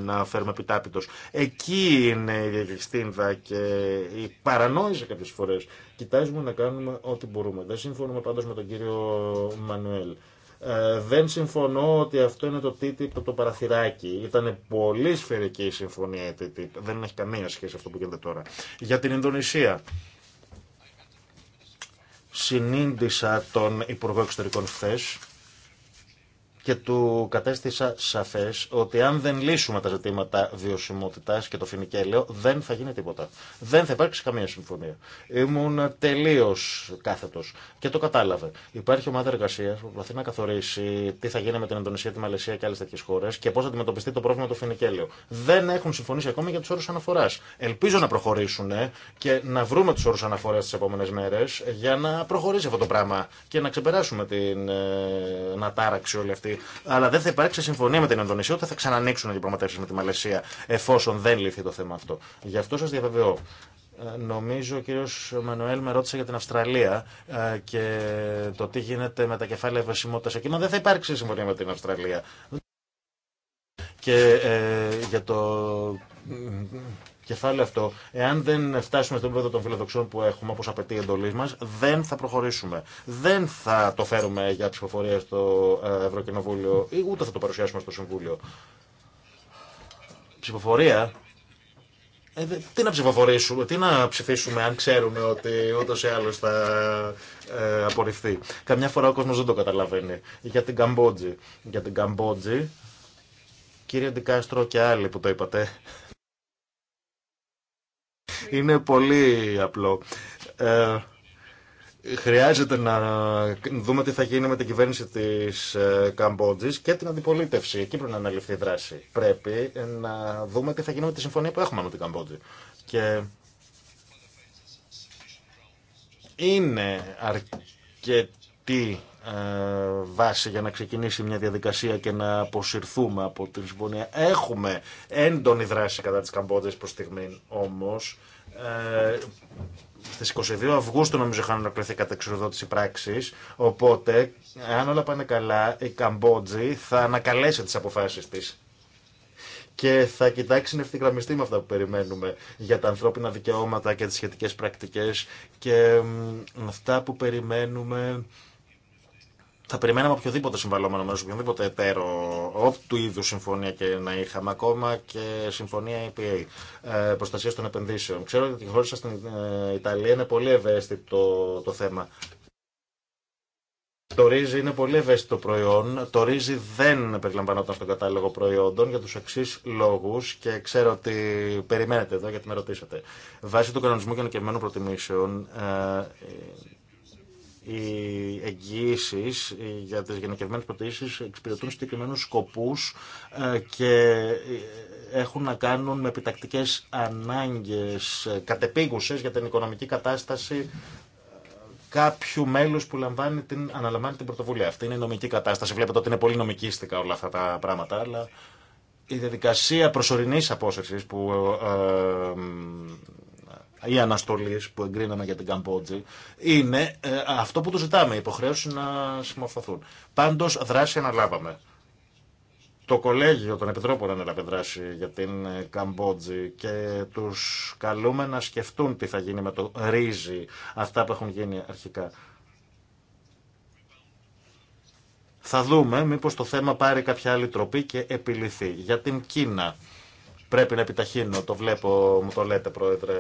να φέρουμε επιτάπητος. Εκεί είναι η διακριστήνδα και η παρανόηση κάποιες φορές. Κοιτάζουμε να κάνουμε ό,τι μπορούμε. Δεν συμφωνούμε πάντως με τον κύριο Μανουέλ. Ε, δεν συμφωνώ ότι αυτό είναι το TTIP το παραθυράκι. Ήταν πολύ σφαιρική η συμφωνία η Δεν έχει καμία σχέση αυτό που γίνεται τώρα. Για την Ινδονησία. Συνήντησα τον Υπουργό Εξωτερικών χθε και του κατέστησα σαφέ ότι αν δεν λύσουμε τα ζητήματα βιωσιμότητα και το φινικέλαιο δεν θα γίνει τίποτα. Δεν θα υπάρξει καμία συμφωνία. Ήμουν τελείω κάθετο. και το κατάλαβε. Υπάρχει ομάδα εργασία που προσπαθεί να καθορίσει τι θα γίνει με την Ινδονησία, τη Μαλαισία και άλλε τέτοιε χώρε και πώ θα αντιμετωπιστεί το πρόβλημα του φινικέλαιο. Δεν έχουν συμφωνήσει ακόμα για του όρου αναφορά. Ελπίζω να προχωρήσουν και να βρούμε του όρου αναφορά τι επόμενε μέρε για να προχωρήσει αυτό το πράγμα και να ξεπεράσουμε την ανατάραξη ε, όλη αυτή αλλά δεν θα υπάρξει συμφωνία με την Ενδονησία ούτε θα ξανανοίξουν οι διαπραγματεύσει με τη Μαλαισία εφόσον δεν λυθεί το θέμα αυτό. Γι' αυτό σα διαβεβαιώ. Ε, νομίζω ο κύριο Μανουέλ με ρώτησε για την Αυστραλία ε, και το τι γίνεται με τα κεφάλαια ευαισθημότητα εκεί. Μα δεν θα υπάρξει συμφωνία με την Αυστραλία. Και ε, για το κεφάλαιο αυτό, εάν δεν φτάσουμε στον επίπεδο των φιλοδοξιών που έχουμε, όπω απαιτεί η εντολή μα, δεν θα προχωρήσουμε. Δεν θα το φέρουμε για ψηφοφορία στο ε, Ευρωκοινοβούλιο ή ούτε θα το παρουσιάσουμε στο Συμβούλιο. Ψηφοφορία ε, τι να ψηφοφορήσουμε, τι να ψηφίσουμε αν ξέρουμε ότι ούτω ή άλλω θα ε, απορριφθεί. Καμιά φορά ο κόσμο δεν το καταλαβαίνει. Για την Καμπότζη. Για την Καμπότζη, κύριε Ντικάστρο και άλλοι που το είπατε, είναι πολύ απλό. Ε, χρειάζεται να δούμε τι θα γίνει με την κυβέρνηση της ε, Καμπότζης και την αντιπολίτευση. Εκεί πρέπει να αναλυφθεί η δράση. Πρέπει ε, να δούμε τι θα γίνει με τη συμφωνία που έχουμε με την Καμπότζη. Και είναι αρκετή ε, βάση για να ξεκινήσει μια διαδικασία και να αποσυρθούμε από τη συμφωνία. Έχουμε έντονη δράση κατά της Καμπότζας προς στιγμή όμως. Ε, στις 22 Αυγούστου νομίζω είχαν ολοκληρωθεί κατά εξοδότηση πράξη. οπότε αν όλα πάνε καλά η Καμπότζη θα ανακαλέσει τις αποφάσεις της και θα κοιτάξει να ευθυγραμμιστεί με αυτά που περιμένουμε για τα ανθρώπινα δικαιώματα και τις σχετικές πρακτικές και αυτά που περιμένουμε θα περιμέναμε οποιοδήποτε συμβαλλόμενο μέρο, οποιοδήποτε εταίρο, όποιου είδου συμφωνία και να είχαμε, ακόμα και συμφωνία EPA, ε, προστασία των επενδύσεων. Ξέρω ότι η χώρα σα στην ε, Ιταλία είναι πολύ ευαίσθητο το θέμα. Το ρύζι είναι πολύ ευαίσθητο προϊόν. Το ρύζι δεν περιλαμβανόταν στον κατάλογο προϊόντων για του εξή λόγου και ξέρω ότι περιμένετε εδώ γιατί με ρωτήσατε. Βάσει του κανονισμού και γενικευμένων προτιμήσεων, ε, οι εγγυήσει για τι γενικευμένε προτεήσεις εξυπηρετούν συγκεκριμένου σκοπού ε, και ε, έχουν να κάνουν με επιτακτικέ ανάγκε ε, κατεπίγουσες για την οικονομική κατάσταση κάποιου μέλους που λαμβάνει την, αναλαμβάνει την πρωτοβουλία. Αυτή είναι η νομική κατάσταση. Βλέπετε ότι είναι πολύ νομικίστικα όλα αυτά τα πράγματα, αλλά η διαδικασία προσωρινής απόσυρσης που ή αναστολή που εγκρίναμε για την Καμπότζη είναι ε, αυτό που του ζητάμε, η υποχρέωση να συμμορφωθούν. Πάντως δράση αναλάβαμε. Το κολέγιο των Επιτρόπων αναλάβει δράση για την ε, Καμπότζη και τους καλούμε να σκεφτούν τι θα γίνει με το ρύζι, αυτά που έχουν γίνει αρχικά. Θα δούμε μήπως το θέμα πάρει κάποια άλλη τροπή και επιληθεί. Για την Κίνα. Πρέπει να επιταχύνω, το βλέπω, μου το λέτε, Πρόεδρε.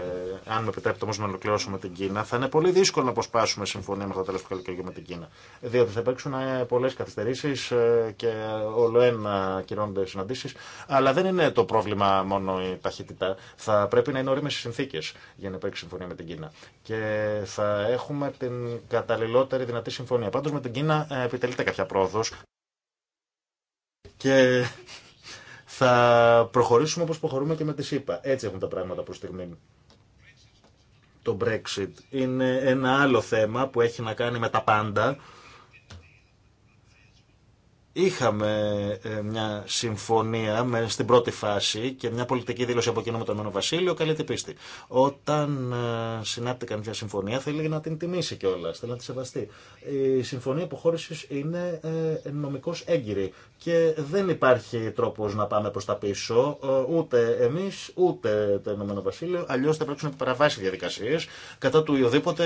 Αν με επιτρέπετε όμω να ολοκληρώσουμε την Κίνα, θα είναι πολύ δύσκολο να αποσπάσουμε συμφωνία με το τέλο του καλοκαιριού με την Κίνα. Διότι θα υπάρξουν ε, πολλέ καθυστερήσει ε, και όλο ένα κυρώνονται συναντήσει. Αλλά δεν είναι το πρόβλημα μόνο η ταχύτητα. Θα πρέπει να είναι όριμε οι συνθήκε για να υπάρξει συμφωνία με την Κίνα. Και θα έχουμε την καταλληλότερη δυνατή συμφωνία. Πάντω με την Κίνα ε, επιτελείται κάποια πρόοδο. Και θα προχωρήσουμε όπως προχωρούμε και με τη ΣΥΠΑ. Έτσι έχουν τα πράγματα προς στιγμή. Το Brexit είναι ένα άλλο θέμα που έχει να κάνει με τα πάντα. Είχαμε ε, μια συμφωνία με, στην πρώτη φάση και μια πολιτική δήλωση από κοινό με τον Μένο Βασίλειο, καλή την πίστη. Όταν ε, συνάπτηκαν μια συμφωνία, θέλει να την τιμήσει κιόλα, θέλει να τη σεβαστεί. Η συμφωνία αποχώρηση είναι ε, νομικώ έγκυρη και δεν υπάρχει τρόπος να πάμε προς τα πίσω, ε, ούτε εμείς, ούτε το Ηνωμένο Βασίλειο, αλλιώς θα πρέπει να παραβάσει διαδικασίες κατά του οποιοδήποτε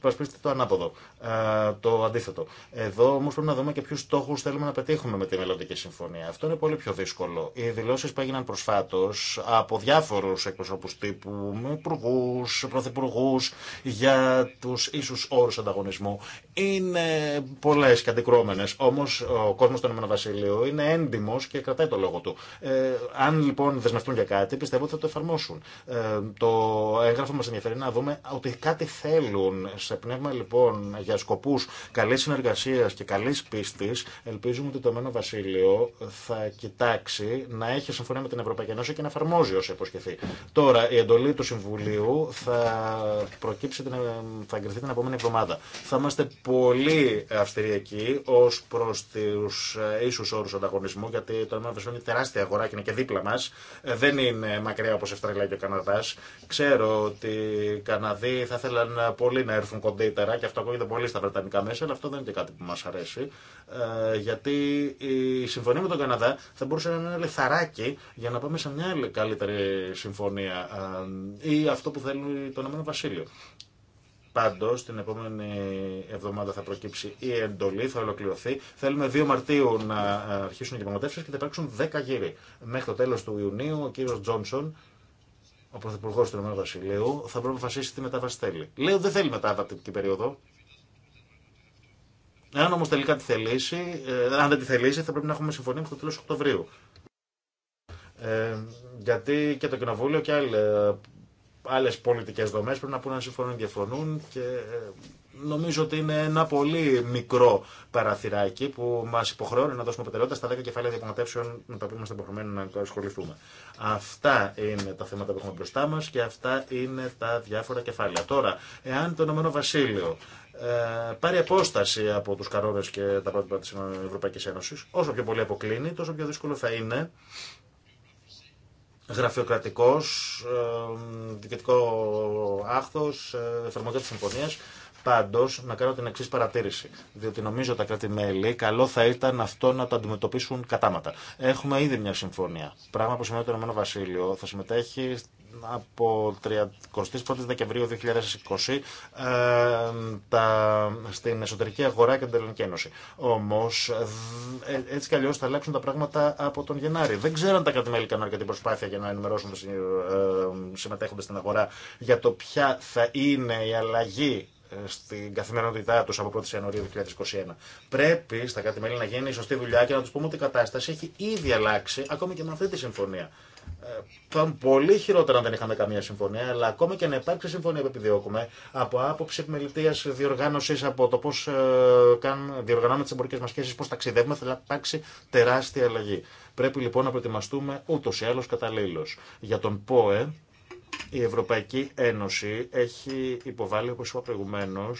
πασπίστε το ανάποδο, ε, το αντίθετο. Εδώ όμως πρέπει να δούμε και ποιους στόχους θέλουμε να πετύχουμε με τη μελλοντική συμφωνία. Αυτό είναι πολύ πιο δύσκολο. Οι δηλώσει που έγιναν προσφάτω από διάφορου εκπροσώπου τύπου, υπουργού, πρωθυπουργού για του ίσους όρου ανταγωνισμού, είναι πολλέ και αντικρώμενε. ο κόσμο του Ηνωμένου Βασίλειου βιβλίο, είναι έντιμο και κρατάει το λόγο του. Ε, αν λοιπόν δεσμευτούν για κάτι, πιστεύω ότι θα το εφαρμόσουν. Ε, το έγγραφο μα ενδιαφέρει να δούμε ότι κάτι θέλουν. Σε πνεύμα λοιπόν για σκοπού καλή συνεργασία και καλή πίστη, ελπίζουμε ότι το Μένο Βασίλειο θα κοιτάξει να έχει συμφωνία με την Ευρωπαϊκή Ένωση και να εφαρμόζει όσα υποσχεθεί. Τώρα, η εντολή του Συμβουλίου θα προκύψει, την, θα εγκριθεί την επόμενη εβδομάδα. Θα είμαστε πολύ αυστηροί εκεί ω προ του ε, όρου ανταγωνισμού, γιατί το ΕΒ είναι τεράστια αγορά και είναι και δίπλα μα. Ε, δεν είναι μακριά όπω Αυστραλία και ο Καναδά. Ξέρω ότι οι Καναδοί θα θέλαν πολύ να έρθουν κοντύτερα και αυτό ακούγεται πολύ στα βρετανικά μέσα, αλλά αυτό δεν είναι και κάτι που μα αρέσει. Ε, γιατί η συμφωνία με τον Καναδά θα μπορούσε να είναι ένα λιθαράκι για να πάμε σε μια καλύτερη συμφωνία ε, ή αυτό που θέλει το Ηνωμένο Βασίλειο. Πάντω, την επόμενη εβδομάδα θα προκύψει η εντολή, θα ολοκληρωθεί. Θέλουμε 2 Μαρτίου να ε, αρχίσουν οι διαπραγματεύσει και θα υπάρξουν 10 γύροι. Μέχρι το τέλο του Ιουνίου, ο κύριο Τζόνσον, ο πρωθυπουργό του Ηνωμένου Βασιλείου, θα πρέπει να αποφασίσει τι μετάβαση θέλει. Λέω δεν θέλει την περίοδο. Αν όμω τελικά τη θελήσει, ε, αν δεν τη θελήσει, θα πρέπει να έχουμε συμφωνία μέχρι το τέλο Οκτωβρίου. Ε, γιατί και το Κοινοβούλιο και άλλοι ε, άλλε πολιτικέ δομέ πρέπει να πούνε να συμφωνούν, διαφωνούν και ε, νομίζω ότι είναι ένα πολύ μικρό παραθυράκι που μα υποχρεώνει να δώσουμε προτεραιότητα στα 10 κεφάλαια διαπραγματεύσεων με τα οποία είμαστε υποχρεωμένοι να ασχοληθούμε. Αυτά είναι τα θέματα που έχουμε μπροστά μα και αυτά είναι τα διάφορα κεφάλαια. Τώρα, εάν το Ηνωμένο Βασίλειο ε, πάρει απόσταση από του κανόνε και τα πρότυπα τη Ευρωπαϊκή Ένωση, όσο πιο πολύ αποκλίνει, τόσο πιο δύσκολο θα είναι γραφειοκρατικός, ε, διοικητικό άχθος, ε, τη συμφωνίας. Πάντω, να κάνω την εξή παρατήρηση. Διότι νομίζω τα κράτη-μέλη καλό θα ήταν αυτό να το αντιμετωπίσουν κατάματα. Έχουμε ήδη μια συμφωνία. Πράγμα που σημαίνει ότι το Ηνωμένο Βασίλειο θα συμμετέχει από 31 Δεκεμβρίου 2020 ε, τα, στην εσωτερική αγορά και την Ελληνική Ένωση. Όμω ε, ε, έτσι κι αλλιώ θα αλλάξουν τα πράγματα από τον Γενάρη. Δεν ξέρω αν τα κρατημέλη κάνουν αρκετή προσπάθεια για να ενημερώσουν του συμμετέχοντε στην αγορά για το ποια θα είναι η αλλαγή στην καθημερινότητά του από 1η Ιανουαρίου 2021. Πρέπει στα κάτι μέλη να γίνει η ιανουαριου 2021 πρεπει στα κατι δουλειά και να του πούμε ότι η κατάσταση έχει ήδη αλλάξει, ακόμη και με αυτή τη συμφωνία. Ε, θα ήταν πολύ χειρότερα αν δεν είχαμε καμία συμφωνία, αλλά ακόμη και να υπάρξει συμφωνία που επιδιώκουμε, από άποψη επιμελητία διοργάνωση, από το πώ ε, διοργανώνουμε τι εμπορικέ μα σχέσει, πώ ταξιδεύουμε, θα υπάρξει τεράστια αλλαγή. Πρέπει λοιπόν να προετοιμαστούμε ούτω ή άλλω καταλήλω. Για τον ΠΟΕ, η Ευρωπαϊκή Ένωση έχει υποβάλει, όπω είπα προηγουμένω,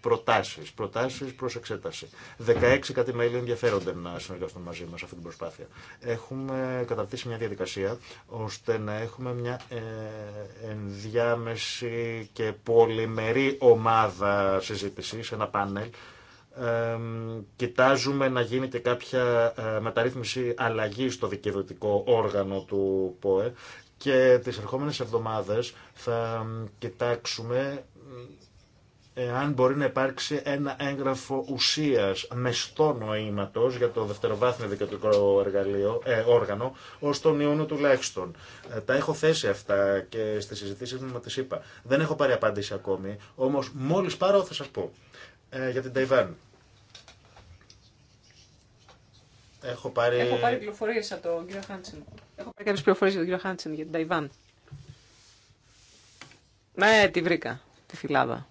προτάσει, προτάσει προ εξέταση. 16 κάτι ενδιαφέρονται να συνεργαστούν μαζί μα σε αυτή την προσπάθεια. Έχουμε καταρτήσει μια διαδικασία ώστε να έχουμε μια ε, ενδιάμεση και πολυμερή ομάδα συζήτηση, ένα πάνελ. κοιτάζουμε να γίνει και κάποια ε, μεταρρύθμιση αλλαγή στο δικαιοδοτικό όργανο του ΠΟΕ και τις ερχόμενες εβδομάδες θα κοιτάξουμε αν μπορεί να υπάρξει ένα έγγραφο ουσίας με νοήματος για το δευτεροβάθμιο δικαιωτικό εργαλείο, ε, όργανο ως τον Ιούνιο τουλάχιστον. Ε, τα έχω θέσει αυτά και στις συζητήσεις μου με τις είπα. Δεν έχω πάρει απάντηση ακόμη, όμως μόλις πάρω θα σας πω ε, για την Ταϊβάν. Έχω πάρει... Έχω πάρει πληροφορίες από τον κύριο Χάντσεν. Έχω πάρει κάποιες πληροφορίες από τον κύριο Χάντσεν για την Ταϊβάν. Ναι, τη βρήκα, τη φυλάδα.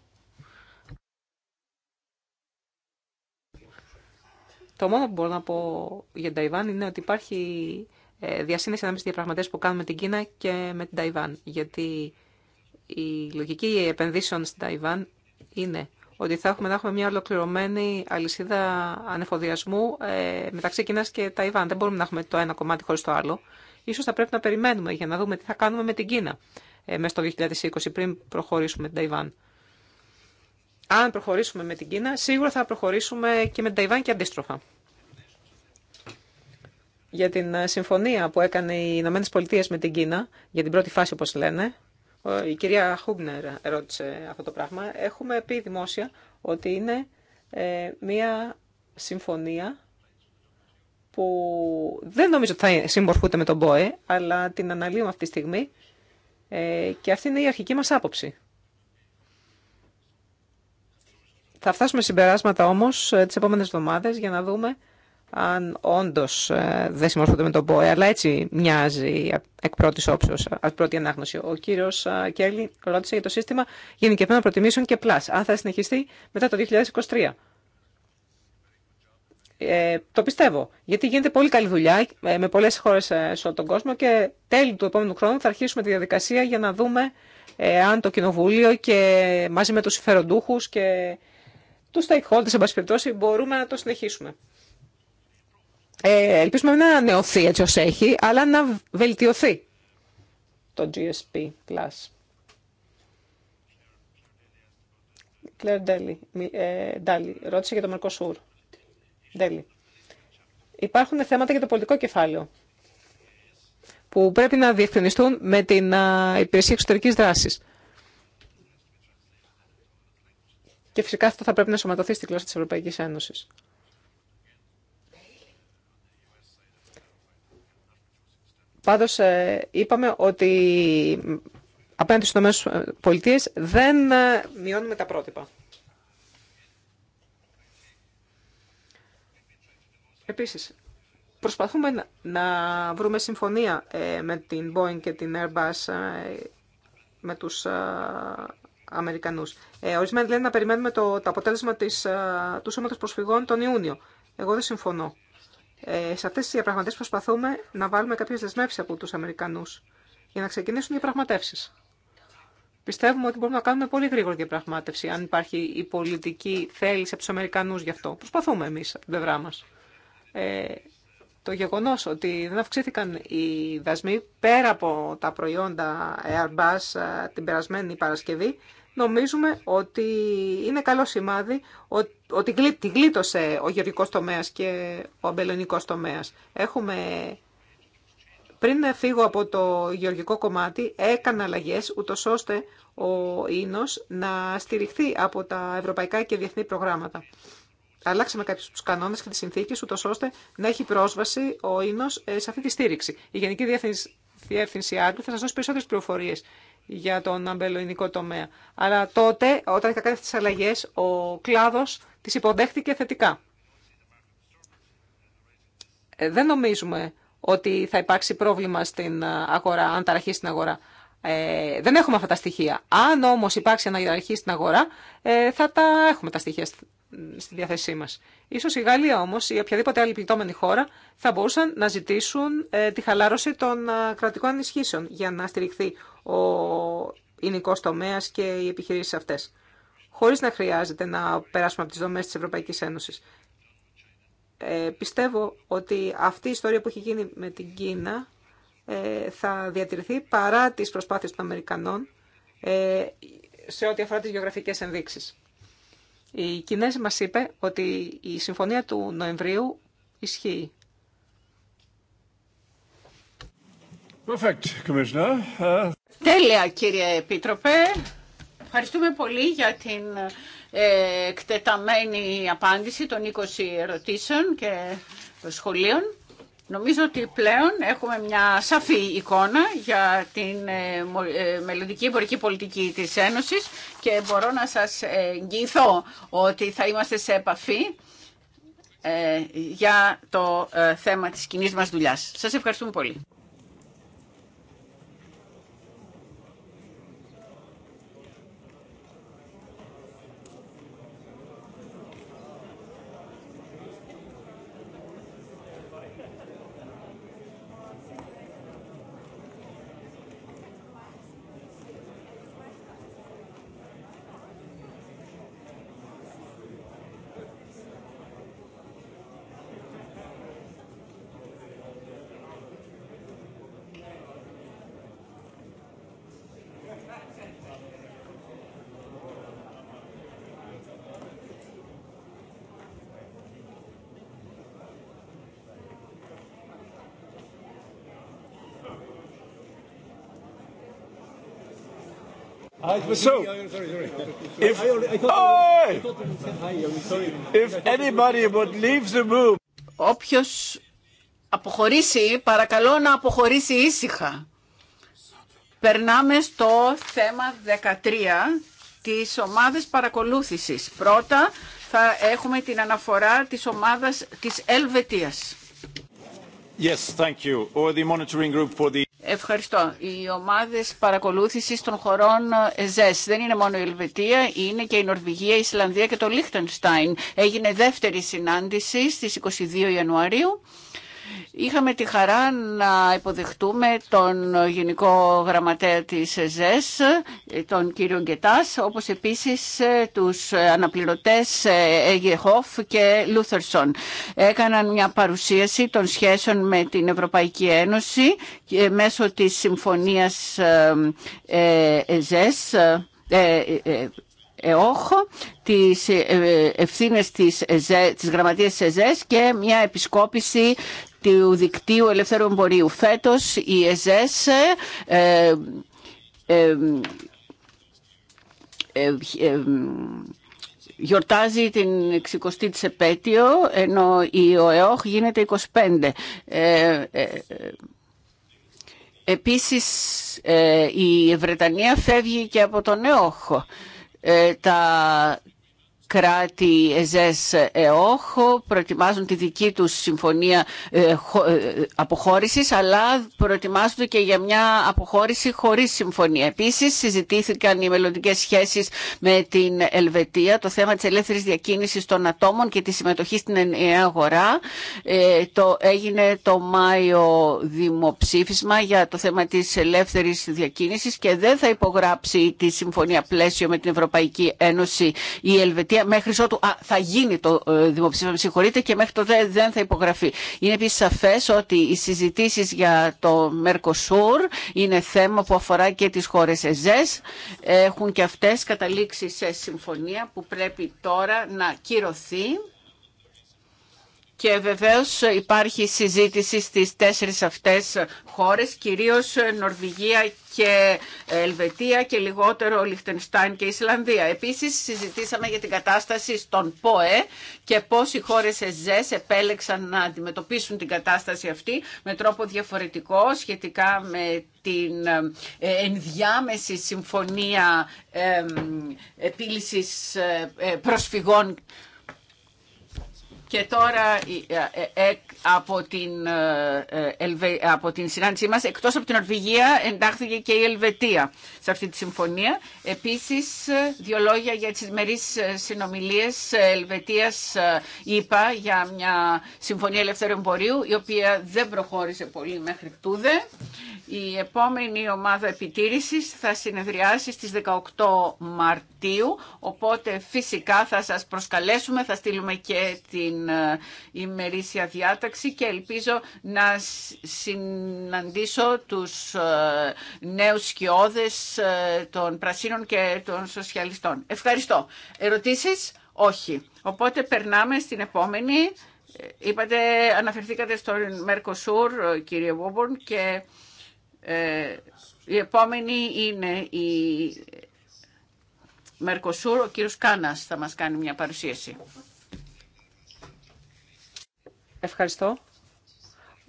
Το μόνο που μπορώ να πω για την Ταϊβάν είναι ότι υπάρχει ε, διασύνδεση ανάμεσα στι διαπραγματεύσει που κάνουμε με την Κίνα και με την Ταϊβάν. Γιατί η λογική επενδύσεων στην Ταϊβάν είναι ότι θα έχουμε να έχουμε μια ολοκληρωμένη αλυσίδα ανεφοδιασμού ε, μεταξύ Κίνα και Ταϊβάν. Δεν μπορούμε να έχουμε το ένα κομμάτι χωρί το άλλο. Ίσως θα πρέπει να περιμένουμε για να δούμε τι θα κάνουμε με την Κίνα ε, μέσα στο 2020 πριν προχωρήσουμε την Ταϊβάν αν προχωρήσουμε με την Κίνα, σίγουρα θα προχωρήσουμε και με την Ταϊβάν και αντίστροφα. Για την ε, συμφωνία που έκανε οι Ηνωμένε Πολιτείε με την Κίνα, για την πρώτη φάση όπως λένε, η κυρία Χούμπνερ ρώτησε αυτό το πράγμα, έχουμε πει δημόσια ότι είναι ε, μία συμφωνία που δεν νομίζω ότι θα συμπορφούνται με τον ΠΟΕ, αλλά την αναλύουμε αυτή τη στιγμή ε, και αυτή είναι η αρχική μας άποψη. Θα φτάσουμε συμπεράσματα όμως ε, τις επόμενες εβδομάδες για να δούμε αν όντως ε, δεν συμμορφούνται με τον ΠΟΕ, αλλά έτσι μοιάζει εκ πρώτη όψεω, εκ πρώτη ανάγνωση. Ο κύριο Κέλλη ρώτησε για το σύστημα γενικευμένων προτιμήσεων και πλάς, αν θα συνεχιστεί μετά το 2023. Ε, το πιστεύω, γιατί γίνεται πολύ καλή δουλειά ε, με πολλές χώρες σε όλο τον κόσμο και τέλη του επόμενου χρόνου θα αρχίσουμε τη διαδικασία για να δούμε αν το Κοινοβούλιο και μαζί με του συμφεροντούχου και του stakeholders, εν πάση περιπτώσει, μπορούμε να το συνεχίσουμε. Ε, ελπίζουμε να ανανεωθεί έτσι όσο έχει, αλλά να βελτιωθεί το GSP+. Κλέρ ε, ρώτησε για το Μερκοσούρ. Ντέλι. Υπάρχουν θέματα για το πολιτικό κεφάλαιο που πρέπει να διευκρινιστούν με την Υπηρεσία Εξωτερικής Δράσης. Και φυσικά αυτό θα πρέπει να σωματωθεί στη γλώσσα Ευρωπαϊκή Ευρωπαϊκής Ένωσης. Πάντως ε, είπαμε ότι απέναντι στους τομέες πολιτείες δεν ε, μειώνουμε τα πρότυπα. Επίσης, προσπαθούμε να βρούμε συμφωνία ε, με την Boeing και την Airbus με τους Αμερικανού. Ε, ορισμένοι λένε να περιμένουμε το, το αποτέλεσμα της, ε, του σώματο Προσφυγών τον Ιούνιο. Εγώ δεν συμφωνώ. Ε, σε αυτέ τι διαπραγματεύσει προσπαθούμε να βάλουμε κάποιε δεσμεύσει από του Αμερικανού για να ξεκινήσουν οι διαπραγματεύσει. Πιστεύουμε ότι μπορούμε να κάνουμε πολύ γρήγορη διαπραγμάτευση αν υπάρχει η πολιτική θέληση από του Αμερικανού γι' αυτό. Προσπαθούμε εμεί, από την πλευρά μας. Ε, το γεγονό ότι δεν αυξήθηκαν οι δασμοί πέρα από τα προϊόντα Airbus ε, την περασμένη Παρασκευή νομίζουμε ότι είναι καλό σημάδι ότι τη γλίτωσε ο γεωργικός τομέας και ο αμπελονικός τομέας. Έχουμε, πριν φύγω από το γεωργικό κομμάτι, έκανα αλλαγέ ούτω ώστε ο ίνος να στηριχθεί από τα ευρωπαϊκά και διεθνή προγράμματα. Αλλάξαμε κάποιου του κανόνε και τι συνθήκε, ούτω ώστε να έχει πρόσβαση ο ίνο ε, σε αυτή τη στήριξη. Η Γενική Διεύθυνση Διεύθυνση θα σα δώσει περισσότερε πληροφορίε για τον αμπελοϊνικό τομέα. Αλλά τότε, όταν είχα κάνει αυτές τις αλλαγές, ο κλάδος τις υποδέχτηκε θετικά. Ε, δεν νομίζουμε ότι θα υπάρξει πρόβλημα στην αγορά, αν ταραχεί στην αγορά. Ε, δεν έχουμε αυτά τα στοιχεία. Αν όμως υπάρξει αναγεραρχή στην αγορά, ε, θα τα έχουμε τα στοιχεία στη διάθεσή μα. Ίσως η Γαλλία όμω, ή οποιαδήποτε άλλη πληττόμενη χώρα θα μπορούσαν να ζητήσουν ε, τη χαλάρωση των ε, κρατικών ενισχύσεων για να στηριχθεί ο εινικός τομέα και οι επιχειρήσει αυτέ. Χωρί να χρειάζεται να περάσουμε από τι δομέ τη Ευρωπαϊκή Ένωση. Ε, πιστεύω ότι αυτή η ιστορία που έχει γίνει με την Κίνα ε, θα διατηρηθεί παρά τις προσπάθειες των Αμερικανών ε, σε ό,τι αφορά τις γεωγραφικές ενδείξεις. Η Κινέζη μας είπε ότι η συμφωνία του Νοεμβρίου ισχύει. Perfect, uh, Τέλεια, κύριε Επίτροπε. Ευχαριστούμε πολύ για την ε, εκτεταμένη απάντηση των 20 ερωτήσεων και των σχολείων. Νομίζω ότι πλέον έχουμε μια σαφή εικόνα για την ε, ε, μελλοντική εμπορική πολιτική της Ένωσης και μπορώ να σας εγγυηθώ ότι θα είμαστε σε επαφή ε, για το θέμα της κοινής μας δουλειάς. Σας ευχαριστούμε πολύ. So, Όποιος αποχωρήσει, παρακαλώ να αποχωρήσει ήσυχα. Περνάμε στο θέμα 13 της ομάδας παρακολούθησης. Πρώτα θα έχουμε την αναφορά της ομάδας της Ελβετίας. Yes, thank you. the monitoring group for the... Ευχαριστώ. Οι ομάδες παρακολούθησης των χωρών ΕΖΕΣ δεν είναι μόνο η Ελβετία, είναι και η Νορβηγία, η Ισλανδία και το Λίχτενστάιν. Έγινε δεύτερη συνάντηση στις 22 Ιανουαρίου Είχαμε τη χαρά να υποδεχτούμε τον Γενικό Γραμματέα της ΕΖΕΣ, τον κύριο Γκετάς, όπως επίσης ε, τους αναπληρωτές Εγεχόφ και Λούθερσον. Έκαναν μια παρουσίαση των σχέσεων με την Ευρωπαϊκή Ένωση ε, μέσω της Συμφωνίας ε, ΕΖΕΣ εοχό, τις ε, ευθύνες της, της γραμματείας ΕΖΕΣ και μια επισκόπηση του δικτύου ελεύθερου εμπορίου. Φέτος η ΕΖΕΣ ε, ε, ε, ε, γιορτάζει την 60η της επέτειο, ενώ η ΟΕΟΧ γίνεται 25. Ε, ε, επίσης η Βρετανία φεύγει και από τον ΕΟΧ. Ε, τα κράτη ΕΖΕΣ ΕΟΧ προετοιμάζουν τη δική τους συμφωνία ε, ε, αποχώρησης αλλά προετοιμάζονται και για μια αποχώρηση χωρίς συμφωνία. Επίσης συζητήθηκαν οι μελλοντικέ σχέσεις με την Ελβετία, το θέμα της ελεύθερης διακίνησης των ατόμων και τη συμμετοχή στην αγορά. Ε, το, έγινε το Μάιο δημοψήφισμα για το θέμα της ελεύθερης διακίνησης και δεν θα υπογράψει τη συμφωνία πλαίσιο με την Ευρωπαϊκή Ένωση η Ελβετία μέχρι ότου α, θα γίνει το ε, δημοψήφισμα, συγχωρείτε, και μέχρι τότε δεν θα υπογραφεί. Είναι επίση σαφέ ότι οι συζητήσει για το Mercosur είναι θέμα που αφορά και τι χώρε ΕΖΕΣ. Έχουν και αυτέ καταλήξει σε συμφωνία που πρέπει τώρα να κυρωθεί και βεβαίως υπάρχει συζήτηση στις τέσσερις αυτές χώρες, κυρίως Νορβηγία και Ελβετία και λιγότερο Λιχτενστάιν και Ισλανδία. Επίσης συζητήσαμε για την κατάσταση στον ΠΟΕ και πώς οι χώρες ΕΖΕΣ επέλεξαν να αντιμετωπίσουν την κατάσταση αυτή με τρόπο διαφορετικό σχετικά με την ε, ενδιάμεση συμφωνία επίλυσης ε, ε, προσφυγών και τώρα ε, ε, ε, από την, από την συνάντησή μας, εκτός από την Ορβηγία, εντάχθηκε και η Ελβετία σε αυτή τη συμφωνία. Επίσης, δύο λόγια για τις μερίς συνομιλίες Ελβετίας, είπα, για μια συμφωνία ελεύθερου εμπορίου, η οποία δεν προχώρησε πολύ μέχρι τούδε. Η επόμενη ομάδα επιτήρησης θα συνεδριάσει στις 18 Μαρτίου, οπότε φυσικά θα σας προσκαλέσουμε, θα στείλουμε και την η ε, ημερήσια διάταξη και ελπίζω να συναντήσω τους ε, νέους σκιώδες ε, των Πρασίνων και των Σοσιαλιστών. Ευχαριστώ. Ερωτήσεις? Όχι. Οπότε περνάμε στην επόμενη. Είπατε, αναφερθήκατε στο Μερκοσούρ, κύριε Βόμπορν, και η επόμενη είναι η Μερκοσούρ, Ο κύριος Κάνας θα μας κάνει μια παρουσίαση. Ευχαριστώ.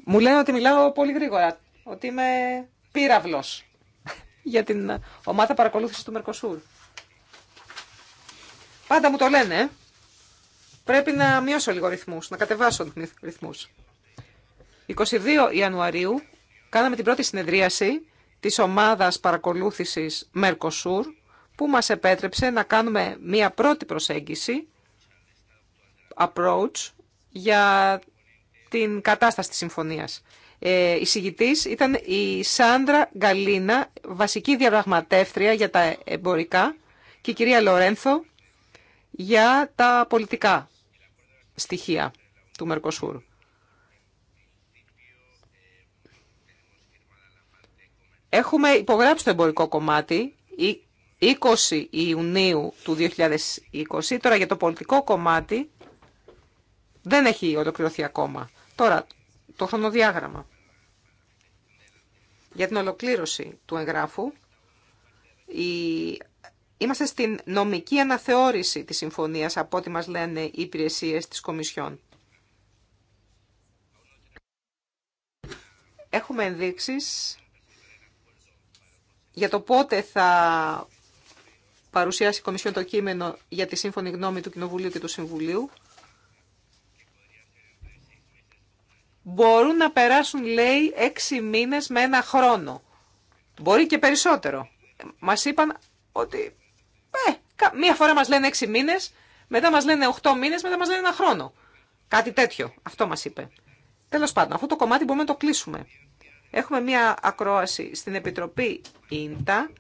Μου λένε ότι μιλάω πολύ γρήγορα, ότι είμαι πύραυλος για την ομάδα παρακολούθησης του Μερκοσούρ. Πάντα μου το λένε, Πρέπει να μειώσω λίγο ρυθμούς, να κατεβάσω ρυθμούς. 22 Ιανουαρίου κάναμε την πρώτη συνεδρίαση της ομάδας παρακολούθησης Μερκοσούρ, που μας επέτρεψε να κάνουμε μία πρώτη προσέγγιση, approach, για την κατάσταση της συμφωνίας. Ε, η συγητής ήταν η Σάντρα Γκαλίνα, βασική διαπραγματεύτρια για τα εμπορικά και η κυρία Λορένθο για τα πολιτικά στοιχεία του Μερκοσούρ. Έχουμε υπογράψει το εμπορικό κομμάτι 20 Ιουνίου του 2020. Τώρα για το πολιτικό κομμάτι δεν έχει ολοκληρωθεί ακόμα. Τώρα, το χρονοδιάγραμμα. Για την ολοκλήρωση του εγγράφου, είμαστε στην νομική αναθεώρηση της συμφωνίας από ό,τι μας λένε οι υπηρεσίες της Κομισιόν. Έχουμε ενδείξεις για το πότε θα παρουσιάσει η Κομισιόν το κείμενο για τη σύμφωνη γνώμη του Κοινοβουλίου και του Συμβουλίου. μπορούν να περάσουν, λέει, έξι μήνες με ένα χρόνο. Μπορεί και περισσότερο. Μας είπαν ότι, ε, μία φορά μας λένε έξι μήνες, μετά μας λένε οχτώ μήνες, μετά μας λένε ένα χρόνο. Κάτι τέτοιο. Αυτό μας είπε. Τέλος πάντων, αυτό το κομμάτι μπορούμε να το κλείσουμε. Έχουμε μία ακρόαση στην Επιτροπή Ίντα,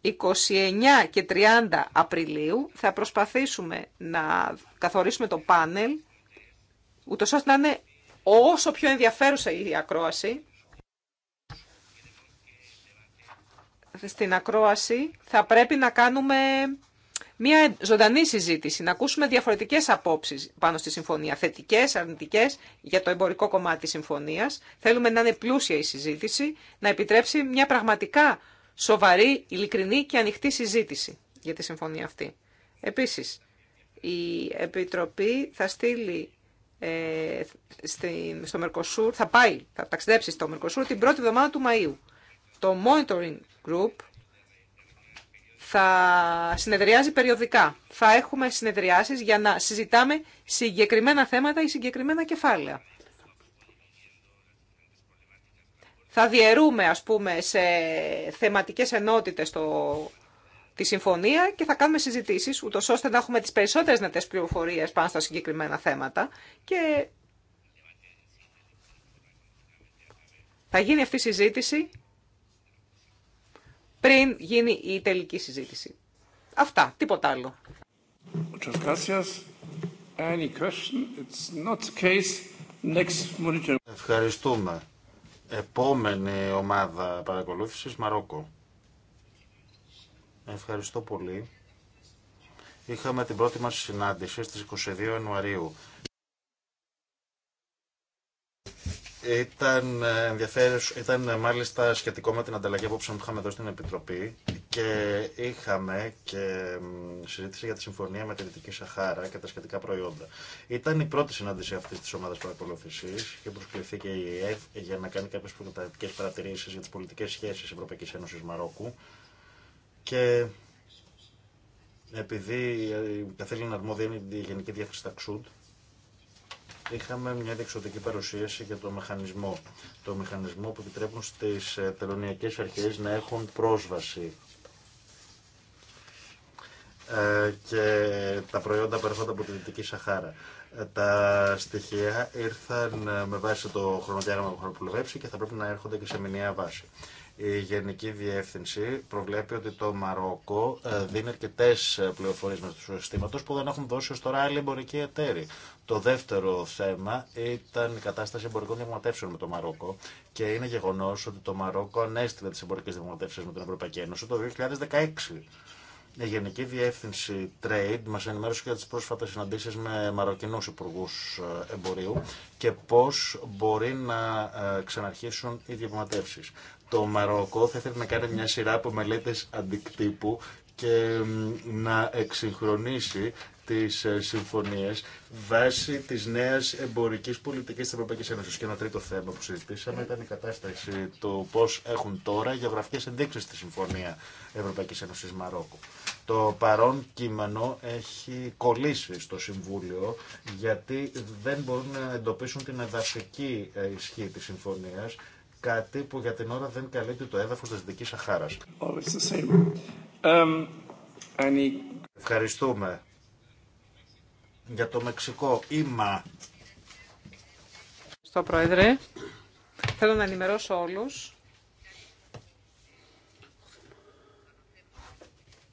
29 και 30 Απριλίου. Θα προσπαθήσουμε να καθορίσουμε το πάνελ, ούτως ώστε να είναι όσο πιο ενδιαφέρουσα η ακρόαση, στην ακρόαση θα πρέπει να κάνουμε μια ζωντανή συζήτηση, να ακούσουμε διαφορετικές απόψεις πάνω στη συμφωνία, θετικές, αρνητικές για το εμπορικό κομμάτι της συμφωνίας. Θέλουμε να είναι πλούσια η συζήτηση, να επιτρέψει μια πραγματικά σοβαρή, ειλικρινή και ανοιχτή συζήτηση για τη συμφωνία αυτή. Επίσης, η Επιτροπή θα στείλει ε, στο Μερκοσούρ, θα πάει, θα ταξιδέψει στο Μερκοσούρ την πρώτη εβδομάδα του Μαΐου. Το Monitoring Group θα συνεδριάζει περιοδικά. Θα έχουμε συνεδριάσεις για να συζητάμε συγκεκριμένα θέματα ή συγκεκριμένα κεφάλαια. Θα διαιρούμε, ας πούμε, σε θεματικές ενότητες το τη συμφωνία και θα κάνουμε συζητήσει, ούτω ώστε να έχουμε τι περισσότερε δυνατέ πληροφορίε πάνω στα συγκεκριμένα θέματα. Και θα γίνει αυτή η συζήτηση πριν γίνει η τελική συζήτηση. Αυτά, τίποτα άλλο. Ευχαριστούμε. Επόμενη ομάδα παρακολούθησης, Μαρόκο. Ευχαριστώ πολύ. Είχαμε την πρώτη μας συνάντηση στις 22 Ιανουαρίου. Ήταν, ε, ήταν ε, μάλιστα σχετικό με την ανταλλαγή απόψεων που είχαμε εδώ στην Επιτροπή και είχαμε και συζήτηση για τη συμφωνία με τη Δυτική Σαχάρα και τα σχετικά προϊόντα. Ήταν η πρώτη συνάντηση αυτή τη ομάδα παρακολούθηση και προσκληθεί και η ΕΕ για να κάνει κάποιε προκαταρκτικέ παρατηρήσει για τι πολιτικέ σχέσει Ευρωπαϊκή Ένωση Μαρόκου και επειδή η καθήλυνα αρμόδια είναι η Γενική Διεύθυνση Ταξούντ, είχαμε μια διεξοδική παρουσίαση για το μηχανισμό. Το μηχανισμό που επιτρέπουν στις τελωνιακές αρχές να έχουν πρόσβαση ε, και τα προϊόντα που έρχονται από τη Δυτική Σαχάρα. Ε, τα στοιχεία ήρθαν ε, με βάση το χρονοδιάγραμμα που έχουν και θα πρέπει να έρχονται και σε μηνιαία βάση. Η Γενική Διεύθυνση προβλέπει ότι το Μαρόκο ε, δίνει αρκετέ ε, πληροφορίε με του συστήματο που δεν έχουν δώσει ω τώρα άλλοι εμπορικοί εταίροι. Το δεύτερο θέμα ήταν η κατάσταση εμπορικών διαπραγματεύσεων με το Μαρόκο και είναι γεγονό ότι το Μαρόκο ανέστηλε τι εμπορικέ διαπραγματεύσει με την Ευρωπαϊκή Ένωση το 2016. Η Γενική Διεύθυνση Trade μας ενημέρωσε για τις πρόσφατες συναντήσεις με μαροκινούς υπουργού ε, εμπορίου και πώς μπορεί να ξαναρχίσουν οι διαπραγματεύσει. Το Μαρόκο θα ήθελε να κάνει μια σειρά από μελέτες αντικτύπου και να εξυγχρονίσει τις ε, συμφωνίες βάσει της νέας εμπορικής πολιτικής της Ευρωπαϊκής Ένωσης. Και ένα τρίτο θέμα που συζητήσαμε ήταν η κατάσταση του πώς έχουν τώρα γεωγραφικές ενδείξεις στη Συμφωνία Ευρωπαϊκής Ένωσης Μαρόκου. Το παρόν κείμενο έχει κολλήσει στο Συμβούλιο γιατί δεν μπορούν να εντοπίσουν την εδαφική ε, ισχύ της συμφωνίας κάτι που για την ώρα δεν καλύπτει το έδαφος της δυτική Σαχάρας. Um, Ευχαριστούμε. Για το Μεξικό, Ήμα. Στο Πρόεδρε, θέλω να ενημερώσω όλους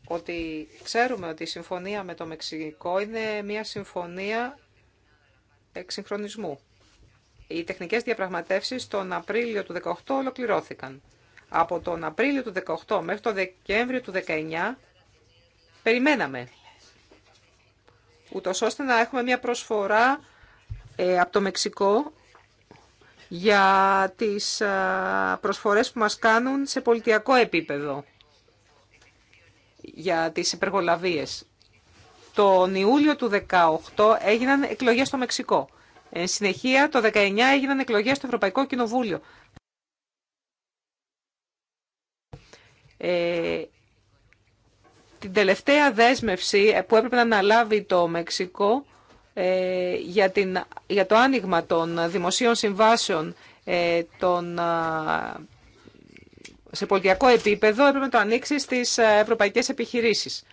ότι ξέρουμε ότι η συμφωνία με το Μεξικό είναι μια συμφωνία εξυγχρονισμού. Οι τεχνικές διαπραγματεύσεις τον Απρίλιο του 2018 ολοκληρώθηκαν. Από τον Απρίλιο του 2018 μέχρι τον Δεκέμβριο του 2019 περιμέναμε, ούτως ώστε να έχουμε μια προσφορά ε, από το Μεξικό για τις ε, προσφορές που μας κάνουν σε πολιτιακό επίπεδο για τις υπεργολαβίες. Τον Ιούλιο του 2018 έγιναν εκλογές στο Μεξικό. Εν συνεχεία, το 19 έγιναν εκλογές στο Ευρωπαϊκό Κοινοβούλιο. Ε, την τελευταία δέσμευση που έπρεπε να αναλάβει το Μεξικό ε, για, την, για το άνοιγμα των δημοσίων συμβάσεων ε, των, σε πολιτιακό επίπεδο έπρεπε να το ανοίξει στις ε, ευρωπαϊκές επιχειρήσεις.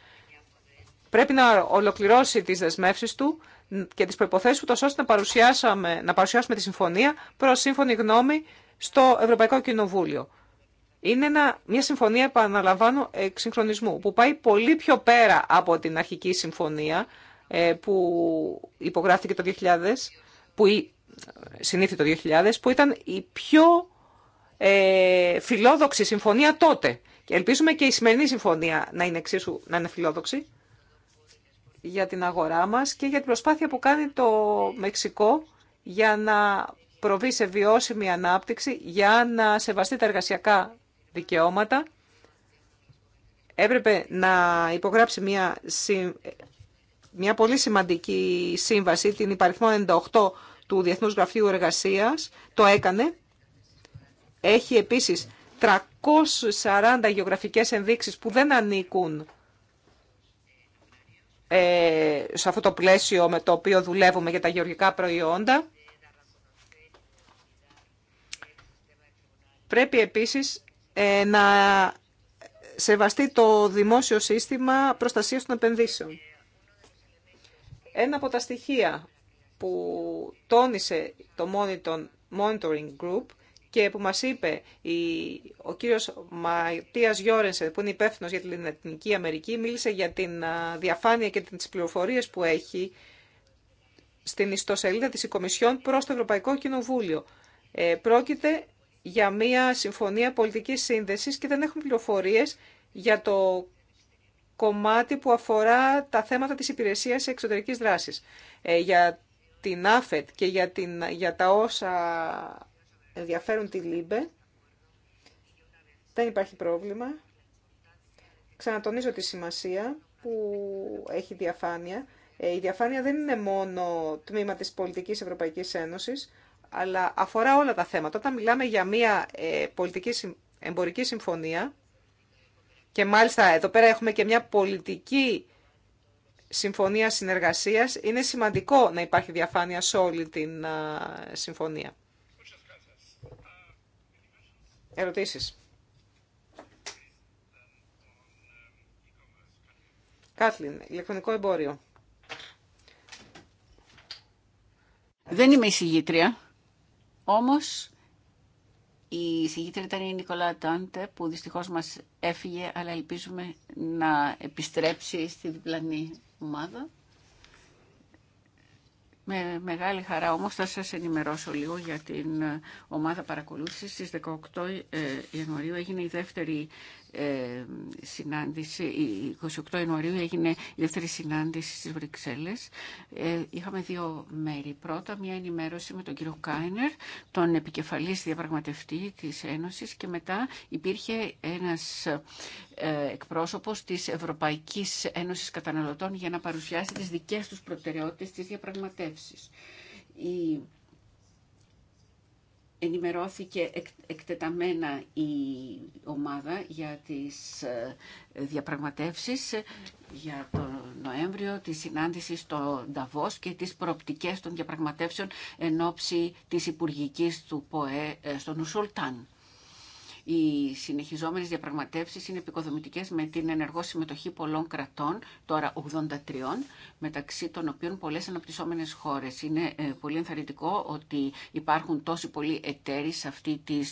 Πρέπει να ολοκληρώσει τις δεσμεύσεις του και τις προϋποθέσεις τόσο ώστε να, παρουσιάσαμε, να παρουσιάσουμε τη συμφωνία προς σύμφωνη γνώμη στο Ευρωπαϊκό Κοινοβούλιο. Είναι μια συμφωνία, επαναλαμβάνω, εξυγχρονισμού, που πάει πολύ πιο πέρα από την αρχική συμφωνία ε, που υπογράφηκε το 2000, που συνήθι το 2000, που ήταν η πιο ε, φιλόδοξη συμφωνία τότε. Και ελπίζουμε και η σημερινή συμφωνία να είναι, να είναι φιλόδοξη για την αγορά μας και για την προσπάθεια που κάνει το Μεξικό για να προβεί σε βιώσιμη ανάπτυξη, για να σεβαστεί τα εργασιακά δικαιώματα. Έπρεπε να υπογράψει μια, μια πολύ σημαντική σύμβαση, την υπαριθμό 98 του Διεθνούς Γραφείου Εργασίας. Το έκανε. Έχει επίσης 340 γεωγραφικές ενδείξεις που δεν ανήκουν ε, σε αυτό το πλαίσιο με το οποίο δουλεύουμε για τα γεωργικά προϊόντα. Πρέπει επίσης ε, να σεβαστεί το δημόσιο σύστημα προστασίας των επενδύσεων. Ένα από τα στοιχεία που τόνισε το Monitoring Group και που μας είπε η, ο κύριος Ματίας Γιόρενσε, που είναι υπεύθυνο για την Εθνική Αμερική, μίλησε για την διαφάνεια και τις πληροφορίες που έχει στην ιστοσελίδα της Οικομισιόν προς το Ευρωπαϊκό Κοινοβούλιο. Ε, πρόκειται για μια συμφωνία πολιτικής σύνδεσης και δεν έχουν πληροφορίες για το κομμάτι που αφορά τα θέματα της υπηρεσίας εξωτερικής δράσης. Ε, για την ΑΦΕΤ και για, την, για τα όσα ενδιαφέρουν τη ΛΥΜΠΕ. Δεν υπάρχει πρόβλημα. Ξανατονίζω τη σημασία που έχει διαφάνεια. Ε, η διαφάνεια δεν είναι μόνο τμήμα της πολιτικής Ευρωπαϊκής Ένωσης, αλλά αφορά όλα τα θέματα. Όταν μιλάμε για μια ε, πολιτική εμπορική συμφωνία, και μάλιστα εδώ πέρα έχουμε και μια πολιτική συμφωνία συνεργασίας, είναι σημαντικό να υπάρχει διαφάνεια σε όλη την συμφωνία. Ερωτήσεις. Κάθλιν, ηλεκτρονικό εμπόριο. Δεν είμαι συγγήτρια, όμως η συγγήτρια ήταν η Νικολά Τάντε που δυστυχώς μας έφυγε, αλλά ελπίζουμε να επιστρέψει στη διπλανή ομάδα. Με μεγάλη χαρά όμως θα σας ενημερώσω λίγο για την ε, ομάδα παρακολούθησης. Στις 18 ε, Ιανουαρίου έγινε η δεύτερη ε, συνάντηση, η 28 Ιανουαρίου έγινε η δεύτερη συνάντηση στις Βρυξέλλες. Ε, είχαμε δύο μέρη. Πρώτα μια ενημέρωση με τον κύριο Κάινερ, τον επικεφαλής διαπραγματευτή της Ένωσης και μετά υπήρχε ένας ε, εκπρόσωπος της Ευρωπαϊκής Ένωσης Καταναλωτών για να παρουσιάσει τις δικές τους προτεραιότητες της διαπραγματεύσης Η ενημερώθηκε εκτεταμένα η ομάδα για τις ε, διαπραγματεύσεις για τον Νοέμβριο, τη συνάντηση στο Νταβός και τις προοπτικές των διαπραγματεύσεων εν ώψη της Υπουργικής του ΠΟΕ ε, στον Ουσουλτάν. Οι συνεχιζόμενες διαπραγματεύσεις είναι επικοδομητικές με την ενεργό συμμετοχή πολλών κρατών, τώρα 83, μεταξύ των οποίων πολλές αναπτυσσόμενες χώρες. Είναι ε, πολύ ενθαρρυντικό ότι υπάρχουν τόσοι πολλοί εταίροι σε αυτή τη,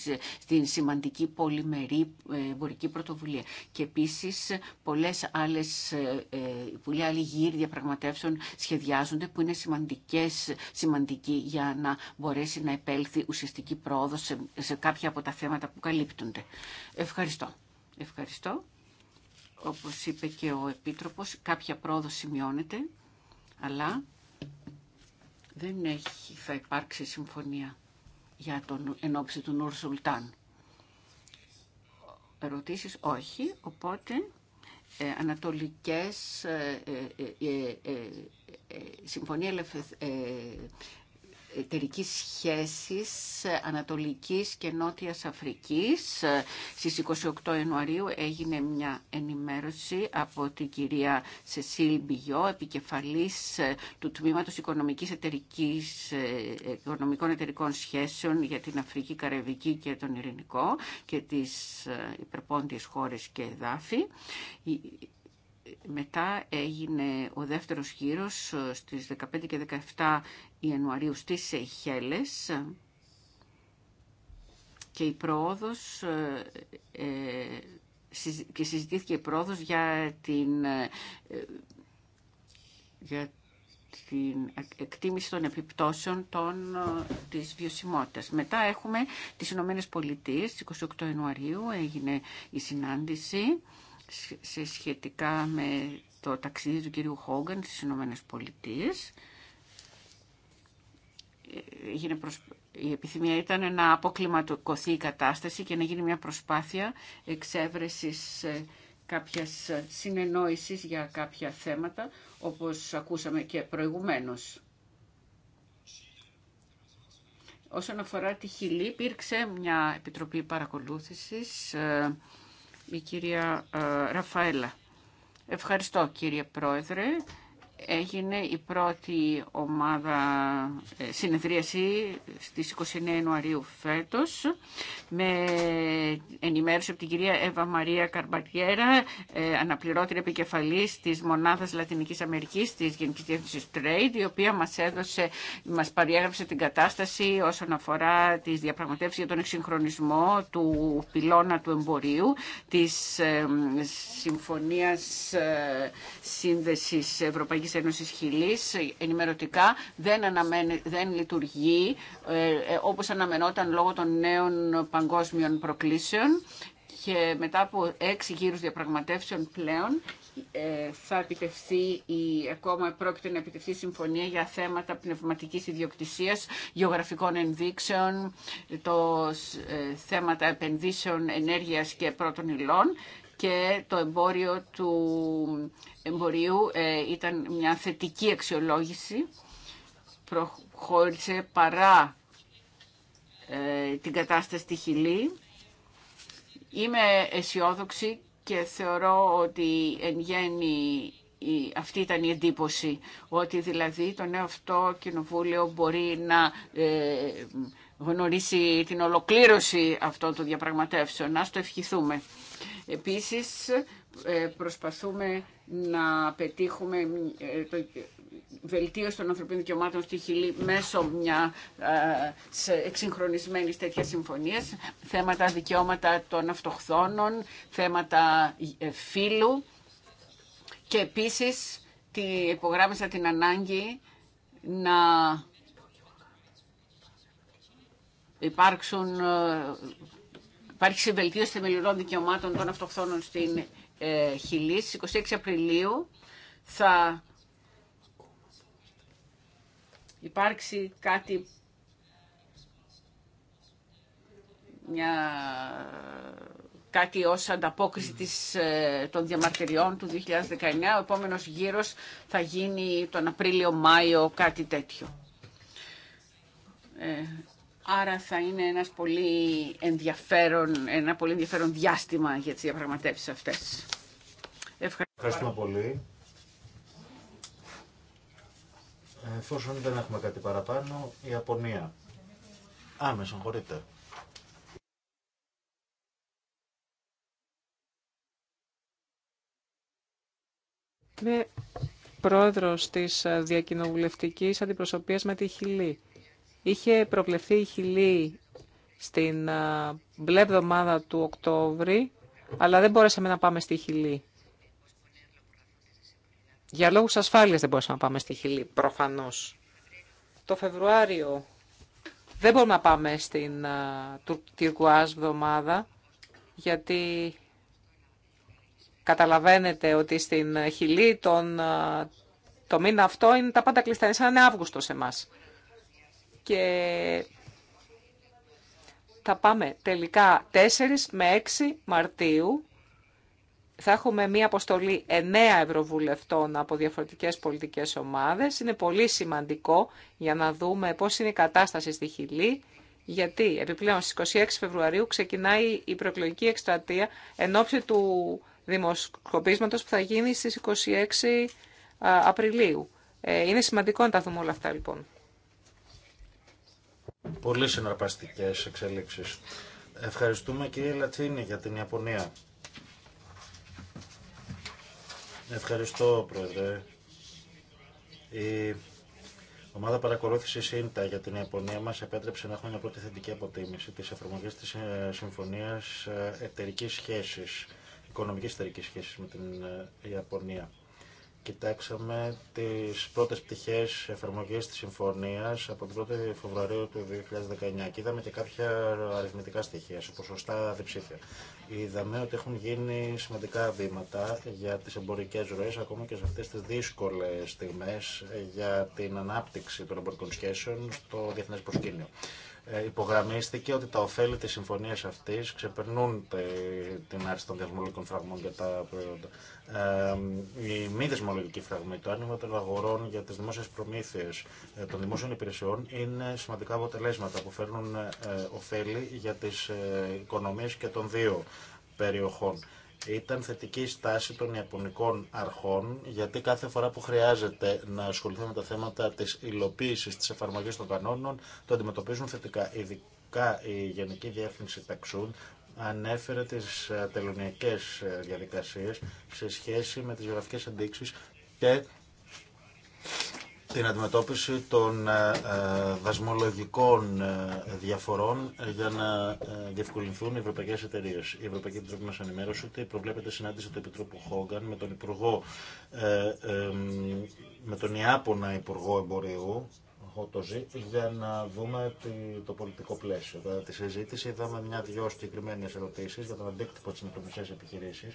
στην σημαντική πολυμερή ε, εμπορική πρωτοβουλία. Και επίσης πολλές άλλες, ε, πολλοί άλλοι γύροι διαπραγματεύσεων σχεδιάζονται που είναι σημαντικές, σημαντικοί για να μπορέσει να επέλθει ουσιαστική πρόοδο σε, κάποια από τα θέματα που καλύπτει. Ευχαριστώ. Ευχαριστώ. Όπως είπε και ο Επίτροπος, κάποια πρόοδο σημειώνεται, αλλά δεν έχει, θα υπάρξει συμφωνία για τον ενόψη του Νουρ Σουλτάν. Ερωτήσεις όχι, οπότε ε, ανατολικές ε, ε, ε, ε Εταιρική σχέση Ανατολικής και Νότιας Αφρικής. Στις 28 Ιανουαρίου έγινε μια ενημέρωση από την κυρία Σεσίλ Μπιγιό, επικεφαλής ε, του Τμήματος ε, Οικονομικών Εταιρικών Σχέσεων για την Αφρική, Καραϊβική και τον Ειρηνικό και τι ε, υπερπόντιε χώρες και εδάφη μετά έγινε ο δεύτερος γύρος στις 15 και 17 Ιανουαρίου στις Σεϊχέλες και η πρόοδος ε, ε, και συζητήθηκε η πρόοδος για την, ε, για την εκτίμηση των επιπτώσεων των, της βιωσιμότητας. Μετά έχουμε τις Ηνωμένε Πολιτείες, στις 28 Ιανουαρίου έγινε η συνάντηση σε σχετικά με το ταξίδι του κυρίου Χόγκαν στις Ηνωμένε Πολιτείε. Ε, η επιθυμία ήταν να αποκλιματοκωθεί η κατάσταση και να γίνει μια προσπάθεια εξέβρεσης ε, κάποιας συνεννόησης για κάποια θέματα, όπως ακούσαμε και προηγουμένως. Όσον αφορά τη Χιλή, υπήρξε μια επιτροπή παρακολούθησης ε, η κυρία ε, Ραφαέλα. Ευχαριστώ κύριε Πρόεδρε έγινε η πρώτη ομάδα ε, συνεδρίαση στις 29 Ιανουαρίου φέτος με ενημέρωση από την κυρία Εύα Μαρία Καρμπατιέρα, ε, αναπληρώτρια επικεφαλής της Μονάδας Λατινικής Αμερικής της Γενικής Διεύθυνσης Trade, η οποία μας έδωσε, μας την κατάσταση όσον αφορά τις διαπραγματεύσεις για τον εξυγχρονισμό του πυλώνα του εμπορίου, της ε, Συμφωνίας Σύνδεσης Ευρωπαϊκής Ευρωπαϊκής Ένωσης Χιλής ενημερωτικά δεν, δεν λειτουργεί ε, ε, όπως αναμενόταν λόγω των νέων παγκόσμιων προκλήσεων και μετά από έξι γύρους διαπραγματεύσεων πλέον ε, θα επιτευχθεί ή ακόμα πρόκειται να επιτευχθεί συμφωνία για θέματα πνευματικής ιδιοκτησίας, γεωγραφικών ενδείξεων, το, θέματα επενδύσεων ενέργειας και πρώτων υλών και το εμπόριο του εμπορίου ε, ήταν μια θετική αξιολόγηση. Προχώρησε παρά ε, την κατάσταση στη Χιλή. Είμαι αισιόδοξη και θεωρώ ότι εν γέννη αυτή ήταν η εντύπωση, ότι δηλαδή το νέο αυτό κοινοβούλιο μπορεί να ε, γνωρίσει την ολοκλήρωση αυτών των διαπραγματεύσεων. Να το ευχηθούμε. Επίσης ε, προσπαθούμε να πετύχουμε ε, το βελτίωση των ανθρωπίνων δικαιωμάτων στη Χιλή μέσω μια ε, εξυγχρονισμένης τέτοια συμφωνίας, θέματα δικαιώματα των αυτοχθόνων, θέματα φύλου και επίσης τη υπογράμμισα την ανάγκη να υπάρξουν, ε, υπάρχει συμβελτίωση θεμελιωδών δικαιωμάτων των αυτοχθόνων στην ε, Χιλή. Στις 26 Απριλίου θα υπάρξει κάτι μια, κάτι ως ανταπόκριση της, ε, των διαμαρτυριών του 2019. Ο επόμενος γύρος θα γίνει τον Απρίλιο-Μάιο, κάτι τέτοιο. Ε, Άρα θα είναι ένας πολύ ενδιαφέρον, ένα πολύ ενδιαφέρον διάστημα για τις διαπραγματεύσεις αυτές. Ευχαριστώ. Ευχαριστούμε πολύ. Εφόσον δεν έχουμε κάτι παραπάνω, η Ιαπωνία. Άμεσα, χωρίτε. Είμαι πρόεδρος της ε, διακοινοβουλευτικής αντιπροσωπείας με τη Χιλή. Είχε προβλεφθεί η χιλή στην μπλε εβδομάδα του Οκτώβρη, αλλά δεν μπορέσαμε να πάμε στη χιλή. Για λόγους ασφάλειας δεν μπορέσαμε να πάμε στη χιλή, προφανώς. Το Φεβρουάριο δεν μπορούμε να πάμε στην Τυρκουάζ εβδομάδα, γιατί καταλαβαίνετε ότι στην Χιλή τον, το μήνα αυτό είναι τα πάντα κλειστά. Είναι σαν Αύγουστο εμάς και θα πάμε τελικά 4 με 6 Μαρτίου. Θα έχουμε μία αποστολή 9 ευρωβουλευτών από διαφορετικές πολιτικές ομάδες. Είναι πολύ σημαντικό για να δούμε πώς είναι η κατάσταση στη Χιλή, γιατί επιπλέον στις 26 Φεβρουαρίου ξεκινάει η προεκλογική εκστρατεία εν ώψη του δημοσκοπίσματος που θα γίνει στις 26 Απριλίου. Ε, είναι σημαντικό να τα δούμε όλα αυτά λοιπόν. Πολύ συναρπαστικές εξελίξεις. Ευχαριστούμε κύριε Λατσίνη για την Ιαπωνία. Ευχαριστώ πρόεδρε. Η ομάδα παρακολούθησης ΣΥΝΤΑ για την Ιαπωνία μας επέτρεψε να έχουμε μια πρώτη θετική αποτίμηση της εφαρμογής της ε, Συμφωνίας ε, Εταιρικής Σχέσης, Οικονομικής Εταιρικής Σχέσης με την ε, Ιαπωνία κοιτάξαμε τις πρώτες πτυχές εφαρμογής της συμφωνίας από την 1η Φεβρουαρίου του 2019 και είδαμε και κάποια αριθμητικά στοιχεία σε ποσοστά διψήφια. Είδαμε ότι έχουν γίνει σημαντικά βήματα για τις εμπορικές ροές ακόμα και σε αυτές τις δύσκολες στιγμές για την ανάπτυξη των εμπορικών σχέσεων στο διεθνές προσκήνιο. Ε, υπογραμμίστηκε ότι τα ωφέλη της συμφωνίας αυτής ξεπερνούν την άρση των διασμολογικών φραγμών για τα προϊόντα. η ε, μη δεσμολογική φραγμή, το άνοιγμα των αγορών για τις δημόσιες προμήθειες ε, των δημόσιων υπηρεσιών είναι σημαντικά αποτελέσματα που φέρνουν ωφέλη για τις οικονομίες και των δύο περιοχών. Ήταν θετική στάση των Ιαπωνικών αρχών, γιατί κάθε φορά που χρειάζεται να ασχοληθεί με τα θέματα της υλοποίησης, τη εφαρμογή των κανόνων, το αντιμετωπίζουν θετικά. Ειδικά η Γενική Διεύθυνση Ταξούν ανέφερε τις ε, τελωνιακέ ε, διαδικασίες σε σχέση με τις γραφικέ ενδείξει και την αντιμετώπιση των ε, ε, δασμολογικών ε, διαφορών για να διευκολυνθούν οι ευρωπαϊκέ εταιρείε. Η Ευρωπαϊκή Επιτροπή μα ενημέρωσε ότι προβλέπεται συνάντηση του Επιτρόπου Χόγκαν με τον Υπουργό, με τον Ιάπωνα Υπουργό Εμπορίου, για να δούμε το πολιτικό πλαίσιο. Κατά τη συζήτηση είδαμε μια-δυο συγκεκριμένε ερωτήσει για τον αντίκτυπο τη μικρομεσαία επιχειρήση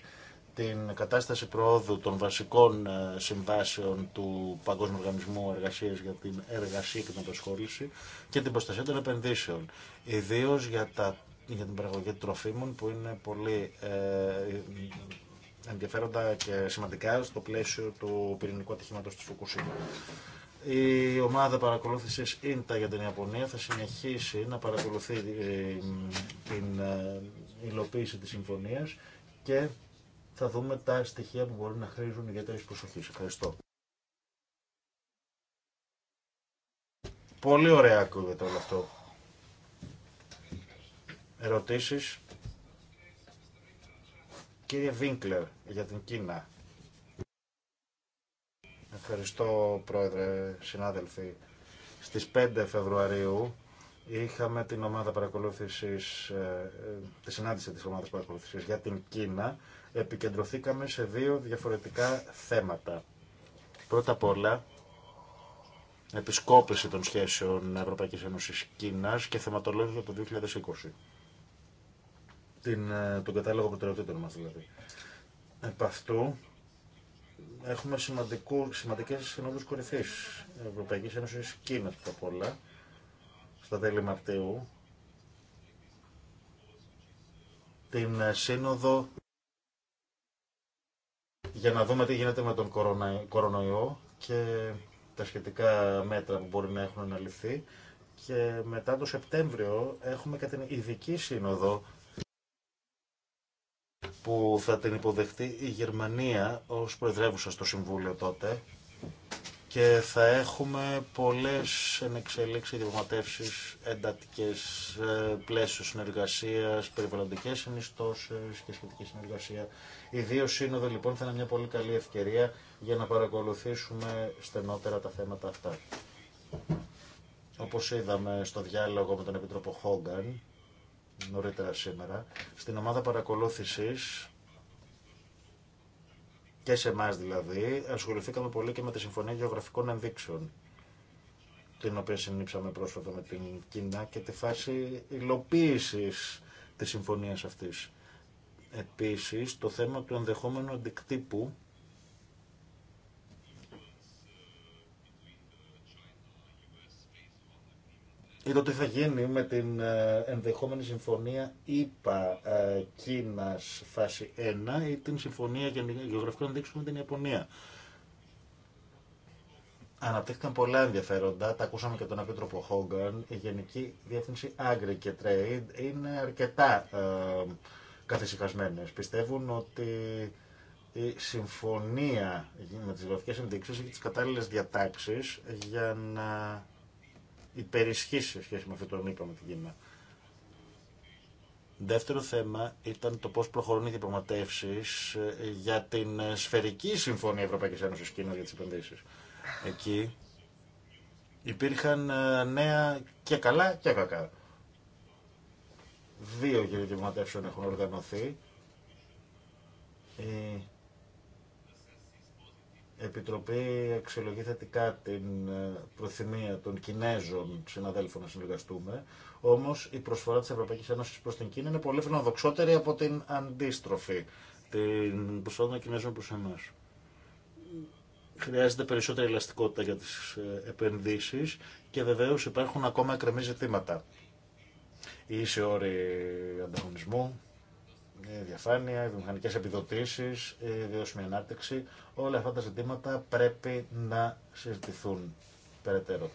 την κατάσταση προόδου των βασικών ε, συμβάσεων του Παγκόσμιου Οργανισμού Εργασίας για την εργασία και την απασχόληση και την προστασία των επενδύσεων, ιδίω για, για την παραγωγή τροφίμων που είναι πολύ ε, ενδιαφέροντα και σημαντικά στο πλαίσιο του πυρηνικού ατυχήματος της Φουκουσίμα. Η ομάδα παρακολούθησης ΙΝΤΑ για την Ιαπωνία θα συνεχίσει να παρακολουθεί ε, την ε, υλοποίηση της συμφωνίας και θα δούμε τα στοιχεία που μπορεί να χρήζουν ιδιαίτερη προσοχή. Ευχαριστώ. Πολύ ωραία ακούγεται όλο αυτό. Ερωτήσεις. Κύριε Βίνκλερ, για την Κίνα. Ευχαριστώ, Πρόεδρε, συνάδελφοι. Στις 5 Φεβρουαρίου είχαμε την ομάδα παρακολούθησης, ε, ε, τη συνάντηση της ομάδας παρακολούθησης για την Κίνα επικεντρωθήκαμε σε δύο διαφορετικά θέματα. Πρώτα απ' όλα, επισκόπηση των σχέσεων Ευρωπαϊκής Ένωσης Κίνας και θεματολόγιο το 2020. Την, ε, τον κατάλογο προτεραιοτήτων μας δηλαδή. Επ' αυτού έχουμε σημαντικού, σημαντικές συνόδους κορυφής Ευρωπαϊκής Ένωσης Κίνας πρώτα απ' όλα στα τέλη Μαρτίου την ε, σύνοδο για να δούμε τι γίνεται με τον κορονοϊό και τα σχετικά μέτρα που μπορεί να έχουν αναλυθεί. Και μετά το Σεπτέμβριο έχουμε και την ειδική σύνοδο που θα την υποδεχτεί η Γερμανία ως προεδρεύουσα στο Συμβούλιο τότε και θα έχουμε πολλές ενεξελίξεις διαπραγματεύσεις εντατικές ε, πλαίσιο συνεργασίας, περιβαλλοντικές ενιστώσεις και σχετική συνεργασία. Οι δύο σύνοδοι, λοιπόν θα είναι μια πολύ καλή ευκαιρία για να παρακολουθήσουμε στενότερα τα θέματα αυτά. Όπως είδαμε στο διάλογο με τον Επιτρόπο Χόγκαν νωρίτερα σήμερα, στην ομάδα παρακολούθησης και σε εμά δηλαδή, ασχοληθήκαμε πολύ και με τη Συμφωνία Γεωγραφικών Ενδείξεων, την οποία συνήψαμε πρόσφατα με την Κίνα και τη φάση υλοποίηση της συμφωνίας αυτής. Επίσης, το θέμα του ενδεχόμενου αντικτύπου Ή το τι θα γίνει με την ε, ενδεχόμενη συμφωνία ΙΠΑ ε, Κίνα φάση 1 ή την συμφωνία γεωγραφικών ενδείξεων με την Ιαπωνία. Αναπτύχθηκαν πολλά ενδιαφέροντα, τα ακούσαμε και τον Απίτροπο Χόγκαν. Η Γενική Διεύθυνση Agri και Trade είναι αρκετά ε, Πιστεύουν ότι η συμφωνία με τι γεωγραφικέ ενδείξει έχει τις κατάλληλε διατάξεις για να υπερισχύσει σε σχέση με αυτό το είπαμε την Κίνα. Δεύτερο θέμα ήταν το πώ προχωρούν οι διαπραγματεύσει ε, για την ε, σφαιρική συμφωνία Ευρωπαϊκή Ένωση Κίνα για τις επενδύσεις. Εκεί υπήρχαν ε, νέα και καλά και κακά. Δύο γύρω έχουν οργανωθεί. Επιτροπή αξιολογεί θετικά την ε, προθυμία των Κινέζων συναδέλφων να συνεργαστούμε. Όμω η προσφορά τη Ευρωπαϊκή Ένωση προ την Κίνα είναι πολύ φιλοδοξότερη από την αντίστροφη, την προσφορά των Κινέζων προ εμά. Χρειάζεται περισσότερη ελαστικότητα για τι ε, επενδύσει και βεβαίω υπάρχουν ακόμα εκκρεμή ζητήματα. Οι ίσοι όροι ανταγωνισμού, η ε, διαφάνεια, οι βιομηχανικέ επιδοτήσει, η ε, βιώσιμη ανάπτυξη, όλα αυτά τα ζητήματα πρέπει να συζητηθούν περαιτέρω.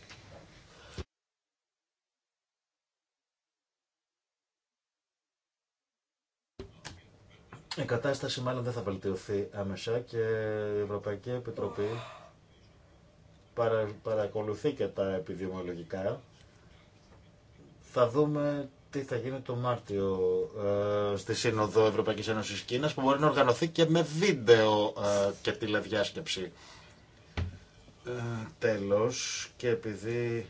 Η κατάσταση μάλλον δεν θα βελτιωθεί άμεσα και η Ευρωπαϊκή Επιτροπή παρακολουθεί και τα επιδημιολογικά. Θα δούμε τι θα γίνει το Μάρτιο ε, στη Σύνοδο Ευρωπαϊκής Ένωσης Κίνας που μπορεί να οργανωθεί και με βίντεο ε, και τηλεδιάσκεψη. Ε, τέλος, και επειδή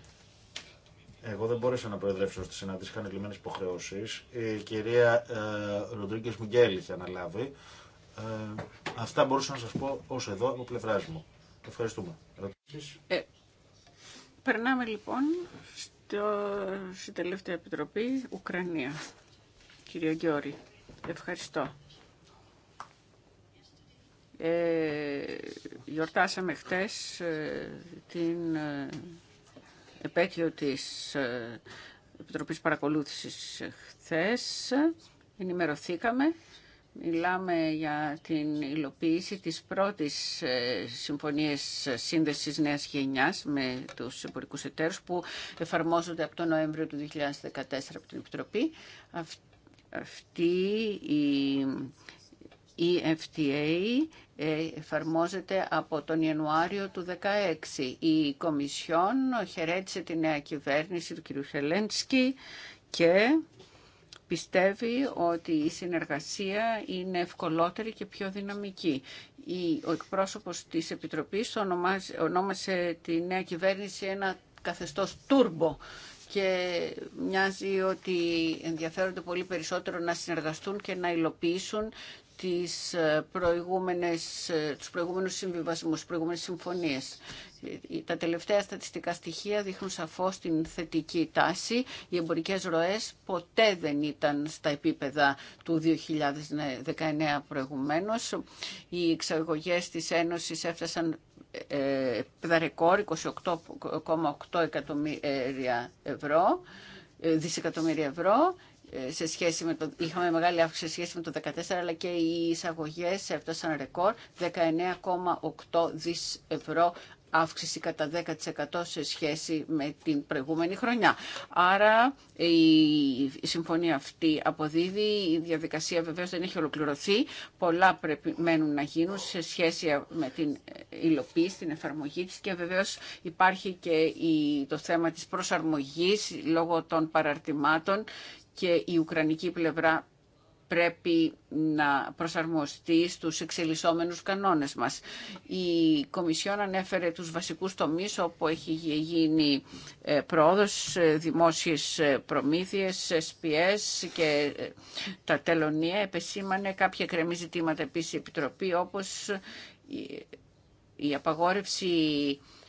εγώ δεν μπόρεσα να προεδρεύσω στη συνάντηση, είχαν εγκλημένες υποχρεώσει. η κυρία ε, Ροντρίγκες Μιγγέλη είχε αναλάβει. Ε, αυτά μπορούσα να σας πω ως εδώ από πλευράς μου. Ευχαριστούμε. Ε, περνάμε λοιπόν στην τελευταία επιτροπή, Ουκρανία. κύριο Γιώρη, ευχαριστώ. Ε, γιορτάσαμε χτες ε, την ε, επέτειο της ε, Επιτροπής Παρακολούθησης χθες. Ενημερωθήκαμε Μιλάμε για την υλοποίηση της πρώτης ε, συμφωνίας σύνδεσης νέας γενιάς με τους εμπορικούς εταίρους που εφαρμόζονται από τον Νοέμβριο του 2014 από την Επιτροπή. Αυτή η EFTA ε, εφαρμόζεται από τον Ιανουάριο του 2016. Η Κομισιόν χαιρέτησε τη νέα κυβέρνηση του κ. Χελέντσκι και πιστεύει ότι η συνεργασία είναι ευκολότερη και πιο δυναμική. Ο εκπρόσωπος της Επιτροπής ονόμασε τη νέα κυβέρνηση ένα καθεστώς τούρμπο και μοιάζει ότι ενδιαφέρονται πολύ περισσότερο να συνεργαστούν και να υλοποιήσουν τις ε, προηγούμενες, ε, τους προηγούμενους συμβιβασμούς, τις προηγούμενες συμφωνίες. Τα τελευταία στατιστικά στοιχεία δείχνουν σαφώς την θετική τάση. Οι εμπορικές ροές ποτέ δεν ήταν στα επίπεδα του 2019 προηγουμένως. Οι εξαγωγές της Ένωσης έφτασαν ε, επίπεδα ρεκόρ 28,8 εκατομμύρια ευρώ, ε, δισεκατομμύρια ευρώ ε, σε σχέση με το, είχαμε μεγάλη αύξηση σε σχέση με το 2014, αλλά και οι εισαγωγές έφτασαν ρεκόρ 19,8 δις ευρώ αύξηση κατά 10% σε σχέση με την προηγούμενη χρονιά. Άρα η συμφωνία αυτή αποδίδει, η διαδικασία βεβαίως δεν έχει ολοκληρωθεί, πολλά πρέπει να γίνουν σε σχέση με την υλοποίηση, την εφαρμογή της και βεβαίως υπάρχει και το θέμα της προσαρμογής λόγω των παραρτημάτων και η Ουκρανική πλευρά πρέπει να προσαρμοστεί στους εξελισσόμενους κανόνες μας. Η Κομισιόν ανέφερε τους βασικούς τομείς όπου έχει γίνει ε, πρόοδος, ε, δημόσιες ε, προμήθειες, SPS και τα τελωνία. Επεσήμανε κάποια κρεμή ζητήματα επίσης η Επιτροπή όπως η απαγόρευση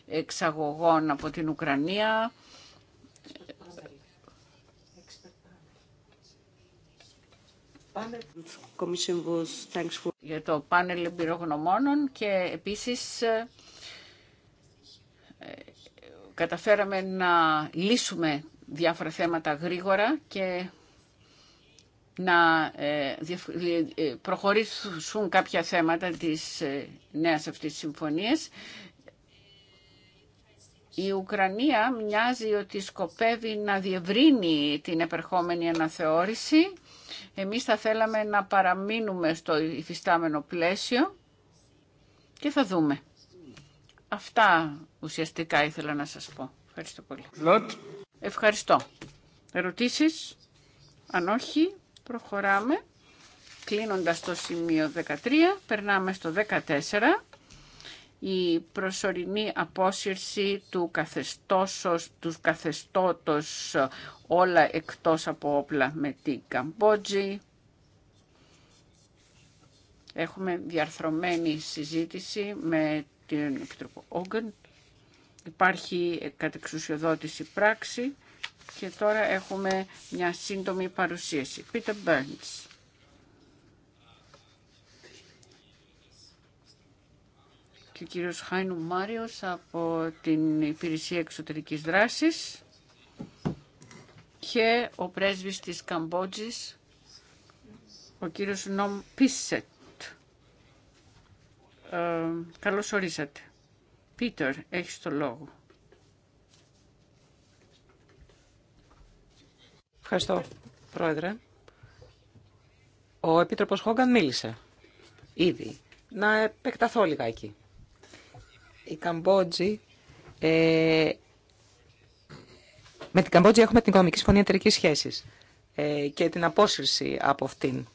εξαγωγών από την Ουκρανία, για το πάνελ εμπειρογνωμόνων και επίσης ε, καταφέραμε να λύσουμε διάφορα θέματα γρήγορα και να ε, ε, προχωρήσουν κάποια θέματα της νέας αυτής συμφωνίας. Η Ουκρανία μοιάζει ότι σκοπεύει να διευρύνει την επερχόμενη αναθεώρηση εμείς θα θέλαμε να παραμείνουμε στο υφιστάμενο πλαίσιο και θα δούμε. Αυτά ουσιαστικά ήθελα να σας πω. Ευχαριστώ πολύ. Ευχαριστώ. Ερωτήσεις? Αν όχι, προχωράμε. Κλείνοντας το σημείο 13, περνάμε στο 14 η προσωρινή απόσυρση του καθεστώσος, του καθεστώτος όλα εκτός από όπλα με την Καμπότζη. Έχουμε διαρθρωμένη συζήτηση με την Επιτροπή Όγκεν. Υπάρχει κατεξουσιοδότηση πράξη και τώρα έχουμε μια σύντομη παρουσίαση. Peter Burns. και ο κύριος Χάινου Μάριος από την Υπηρεσία Εξωτερικής Δράσης και ο πρέσβης της Καμπότζης, ο κύριος Νομ Πίσετ. Ε, καλώς ορίσατε. Πίτερ, έχεις το λόγο. Ευχαριστώ, Πρόεδρε. Ο Επίτροπος Χόγκαν μίλησε ήδη. Να επεκταθώ λιγάκι. Η Καμπότζη, ε, με την Καμπότζη έχουμε την Οικονομική Συμφωνία εταιρική Σχέσης ε, και την απόσυρση από αυτήν.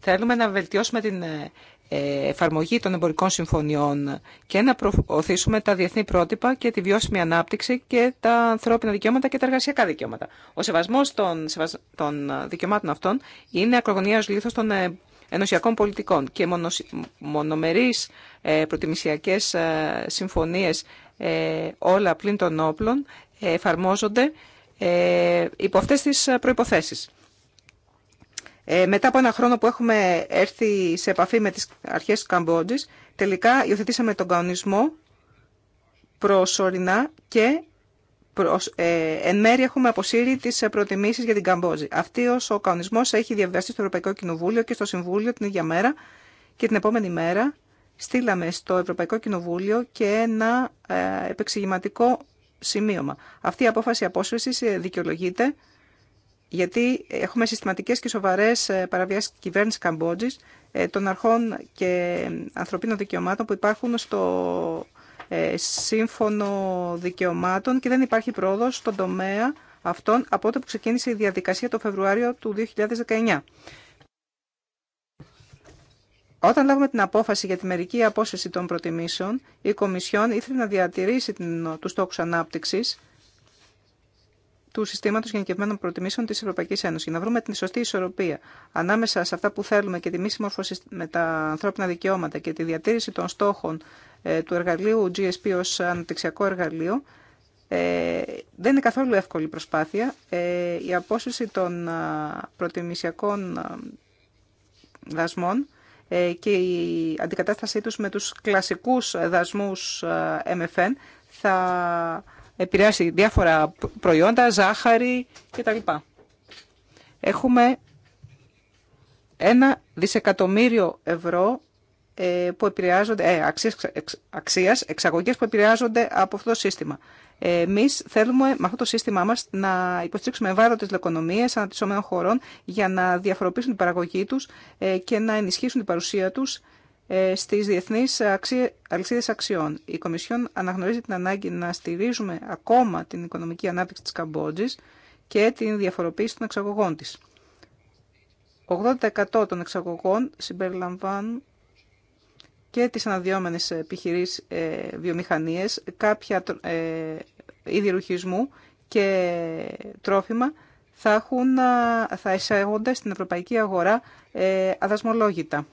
Θέλουμε να βελτιώσουμε την ε, εφαρμογή των εμπορικών συμφωνιών και να προωθήσουμε τα διεθνή πρότυπα και τη βιώσιμη ανάπτυξη και τα ανθρώπινα δικαιώματα και τα εργασιακά δικαιώματα. Ο σεβασμό των, δικαιωμάτων αυτών είναι ως λήθο των ε, ενωσιακών πολιτικών και μονομερείς ε, προτιμησιακές ε, συμφωνίες ε, όλα πλην των όπλων εφαρμόζονται υπό αυτές τις προϋποθέσεις. μετά από ένα χρόνο που έχουμε έρθει σε επαφή με τις αρχές της Καμπότζης, τελικά υιοθετήσαμε τον κανονισμό προσωρινά και Προς, ε, εν μέρη έχουμε αποσύρει τι ε, προτιμήσει για την Καμπόζη. Αυτή ο κανονισμό έχει διαβιβαστεί στο Ευρωπαϊκό Κοινοβούλιο και στο Συμβούλιο την ίδια μέρα και την επόμενη μέρα στείλαμε στο Ευρωπαϊκό Κοινοβούλιο και ένα ε, επεξηγηματικό σημείωμα. Αυτή η απόφαση απόσυρση ε, δικαιολογείται γιατί έχουμε συστηματικέ και σοβαρέ ε, παραβιάσεις της κυβέρνησης Καμπότζη, των αρχών και ανθρωπίνων δικαιωμάτων που υπάρχουν στο ε, σύμφωνο δικαιωμάτων και δεν υπάρχει πρόοδος στον τομέα αυτών από τότε που ξεκίνησε η διαδικασία το Φεβρουάριο του 2019. Όταν λάβουμε την απόφαση για τη μερική απόσυρση των προτιμήσεων, η Κομισιόν ήθελε να διατηρήσει του στόχου ανάπτυξη του συστήματο γενικευμένων προτιμήσεων τη Ευρωπαϊκή Ένωση. Για να βρούμε την σωστή ισορροπία ανάμεσα σε αυτά που θέλουμε και τη μη συμμόρφωση με τα ανθρώπινα δικαιώματα και τη διατήρηση των στόχων ε, του εργαλείου GSP ω αναπτυξιακό εργαλείο, ε, δεν είναι καθόλου εύκολη προσπάθεια. Ε, η απόσυρση των α, προτιμησιακών δασμών ε, και η αντικατάστασή τους με τους κλασικούς δασμούς MFN θα επηρεάσει διάφορα προϊόντα, ζάχαρη κτλ. Έχουμε ένα δισεκατομμύριο ευρώ ε, που επηρεάζονται, ε, αξίας, εξαγωγές που επηρεάζονται από αυτό το σύστημα. Ε, εμείς θέλουμε με αυτό το σύστημά μας να υποστηρίξουμε βάρο της αναπτυσσόμενων χωρών για να διαφοροποιήσουν την παραγωγή τους ε, και να ενισχύσουν την παρουσία τους ε, στις διεθνείς αλυσίδε αξιών. Η Κομισιόν αναγνωρίζει την ανάγκη να στηρίζουμε ακόμα την οικονομική ανάπτυξη της Καμπότζης και την διαφοροποίηση των εξαγωγών τη. 80% των εξαγωγών συμπεριλαμβάνουν και τις αναδυόμενες επιχειρήσεις ε, βιομηχανίες, κάποια ε, είδη ρουχισμού και τρόφιμα θα, έχουν, ε, θα εισάγονται στην ευρωπαϊκή αγορά ε, αδασμολόγητα.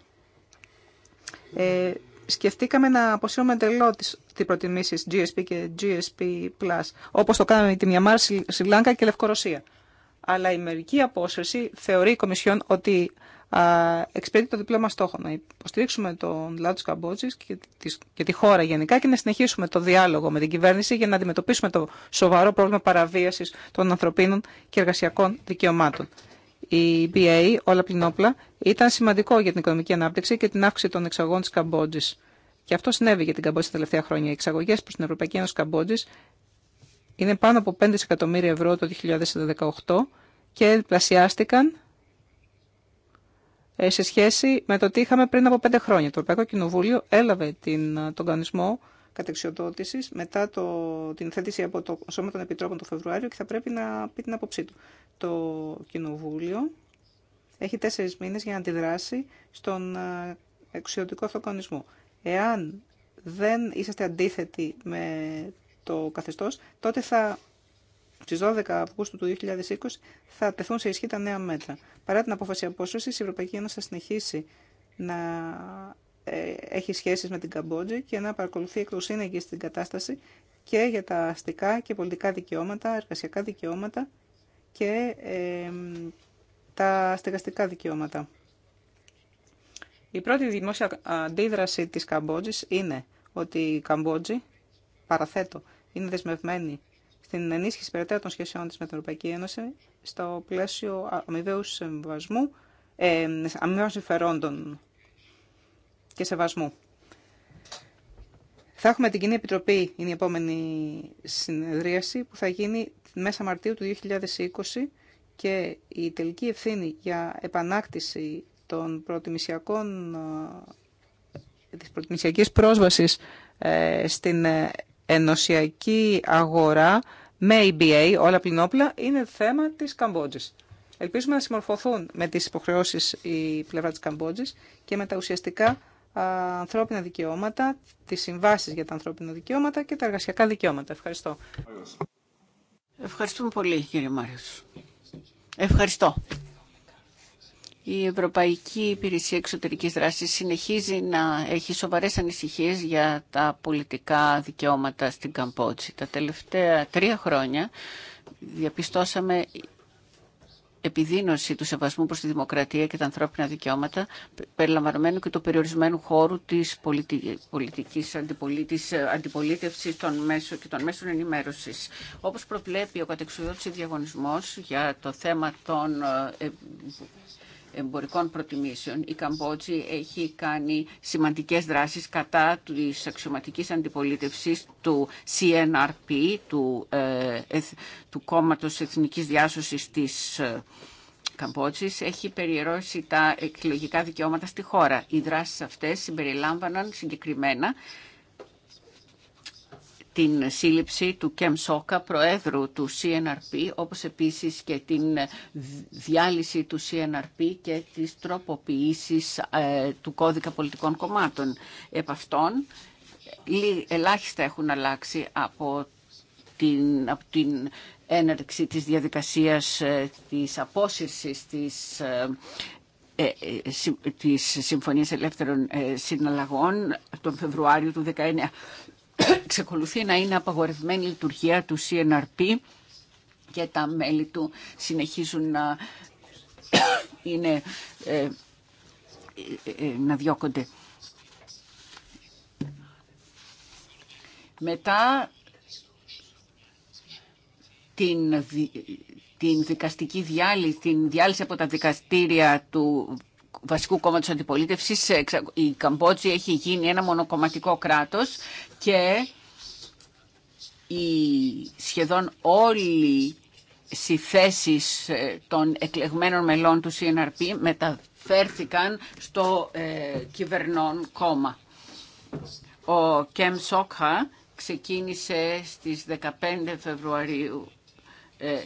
Ε, σκεφτήκαμε να αποσύρουμε τελώ τι προτιμήσει GSP και GSP+, όπως το κάναμε με τη Μιαμάρ, Σιλάνκα και Λευκορωσία. Αλλά η μερική απόσυρση θεωρεί η Κομισιόν ότι εξυπηρετεί το διπλό μα στόχο. Να υποστηρίξουμε τον λαό τη Καμπότζη και, και τη χώρα γενικά και να συνεχίσουμε το διάλογο με την κυβέρνηση για να αντιμετωπίσουμε το σοβαρό πρόβλημα παραβίαση των ανθρωπίνων και εργασιακών δικαιωμάτων. Η BA, όλα πλην όπλα, ήταν σημαντικό για την οικονομική ανάπτυξη και την αύξηση των εξαγών τη Καμπότζη. Και αυτό συνέβη για την Καμπότζη τα τελευταία χρόνια. Οι εξαγωγέ προ την Ευρωπαϊκή Ένωση Καμπότζη είναι πάνω από 5 δισεκατομμύρια ευρώ το 2018 και πλασιάστηκαν ε, σε σχέση με το τι είχαμε πριν από 5 χρόνια. Το Ευρωπαϊκό Κοινοβούλιο έλαβε τον κανονισμό εξιοδότηση μετά το, την θέτηση από το Σώμα των Επιτρόπων το Φεβρουάριο και θα πρέπει να πει την άποψή του. Το Κοινοβούλιο έχει τέσσερι μήνε για να αντιδράσει στον εξιωτικό αυτοκονισμό. Εάν δεν είσαστε αντίθετοι με το καθεστώς, τότε θα στις 12 Αυγούστου του 2020 θα τεθούν σε ισχύ τα νέα μέτρα. Παρά την απόφαση απόσυρση, η Ευρωπαϊκή Ένωση θα συνεχίσει να ε, έχει σχέσεις με την Καμπότζη και να παρακολουθεί εκ του στην κατάσταση και για τα αστικά και πολιτικά δικαιώματα, εργασιακά δικαιώματα και τα στεγαστικά δικαιώματα. Η πρώτη δημόσια αντίδραση της Καμπότζης είναι ότι η Καμπότζη, παραθέτω, είναι δεσμευμένη στην ενίσχυση περαιτέρω των σχέσεών της με την Ευρωπαϊκή Ένωση στο πλαίσιο αμοιβαίου συμβασμού, ε, αμοιβαίων συμφερόντων και σεβασμού. Θα έχουμε την Κοινή Επιτροπή, είναι η επόμενη συνεδρίαση, που θα γίνει μέσα Μαρτίου του 2020 και η τελική ευθύνη για επανάκτηση των προτιμησιακών, ε, της προτιμησιακής πρόσβασης ε, στην ε, ενωσιακή αγορά με EBA, όλα πληνόπλα, είναι θέμα της Καμπότζης. Ελπίζουμε να συμμορφωθούν με τις υποχρεώσεις η πλευρά της Καμπότζης και με τα ουσιαστικά ανθρώπινα δικαιώματα, τις συμβάσεις για τα ανθρώπινα δικαιώματα και τα εργασιακά δικαιώματα. Ευχαριστώ. Ευχαριστούμε πολύ κύριε Μάριος. Ευχαριστώ. Η Ευρωπαϊκή Υπηρεσία Εξωτερικής Δράσης συνεχίζει να έχει σοβαρές ανησυχίες για τα πολιτικά δικαιώματα στην Καμπότση. Τα τελευταία τρία χρόνια διαπιστώσαμε επιδείνωση του σεβασμού προς τη δημοκρατία και τα ανθρώπινα δικαιώματα, περιλαμβανομένου και του περιορισμένου χώρου της πολιτικής ε, αντιπολίτευσης των μέσων και των μέσων ενημέρωσης. Όπως προβλέπει ο κατεξουδότης διαγωνισμός για το θέμα των ε, εμπορικών προτιμήσεων, η Καμπότζη έχει κάνει σημαντικές δράσεις κατά της αξιωματικής αντιπολίτευσης του CNRP, του, ε, του Κόμματος Εθνικής Διάσωσης της ε, Καμπότζης, έχει περιερώσει τα εκλογικά δικαιώματα στη χώρα. Οι δράσεις αυτές συμπεριλάμβαναν συγκεκριμένα την σύλληψη του Κεμ Σόκα, προέδρου του CNRP, όπως επίσης και την διάλυση του CNRP και τις τροποποιήσεις ε, του κώδικα πολιτικών κομμάτων. Επ' αυτών, ελάχιστα έχουν αλλάξει από την, από την έναρξη της διαδικασίας ε, της απόσυρσης της ε, της Συμφωνίας Ελεύθερων Συναλλαγών τον Φεβρουάριο του 19 εξακολουθεί να είναι απαγορευμένη η λειτουργία του CNRP και τα μέλη του συνεχίζουν να είναι ε, ε, ε, να διώκονται. Μετά την, δικαστική διάλυση, την διάλυση από τα δικαστήρια του βασικού κόμματος αντιπολίτευσης, η Καμπότζη έχει γίνει ένα μονοκομματικό κράτος και οι σχεδόν όλοι οι θέσεις ε, των εκλεγμένων μελών του CNRP μεταφέρθηκαν στο ε, κυβερνών κόμμα. Ο Κέμ Σόκχα ξεκίνησε στις 15 Φεβρουαρίου ε,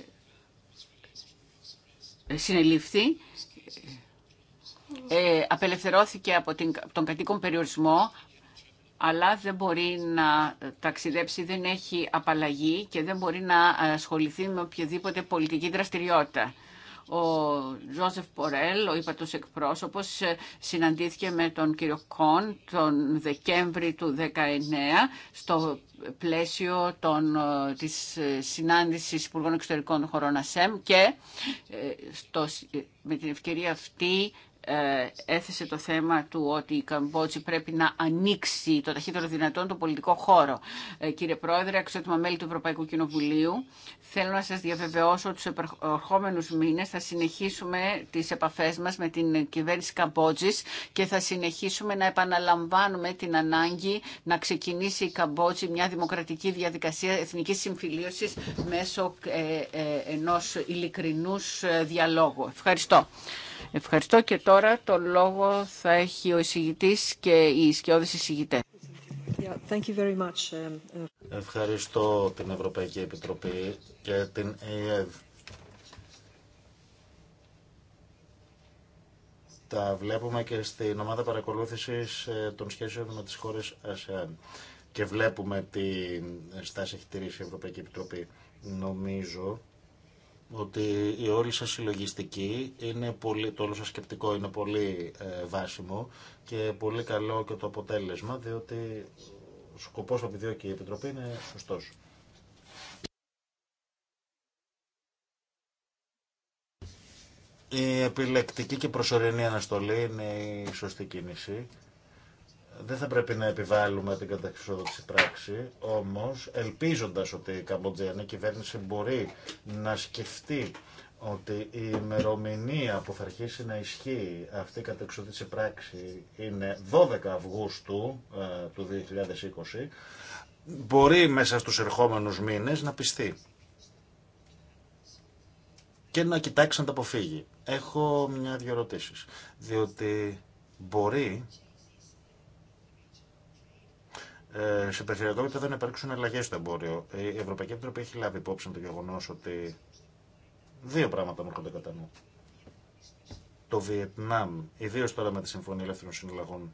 συνελήφθη, ε, απελευθερώθηκε από τον κατοίκον περιορισμό αλλά δεν μπορεί να ταξιδέψει, δεν έχει απαλλαγή και δεν μπορεί να ασχοληθεί με οποιαδήποτε πολιτική δραστηριότητα. Ο Ζώσεφ Πορέλ, ο υπατός εκπρόσωπος, συναντήθηκε με τον κύριο Κον τον Δεκέμβρη του 2019 στο πλαίσιο των, της συνάντησης Υπουργών Εξωτερικών χωρών ΑΣΕΜ και ε, στο, με την ευκαιρία αυτή ε, έθεσε το θέμα του ότι η Καμπότζη πρέπει να ανοίξει το ταχύτερο δυνατόν το πολιτικό χώρο. Ε, κύριε Πρόεδρε, αξιότιμα μέλη του Ευρωπαϊκού Κοινοβουλίου, θέλω να σας διαβεβαιώσω ότι τους ερχόμενους μήνες θα συνεχίσουμε τις επαφές μας με την κυβέρνηση Καμπότζης και θα συνεχίσουμε να επαναλαμβάνουμε την ανάγκη να ξεκινήσει η Καμπότζη μια δημοκρατική διαδικασία εθνικής συμφιλίωσης μέσω ε, ενός ειλικρινούς διαλόγου. Ευχαριστώ. Ευχαριστώ και τώρα το λόγο θα έχει ο εισηγητής και οι ισχυώδεις εισηγητές. Um, uh, Ευχαριστώ την Ευρωπαϊκή Επιτροπή και την ΕΕΔ. Τα βλέπουμε και στην ομάδα παρακολούθησης ε, των σχέσεων με τις χώρες ΑΣΕΑΝ. Και βλέπουμε τη στάση έχει τηρήσει η Ευρωπαϊκή Επιτροπή. Νομίζω ότι η όλη συλλογιστική, είναι πολύ, το όλο σκεπτικό είναι πολύ ε, βάσιμο και πολύ καλό και το αποτέλεσμα, διότι ο σκοπός που επιδιώκει η Επιτροπή είναι σωστός. Η επιλεκτική και προσωρινή αναστολή είναι η σωστή κίνηση. Δεν θα πρέπει να επιβάλλουμε την καταξιόδοξη πράξη, όμως ελπίζοντας ότι η Καμποτζιανή κυβέρνηση μπορεί να σκεφτεί ότι η ημερομηνία που θα αρχίσει να ισχύει αυτή η κατεξοδότηση πράξη είναι 12 Αυγούστου ε, του 2020, μπορεί μέσα στους ερχόμενους μήνες να πιστεί και να κοιτάξει να τα αποφύγει. Έχω μια-δυο ερωτήσει, διότι μπορεί ε, σε σε επίπεδο δεν υπάρξουν αλλαγέ στο εμπόριο. Η Ευρωπαϊκή Επιτροπή έχει λάβει υπόψη το γεγονό ότι δύο πράγματα μου έρχονται κατά νου. Το Βιετνάμ, ιδίω τώρα με τη Συμφωνία Ελεύθερων Συναλλαγών,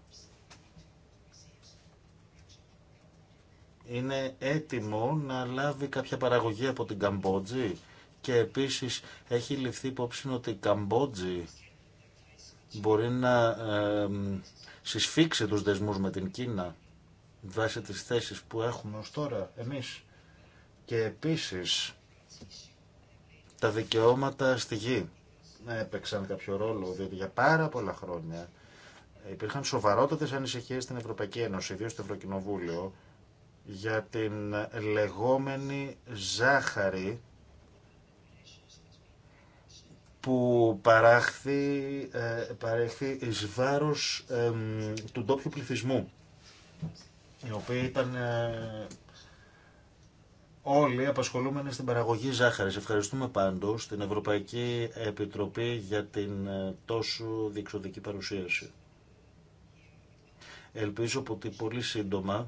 είναι έτοιμο να λάβει κάποια παραγωγή από την Καμπότζη και επίσης έχει ληφθεί υπόψη ότι η Καμπότζη μπορεί να ε, συσφίξει τους δεσμούς με την Κίνα βάσει τις θέσεις που έχουμε ως τώρα εμείς και επίσης τα δικαιώματα στη γη έπαιξαν κάποιο ρόλο διότι για πάρα πολλά χρόνια υπήρχαν σοβαρότατες ανησυχίες στην Ευρωπαϊκή Ένωση, ιδίως στο Ευρωκοινοβούλιο για την λεγόμενη ζάχαρη που παράχθη, ε, παρέχθη εις βάρος του ντόπιου πληθυσμού οι οποίοι ήταν ε, όλοι απασχολούμενοι στην παραγωγή ζάχαρης. Ευχαριστούμε πάντως την Ευρωπαϊκή Επιτροπή για την ε, τόσο διεξοδική παρουσίαση. Ελπίζω ότι πολύ σύντομα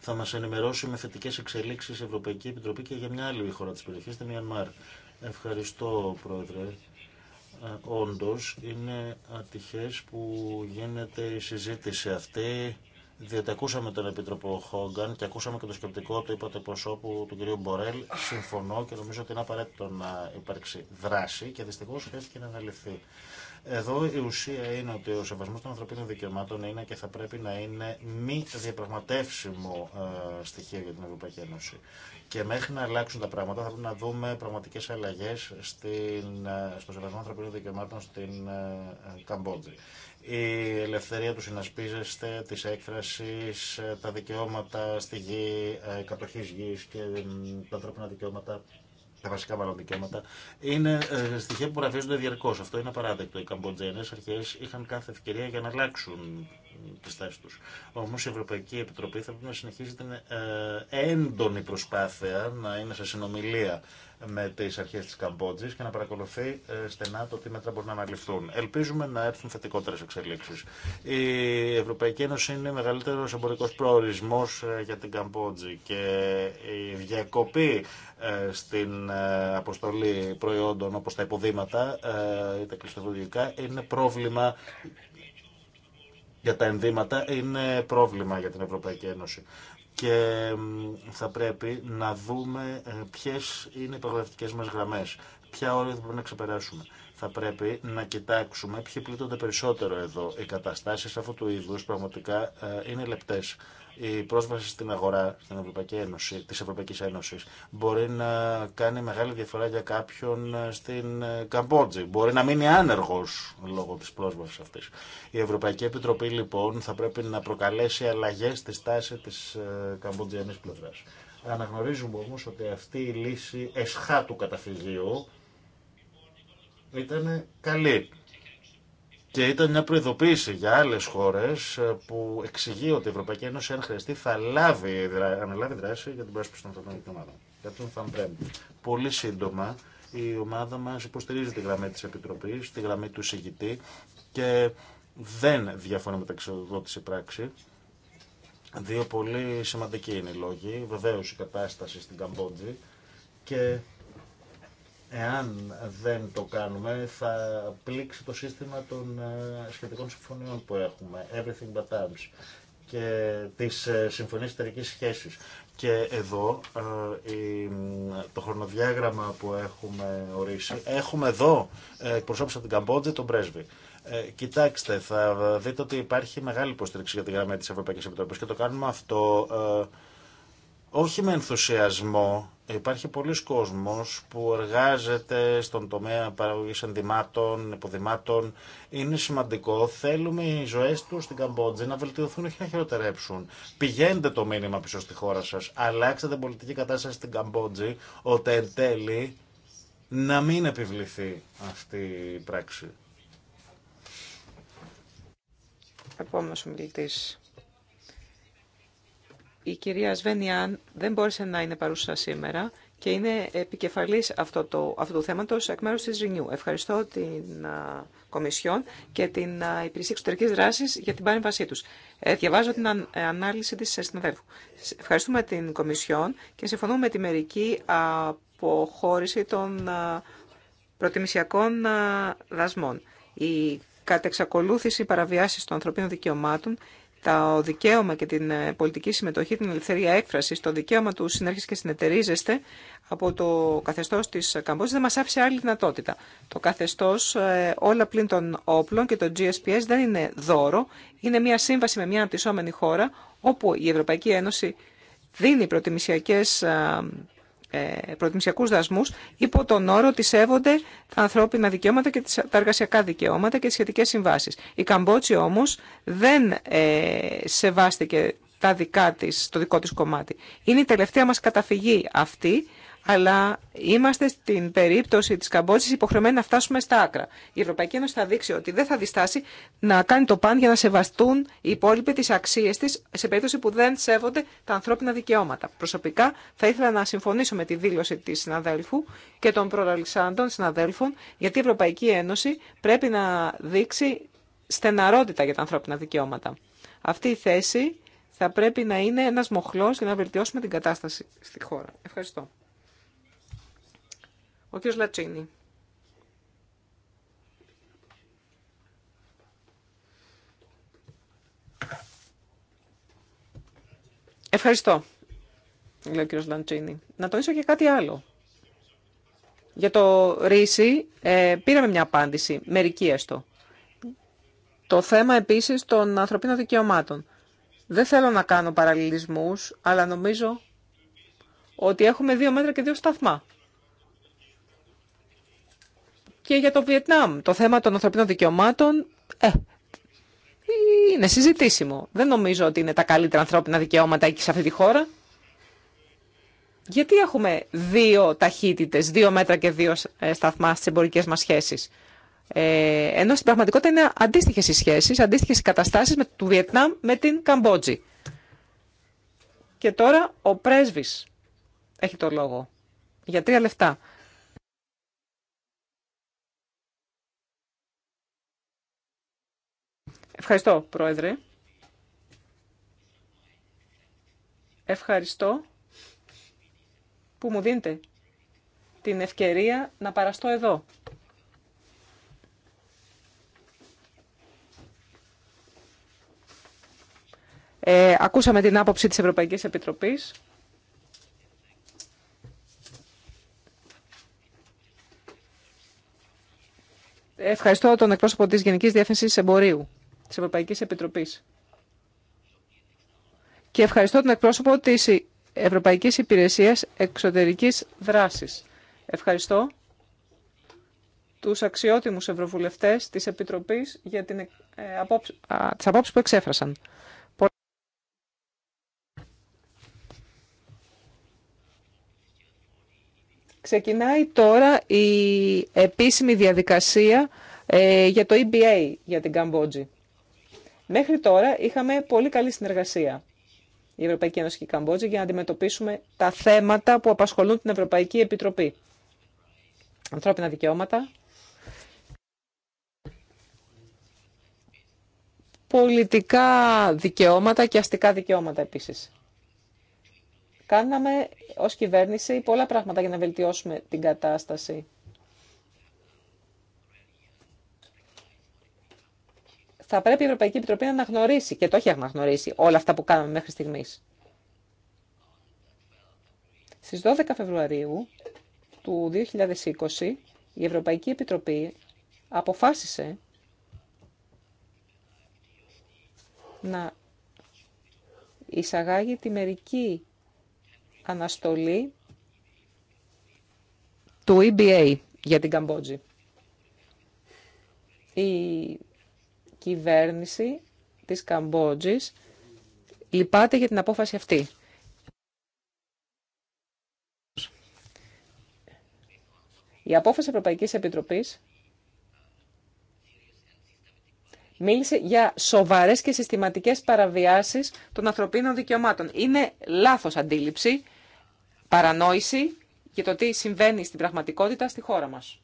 θα μας ενημερώσει με θετικές εξελίξεις η Ευρωπαϊκή Επιτροπή και για μια άλλη χώρα της περιοχής, την Μιανμάρ. Ευχαριστώ, Πρόεδρε όντως είναι ατυχές που γίνεται η συζήτηση αυτή διότι ακούσαμε τον Επίτροπο Χόγκαν και ακούσαμε και το σκεπτικό του είπατε προσώπου του κ. Μπορέλ. Συμφωνώ και νομίζω ότι είναι απαραίτητο να υπάρξει δράση και δυστυχώ χρειάστηκε να αναλυθεί. Εδώ η ουσία είναι ότι ο σεβασμό των ανθρωπίνων δικαιωμάτων είναι και θα πρέπει να είναι μη διαπραγματεύσιμο ε, στοιχείο για την Ευρωπαϊκή Ένωση. Και μέχρι να αλλάξουν τα πράγματα θα πρέπει να δούμε πραγματικέ αλλαγέ ε, στο σεβασμό ανθρωπίνων δικαιωμάτων στην ε, Καμπότζη η ελευθερία του συνασπίζεστε, της έκφρασης, τα δικαιώματα στη γη, κατοχή γη και τα ανθρώπινα δικαιώματα τα βασικά μάλλον δικαιώματα, είναι ε, στοιχεία που γραφίζονται διαρκώ. Αυτό είναι απαράδεκτο. Οι Καμποτζένε αρχέ είχαν κάθε ευκαιρία για να αλλάξουν τι θέσει του. Όμω η Ευρωπαϊκή Επιτροπή θα πρέπει να συνεχίζει την ε, έντονη προσπάθεια να είναι σε συνομιλία με τι αρχέ τη Καμπότζη και να παρακολουθεί ε, στενά το τι μέτρα μπορούν να αναλυφθούν. Ελπίζουμε να έρθουν θετικότερε εξελίξει. Η Ευρωπαϊκή Ένωση είναι μεγαλύτερο εμπορικό προορισμό ε, για την Καμπότζη και η διακοπή ε, στην αποστολή προϊόντων όπω τα υποδήματα ή τα κλειστοδουλικά είναι πρόβλημα για τα ενδύματα είναι πρόβλημα για την Ευρωπαϊκή Ένωση και θα πρέπει να δούμε ε, ποιες είναι οι προγραφικές μας γραμμές, ποια όρια θα πρέπει να ξεπεράσουμε. Θα πρέπει να κοιτάξουμε ποιοι πλήττονται περισσότερο εδώ. Οι καταστάσεις αυτού του είδους πραγματικά ε, είναι λεπτές η πρόσβαση στην αγορά στην Ευρωπαϊκή Ένωση, της Ευρωπαϊκής Ένωσης μπορεί να κάνει μεγάλη διαφορά για κάποιον ε, στην ε, Καμπότζη. Μπορεί να μείνει άνεργος λόγω της πρόσβασης αυτής. Η Ευρωπαϊκή Επιτροπή λοιπόν θα πρέπει να προκαλέσει αλλαγές στη στάση της ε, Καμποτζιανής πλευράς. Αναγνωρίζουμε όμως ότι αυτή η λύση εσχάτου καταφυγίου ήταν καλή και ήταν μια προειδοποίηση για άλλε χώρε ε, που εξηγεί ότι η Ευρωπαϊκή Ένωση, αν χρειαστεί, θα λάβει, αναλάβει δράση για την πρόσπιση των ανθρωπίνων δικαιωμάτων. Για τον Πολύ σύντομα, η ομάδα μα υποστηρίζει τη γραμμή τη Επιτροπή, τη γραμμή του εισηγητή και δεν διαφωνεί με τα εξοδότηση πράξη. Δύο πολύ σημαντικοί είναι οι λόγοι. Βεβαίω η κατάσταση στην Καμπότζη και Εάν δεν το κάνουμε, θα πλήξει το σύστημα των ε, σχετικών συμφωνιών που έχουμε, Everything But Arms, και τις ε, συμφωνίες εταιρικής σχέσης. Και εδώ ε, το χρονοδιάγραμμα που έχουμε ορίσει, έχουμε εδώ εκπροσώπηση από την Καμπότζη, τον πρέσβη. κοιτάξτε, θα δείτε ότι υπάρχει μεγάλη υποστήριξη για τη γραμμή τη Ευρωπαϊκή Επιτροπή και το κάνουμε αυτό όχι με ενθουσιασμό. Υπάρχει πολλοί κόσμος που εργάζεται στον τομέα παραγωγής ενδυμάτων, υποδημάτων. Είναι σημαντικό. Θέλουμε οι ζωές τους στην Καμπότζη να βελτιωθούν, όχι να χειροτερέψουν. Πηγαίνετε το μήνυμα πίσω στη χώρα σας. Αλλάξτε την πολιτική κατάσταση στην Καμπότζη, ότι εν τέλει να μην επιβληθεί αυτή η πράξη. Επόμενος ομιλητής η κυρία Σβένιαν δεν μπόρεσε να είναι παρούσα σήμερα και είναι επικεφαλής αυτού του, αυτού θέματος εκ μέρους της ΡΙΝΙΟΥ. Ευχαριστώ την α, Κομισιόν και την Υπηρεσία Εξωτερικής Δράσης για την παρέμβασή τους. Ε, διαβάζω την ε, ανάλυση της ε, συναδέλφου. Ευχαριστούμε την Κομισιόν και συμφωνούμε με τη μερική αποχώρηση των προτιμησιακών δασμών. Η κατεξακολούθηση παραβιάσεις των ανθρωπίνων δικαιωμάτων το δικαίωμα και την ε, πολιτική συμμετοχή, την ελευθερία έκφραση, το δικαίωμα του συνέρχεσαι και συνεταιρίζεστε από το καθεστώ τη Καμπότζη δεν μα άφησε άλλη δυνατότητα. Το καθεστώ ε, όλα πλην των όπλων και το GSPS δεν είναι δώρο, είναι μια σύμβαση με μια αναπτυσσόμενη χώρα όπου η Ευρωπαϊκή Ένωση δίνει προτιμησιακέ ε, ε, προτιμησιακούς δασμούς υπό τον όρο ότι σέβονται τα ανθρώπινα δικαιώματα και τα εργασιακά δικαιώματα και τις σχετικές συμβάσεις. Η Καμπότση όμως δεν ε, σεβάστηκε τα δικά της, το δικό της κομμάτι. Είναι η τελευταία μας καταφυγή αυτή αλλά είμαστε στην περίπτωση της Καμπότση υποχρεωμένοι να φτάσουμε στα άκρα. Η Ευρωπαϊκή Ένωση θα δείξει ότι δεν θα διστάσει να κάνει το παν για να σεβαστούν οι υπόλοιποι τις αξίες της σε περίπτωση που δεν σέβονται τα ανθρώπινα δικαιώματα. Προσωπικά θα ήθελα να συμφωνήσω με τη δήλωση της συναδέλφου και των προλαλισσάντων συναδέλφων γιατί η Ευρωπαϊκή Ένωση πρέπει να δείξει στεναρότητα για τα ανθρώπινα δικαιώματα. Αυτή η θέση θα πρέπει να είναι ένας μοχλός για να βελτιώσουμε την κατάσταση στη χώρα. Ευχαριστώ. Ο κ. Λατσίνη. Ευχαριστώ, λέει ο κ. Λαντσίνη. Να τονίσω και κάτι άλλο. Για το ρίσι ε, πήραμε μια απάντηση, μερική έστω. Το θέμα επίσης των ανθρωπίνων δικαιωμάτων. Δεν θέλω να κάνω παραλληλισμούς, αλλά νομίζω ότι έχουμε δύο μέτρα και δύο σταθμά και για το Βιετνάμ. Το θέμα των ανθρωπίνων δικαιωμάτων ε, είναι συζητήσιμο. Δεν νομίζω ότι είναι τα καλύτερα ανθρώπινα δικαιώματα εκεί σε αυτή τη χώρα. Γιατί έχουμε δύο ταχύτητες, δύο μέτρα και δύο ε, σταθμά στις εμπορικές μας σχέσεις. Ε, ενώ στην πραγματικότητα είναι αντίστοιχες οι σχέσεις, αντίστοιχες οι καταστάσεις με, του Βιετνάμ με την Καμπότζη. Και τώρα ο πρέσβης έχει το λόγο για τρία λεφτά. Ευχαριστώ, Πρόεδρε. Ευχαριστώ που μου δίνετε την ευκαιρία να παραστώ εδώ. Ε, ακούσαμε την άποψη της Ευρωπαϊκής Επιτροπής. Ευχαριστώ τον εκπρόσωπο της Γενικής Διεύθυνσης Εμπορίου της Ευρωπαϊκής Επιτροπής. Και ευχαριστώ τον εκπρόσωπο της Ευρωπαϊκής Υπηρεσίας Εξωτερικής Δράσης. Ευχαριστώ τους αξιότιμους ευρωβουλευτές της Επιτροπής για την, ε, που εξέφρασαν. Ξεκινάει τώρα η επίσημη διαδικασία ε, για το EBA για την Καμπότζη. Μέχρι τώρα είχαμε πολύ καλή συνεργασία η Ευρωπαϊκή Ένωση και η Καμπότζη για να αντιμετωπίσουμε τα θέματα που απασχολούν την Ευρωπαϊκή Επιτροπή. Ανθρώπινα δικαιώματα, πολιτικά δικαιώματα και αστικά δικαιώματα επίσης. Κάναμε ως κυβέρνηση πολλά πράγματα για να βελτιώσουμε την κατάσταση θα πρέπει η Ευρωπαϊκή Επιτροπή να αναγνωρίσει και το έχει αναγνωρίσει όλα αυτά που κάναμε μέχρι στιγμή. Στις 12 Φεβρουαρίου του 2020 η Ευρωπαϊκή Επιτροπή αποφάσισε να εισαγάγει τη μερική αναστολή του EBA για την Καμπότζη. Η κυβέρνηση της Καμπότζης λυπάται για την απόφαση αυτή. Η απόφαση Ευρωπαϊκής Επιτροπής μίλησε για σοβαρές και συστηματικές παραβιάσεις των ανθρωπίνων δικαιωμάτων. Είναι λάθος αντίληψη, παρανόηση για το τι συμβαίνει στην πραγματικότητα στη χώρα μας.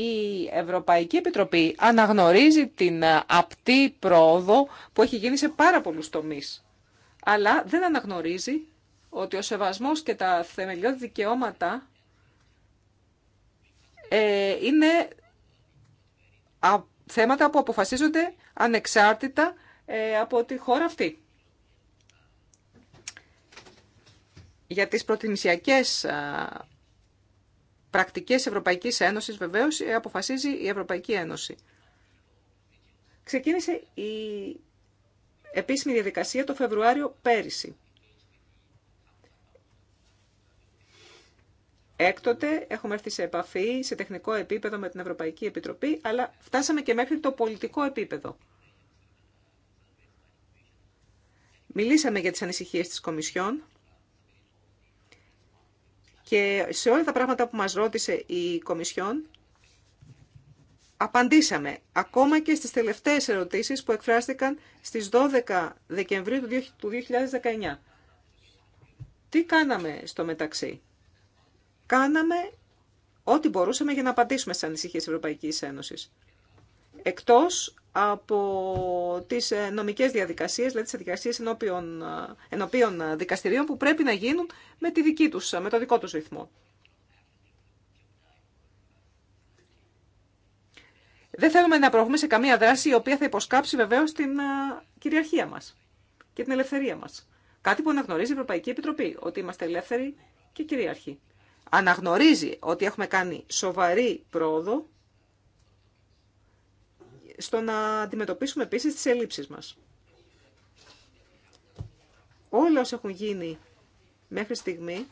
η Ευρωπαϊκή Επιτροπή αναγνωρίζει την ε, απτή πρόοδο που έχει γίνει σε πάρα πολλούς τομείς. Αλλά δεν αναγνωρίζει ότι ο σεβασμός και τα θεμελιώδη δικαιώματα ε, είναι θέματα που αποφασίζονται ανεξάρτητα ε, από τη χώρα αυτή. Για τις προτιμησιακές πρακτικές Ευρωπαϊκή Ένωση βεβαίω αποφασίζει η Ευρωπαϊκή Ένωση. Ξεκίνησε η επίσημη διαδικασία το Φεβρουάριο πέρυσι. Έκτοτε έχουμε έρθει σε επαφή σε τεχνικό επίπεδο με την Ευρωπαϊκή Επιτροπή, αλλά φτάσαμε και μέχρι το πολιτικό επίπεδο. Μιλήσαμε για τις ανησυχίες της Κομισιόν και σε όλα τα πράγματα που μας ρώτησε η Κομισιόν, απαντήσαμε ακόμα και στις τελευταίες ερωτήσεις που εκφράστηκαν στις 12 Δεκεμβρίου του 2019. Τι κάναμε στο μεταξύ. Κάναμε ό,τι μπορούσαμε για να απαντήσουμε στις ανησυχίες Ευρωπαϊκής Ένωσης. Εκτός από τις ε, νομικές διαδικασίες, δηλαδή τις διαδικασίες ενώπιων, ενώπιον ε, ε, δικαστηρίων που πρέπει να γίνουν με, τη δική τους, με το δικό τους ρυθμό. Δεν θέλουμε να προβούμε σε καμία δράση η οποία θα υποσκάψει βεβαίω την κυριαρχία μα και την ελευθερία μα. Κάτι που αναγνωρίζει η Ευρωπαϊκή Επιτροπή, ότι είμαστε ελεύθεροι και κυρίαρχοι. Αναγνωρίζει ότι έχουμε κάνει σοβαρή πρόοδο στο να αντιμετωπίσουμε επίσης τις ελλείψεις μας. Όλα όσα έχουν γίνει μέχρι, στιγμή,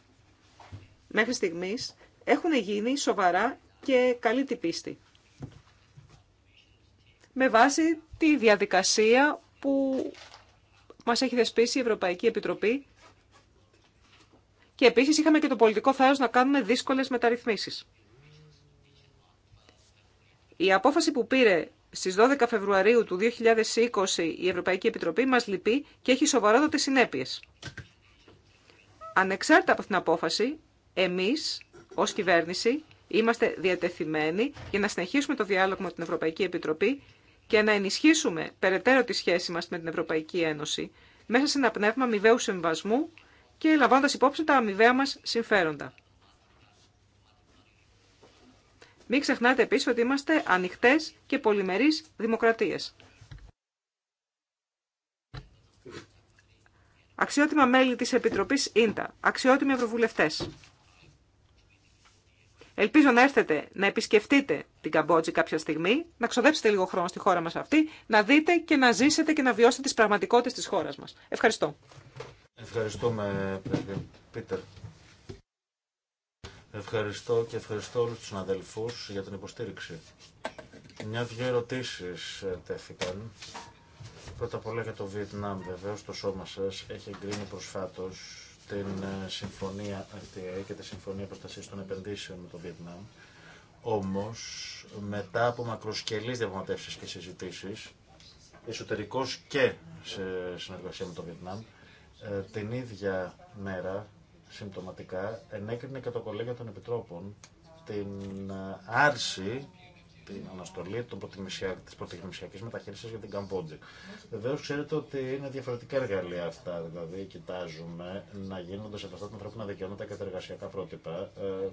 μέχρι στιγμής έχουν γίνει σοβαρά και καλή την πίστη. Με βάση τη διαδικασία που μας έχει δεσπίσει η Ευρωπαϊκή Επιτροπή και επίσης είχαμε και το πολιτικό θάρρος να κάνουμε δύσκολες μεταρρυθμίσεις. Η απόφαση που πήρε στις 12 Φεβρουαρίου του 2020 η Ευρωπαϊκή Επιτροπή μας λυπεί και έχει σοβαρότατες συνέπειες. Ανεξάρτητα από την απόφαση, εμείς ως κυβέρνηση είμαστε διατεθειμένοι για να συνεχίσουμε το διάλογο με την Ευρωπαϊκή Επιτροπή και να ενισχύσουμε περαιτέρω τη σχέση μας με την Ευρωπαϊκή Ένωση μέσα σε ένα πνεύμα αμοιβαίου συμβασμού και λαμβάνοντας υπόψη τα αμοιβαία μας συμφέροντα. Μην ξεχνάτε επίσης ότι είμαστε ανοιχτές και πολυμερείς δημοκρατίες. Αξιότιμα μέλη της Επιτροπής ΙΝΤΑ, αξιότιμοι ευρωβουλευτές. Ελπίζω να έρθετε να επισκεφτείτε την Καμπότζη κάποια στιγμή, να ξοδέψετε λίγο χρόνο στη χώρα μας αυτή, να δείτε και να ζήσετε και να βιώσετε τις πραγματικότητες της χώρας μας. Ευχαριστώ. Ευχαριστούμε, Πίτερ. Ευχαριστώ και ευχαριστώ όλους τους αδελφούς για την υποστήριξη. Μια-δυο ερωτήσεις ε, τέθηκαν. Πρώτα απ' όλα για το Βιετνάμ βεβαίως το σώμα σας έχει εγκρίνει προσφάτως την ε, συμφωνία RTA και τη συμφωνία προστασίας των επενδύσεων με το Βιετνάμ. Όμως μετά από μακροσκελείς διαπραγματεύσεις και συζητήσεις εσωτερικός και σε συνεργασία με το Βιετνάμ ε, την ίδια μέρα συμπτωματικά ενέκρινε και το κολέγιο των επιτρόπων την ε, άρση την αναστολή των τη προτιμησιακή μεταχείρισης για την Καμπότζη. Βεβαίω ξέρετε ότι είναι διαφορετικά εργαλεία αυτά. Δηλαδή, κοιτάζουμε να γίνονται σε αυτά τα ανθρώπινα δικαιώματα και τα εργασιακά πρότυπα. Ε,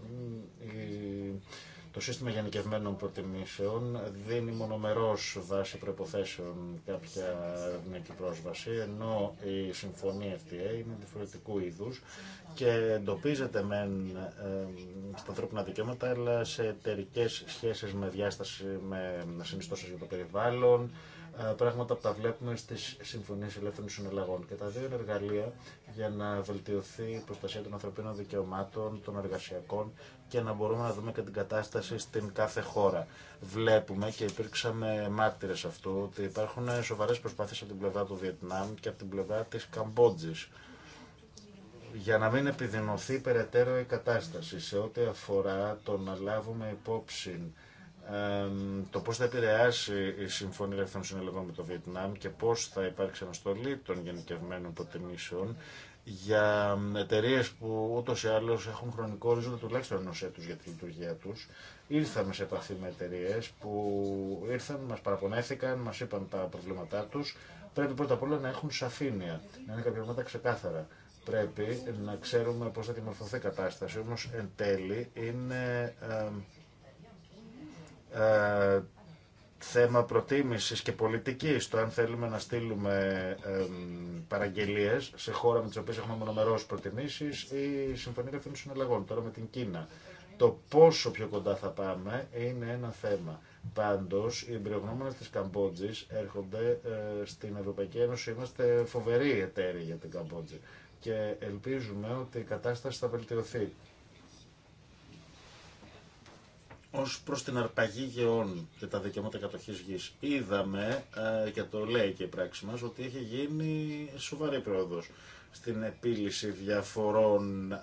η το σύστημα γενικευμένων προτιμήσεων δίνει μονομερώς βάση προϋποθέσεων κάποια ευνοϊκή πρόσβαση, ενώ η συμφωνία FTA είναι διαφορετικού είδους και εντοπίζεται μεν στα ανθρώπινα δικαιώματα, αλλά σε εταιρικέ σχέσεις με διάσταση, με συνιστώσεις για το περιβάλλον, ε, πράγματα που τα βλέπουμε στι συμφωνίε ελεύθερων συναλλαγών. Και τα δύο είναι εργαλεία για να βελτιωθεί η προστασία των ανθρωπίνων δικαιωμάτων, των εργασιακών και να μπορούμε να δούμε και την κατάσταση στην κάθε χώρα. Βλέπουμε και υπήρξαμε μάρτυρε αυτού ότι υπάρχουν σοβαρέ προσπάθειε από την πλευρά του Βιετνάμ και από την πλευρά τη Καμπότζη για να μην επιδεινωθεί περαιτέρω η κατάσταση σε ό,τι αφορά το να λάβουμε υπόψη το πώς θα επηρεάσει η Συμφωνία Ελευθερών συνελεγών με το Βιετνάμ και πώς θα υπάρξει αναστολή των γενικευμένων υποτιμήσεων για εταιρείε που ούτως ή άλλως έχουν χρονικό ορίζοντα τουλάχιστον ενό έτους για τη λειτουργία του. Ήρθαμε σε επαφή με εταιρείε που ήρθαν, μας παραπονέθηκαν, μα είπαν τα προβλήματά τους. Πρέπει πρώτα απ' όλα να έχουν σαφήνεια, να είναι κάποια πράγματα ξεκάθαρα. Πρέπει να ξέρουμε πώ θα δημορφωθεί η κατάσταση. Όμω εν τέλει είναι. Ε, θέμα προτίμησης και πολιτικής, το αν θέλουμε να στείλουμε ε, παραγγελίες σε χώρα με τις οποίες έχουμε μονομερώσεις προτιμήσεις ή συμφωνία ελεύθερων συναλλαγών, τώρα με την Κίνα. Το πόσο πιο κοντά θα πάμε είναι ένα θέμα. Πάντως, οι εμπειρογνώμονες της Καμπότζης έρχονται ε, στην Ευρωπαϊκή Ένωση. Είμαστε φοβεροί εταίροι για την Καμπότζη και ελπίζουμε ότι η κατάσταση θα βελτιωθεί ως προς την αρπαγή γεών και τα δικαιώματα κατοχής γης. Είδαμε, ε, και το λέει και η πράξη μας, ότι έχει γίνει σοβαρή πρόοδος στην επίλυση διαφορών ε,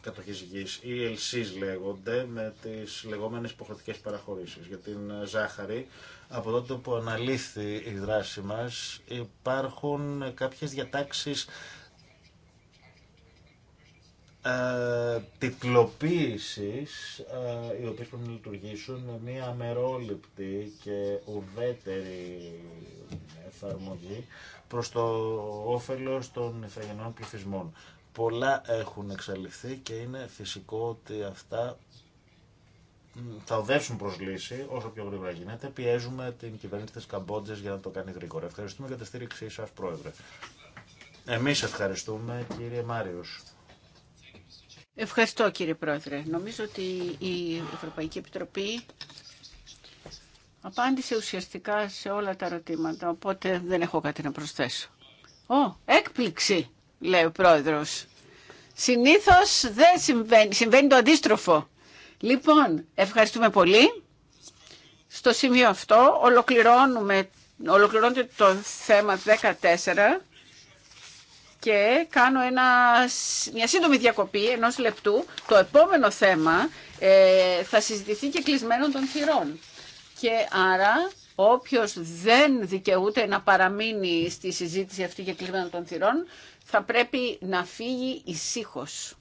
κατοχής γης. Οι ΕΛΣΙΣ λέγονται με τις λεγόμενες υποχρεωτικέ παραχωρήσεις. Για την ε, ζάχαρη, από τότε που αναλύθη η δράση μας, υπάρχουν κάποιες διατάξεις ε, τυπλοποίησης ε, οι οποίες πρέπει να λειτουργήσουν με μια αμερόληπτη και ουδέτερη εφαρμογή προς το όφελος των ηθαγενών πληθυσμών. Πολλά έχουν εξαλειφθεί και είναι φυσικό ότι αυτά θα οδεύσουν προς λύση όσο πιο γρήγορα γίνεται. Πιέζουμε την κυβέρνηση της Καμπότζης για να το κάνει γρήγορα. Ευχαριστούμε για τη στήριξή σας, Πρόεδρε. Εμείς ευχαριστούμε, κύριε Μάριος. Ευχαριστώ κύριε Πρόεδρε. Νομίζω ότι η Ευρωπαϊκή Επιτροπή απάντησε ουσιαστικά σε όλα τα ερωτήματα, οπότε δεν έχω κάτι να προσθέσω. Ω, έκπληξη, λέει ο Πρόεδρος. Συνήθως δεν συμβαίνει, συμβαίνει το αντίστροφο. Λοιπόν, ευχαριστούμε πολύ. Στο σημείο αυτό ολοκληρώνουμε, ολοκληρώνεται το θέμα 14 και κάνω ένα, μια σύντομη διακοπή ενό λεπτού. Το επόμενο θέμα ε, θα συζητηθεί και κλεισμένο των θυρών. Και άρα όποιος δεν δικαιούται να παραμείνει στη συζήτηση αυτή και κλεισμένο των θυρών θα πρέπει να φύγει ησύχως.